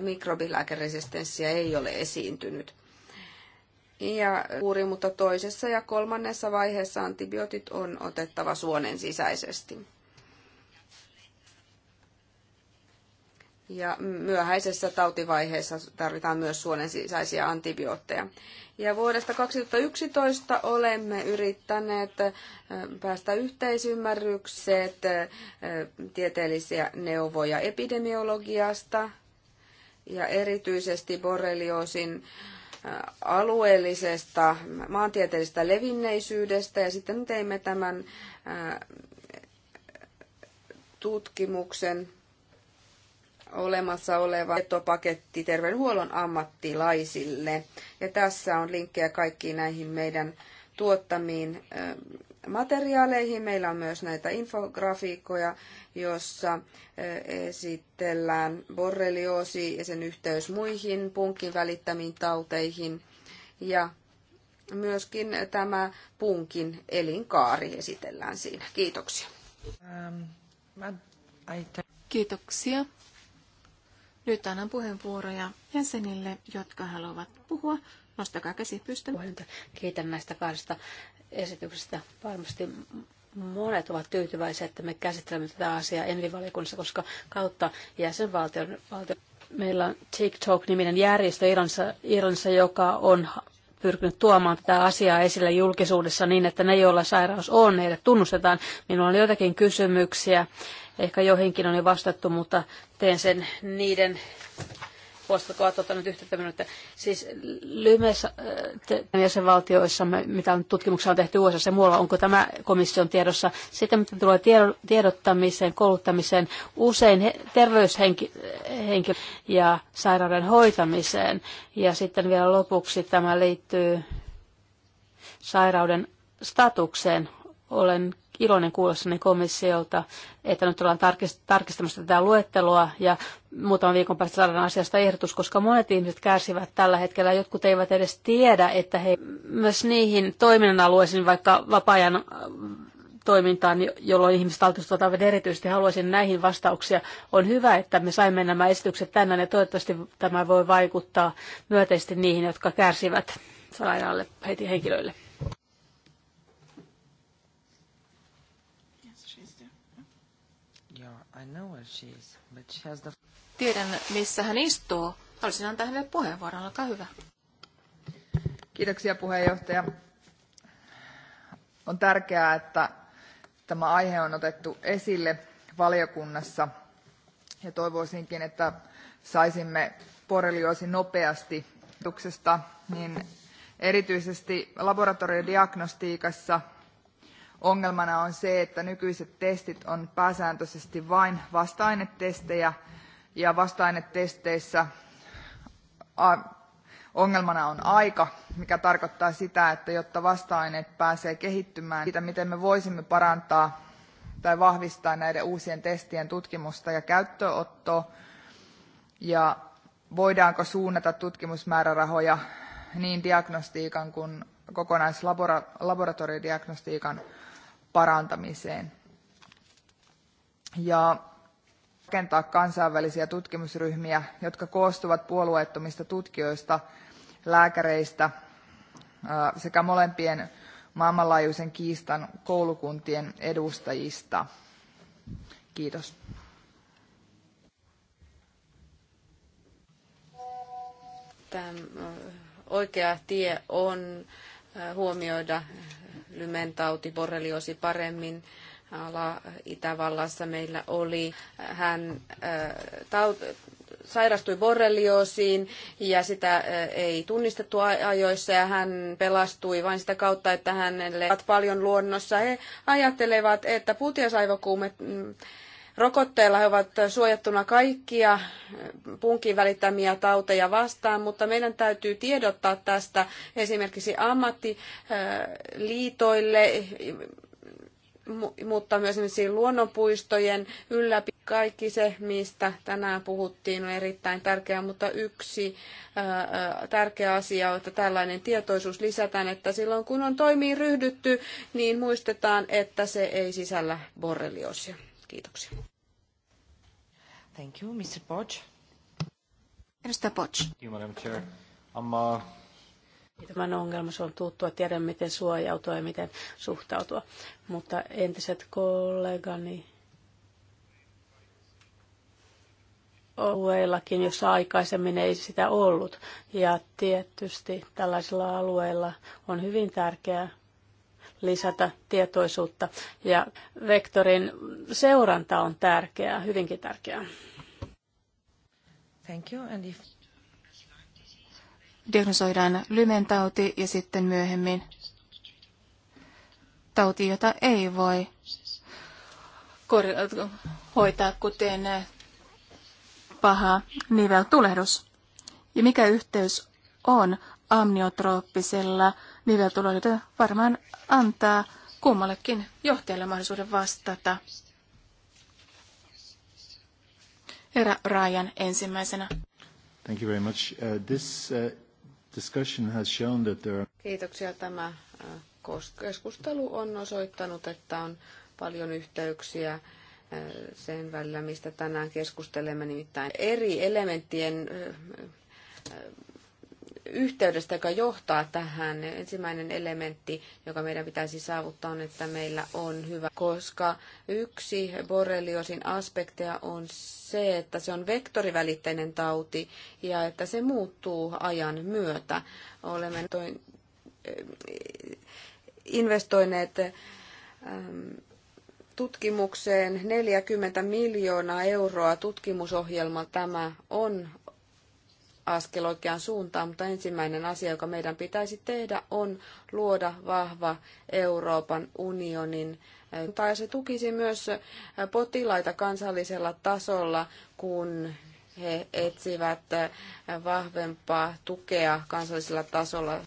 [SPEAKER 4] mikrobilääkeresistenssiä ei ole esiintynyt. Ja uuri, mutta toisessa ja kolmannessa vaiheessa antibiootit on otettava suonen sisäisesti. Ja myöhäisessä tautivaiheessa tarvitaan myös suonen sisäisiä antibiootteja. Ja vuodesta 2011 olemme yrittäneet päästä yhteisymmärrykset tieteellisiä neuvoja epidemiologiasta ja erityisesti borrelioosin alueellisesta maantieteellisestä levinneisyydestä ja sitten teimme tämän tutkimuksen olemassa oleva tietopaketti terveydenhuollon ammattilaisille. Ja tässä on linkkejä kaikkiin näihin meidän tuottamiin materiaaleihin. Meillä on myös näitä infografiikkoja, jossa esitellään borrelioosi ja sen yhteys muihin punkin välittämiin tauteihin ja myöskin tämä punkin elinkaari esitellään siinä. Kiitoksia.
[SPEAKER 2] Um, Kiitoksia. Nyt annan puheenvuoroja jäsenille, jotka haluavat puhua. Nostakaa käsi pystyyn. Kiitän näistä kahdesta esityksestä. Varmasti
[SPEAKER 3] monet ovat tyytyväisiä, että me käsittelemme tätä asiaa envi koska kautta jäsenvaltion valtio, meillä on TikTok-niminen järjestö Iranissa, Iranissa, joka on pyrkinyt tuomaan tätä asiaa esille julkisuudessa niin, että ne, joilla sairaus on, heidät tunnustetaan. Minulla on joitakin kysymyksiä, ehkä joihinkin on jo vastattu, mutta teen sen niiden puolesta ovat nyt yhteyttä minuuttia. että siis lyhyessä äh, jäsenvaltioissa, mitä on tutkimuksessa on tehty USA ja muualla, onko tämä komission tiedossa. Sitten mitä tulee tiedottamiseen, kouluttamiseen, usein he, ja sairauden hoitamiseen. Ja sitten vielä lopuksi tämä liittyy sairauden statukseen. Olen iloinen kuulossani komissiolta, että nyt ollaan tarkistamassa tätä luetteloa ja muutaman viikon päästä saadaan asiasta ehdotus, koska monet ihmiset kärsivät tällä hetkellä. Jotkut eivät edes tiedä, että he myös niihin toiminnan alueisiin, vaikka vapaa-ajan äh, toimintaan, jolloin ihmiset altistuvat erityisesti. Haluaisin näihin vastauksia. On hyvä, että me saimme nämä esitykset tänään ja toivottavasti tämä voi vaikuttaa myönteisesti niihin, jotka kärsivät sairaille heti henkilöille.
[SPEAKER 2] Tiedän, missä hän istuu. Haluaisin antaa hänelle puheenvuoron. Olkaa hyvä.
[SPEAKER 1] Kiitoksia puheenjohtaja. On tärkeää, että tämä aihe on otettu esille valiokunnassa ja toivoisinkin, että saisimme borrelioosi nopeasti tuksesta, niin erityisesti laboratoriodiagnostiikassa Ongelmana on se, että nykyiset testit on pääsääntöisesti vain vasta-ainetestejä ja vasta-ainetesteissä ongelmana on aika, mikä tarkoittaa sitä, että jotta vasta-aineet pääsee kehittymään siitä, miten me voisimme parantaa tai vahvistaa näiden uusien testien tutkimusta ja käyttöönottoa ja voidaanko suunnata tutkimusmäärärahoja niin diagnostiikan kuin kokonaislaboratoriodiagnostiikan parantamiseen ja rakentaa kansainvälisiä tutkimusryhmiä, jotka koostuvat puolueettomista tutkijoista, lääkäreistä sekä molempien maailmanlaajuisen kiistan koulukuntien edustajista. Kiitos.
[SPEAKER 4] Tämä oikea tie on huomioida lymentauti, borreliosi paremmin. Ala Itävallassa meillä oli. Hän taut- sairastui borrelioosiin ja sitä ei tunnistettu ajoissa ja hän pelastui vain sitä kautta, että hänelle paljon luonnossa. He ajattelevat, että putiosaivokuume mm, Rokotteilla he ovat suojattuna kaikkia punkin välittämiä tauteja vastaan, mutta meidän täytyy tiedottaa tästä esimerkiksi ammattiliitoille, mutta myös esimerkiksi luonnonpuistojen ylläpi. Kaikki se, mistä tänään puhuttiin, on erittäin tärkeää, mutta yksi tärkeä asia on, että tällainen tietoisuus lisätään, että silloin kun on toimiin ryhdytty, niin muistetaan, että se ei sisällä borrelioosia. Kiitoksia.
[SPEAKER 1] Thank you, Mr. Poch. Edustaja Poch. Thank you, Madam um, uh,
[SPEAKER 3] Tämän ongelma se on tuttua, tiedän miten suojautua ja miten suhtautua. Mutta entiset kollegani alueillakin, jossa aikaisemmin ei sitä ollut. Ja tietysti tällaisilla alueilla on hyvin tärkeää lisätä tietoisuutta. Ja vektorin seuranta on tärkeää, hyvinkin tärkeää.
[SPEAKER 2] Thank you. And if... Diagnosoidaan tauti ja sitten myöhemmin tauti, jota ei voi hoitaa, kuten eh, paha niveltulehdus. Ja mikä yhteys on amniotrooppisella live tulee varmaan antaa kummallekin johtajalle mahdollisuuden vastata. Herra Ryan ensimmäisenä.
[SPEAKER 1] Thank you very much. Uh, this uh, discussion has shown that there are...
[SPEAKER 2] Kiitoksia. Tämä uh, keskustelu on osoittanut,
[SPEAKER 4] että on paljon yhteyksiä uh, sen välillä, mistä tänään keskustelemme, nimittäin eri elementtien uh, yhteydestä, joka johtaa tähän. Ensimmäinen elementti, joka meidän pitäisi saavuttaa, on, että meillä on hyvä, koska yksi borreliosin aspekteja on se, että se on vektorivälitteinen tauti ja että se muuttuu ajan myötä. Olemme toin, eh, investoineet ehm, tutkimukseen 40 miljoonaa euroa tutkimusohjelma. Tämä on askel oikeaan suuntaan, mutta ensimmäinen asia, joka meidän pitäisi tehdä, on luoda vahva Euroopan unionin. Eh, tai se tukisi myös eh, potilaita kansallisella tasolla, kun he etsivät eh, vahvempaa tukea kansallisella tasolla.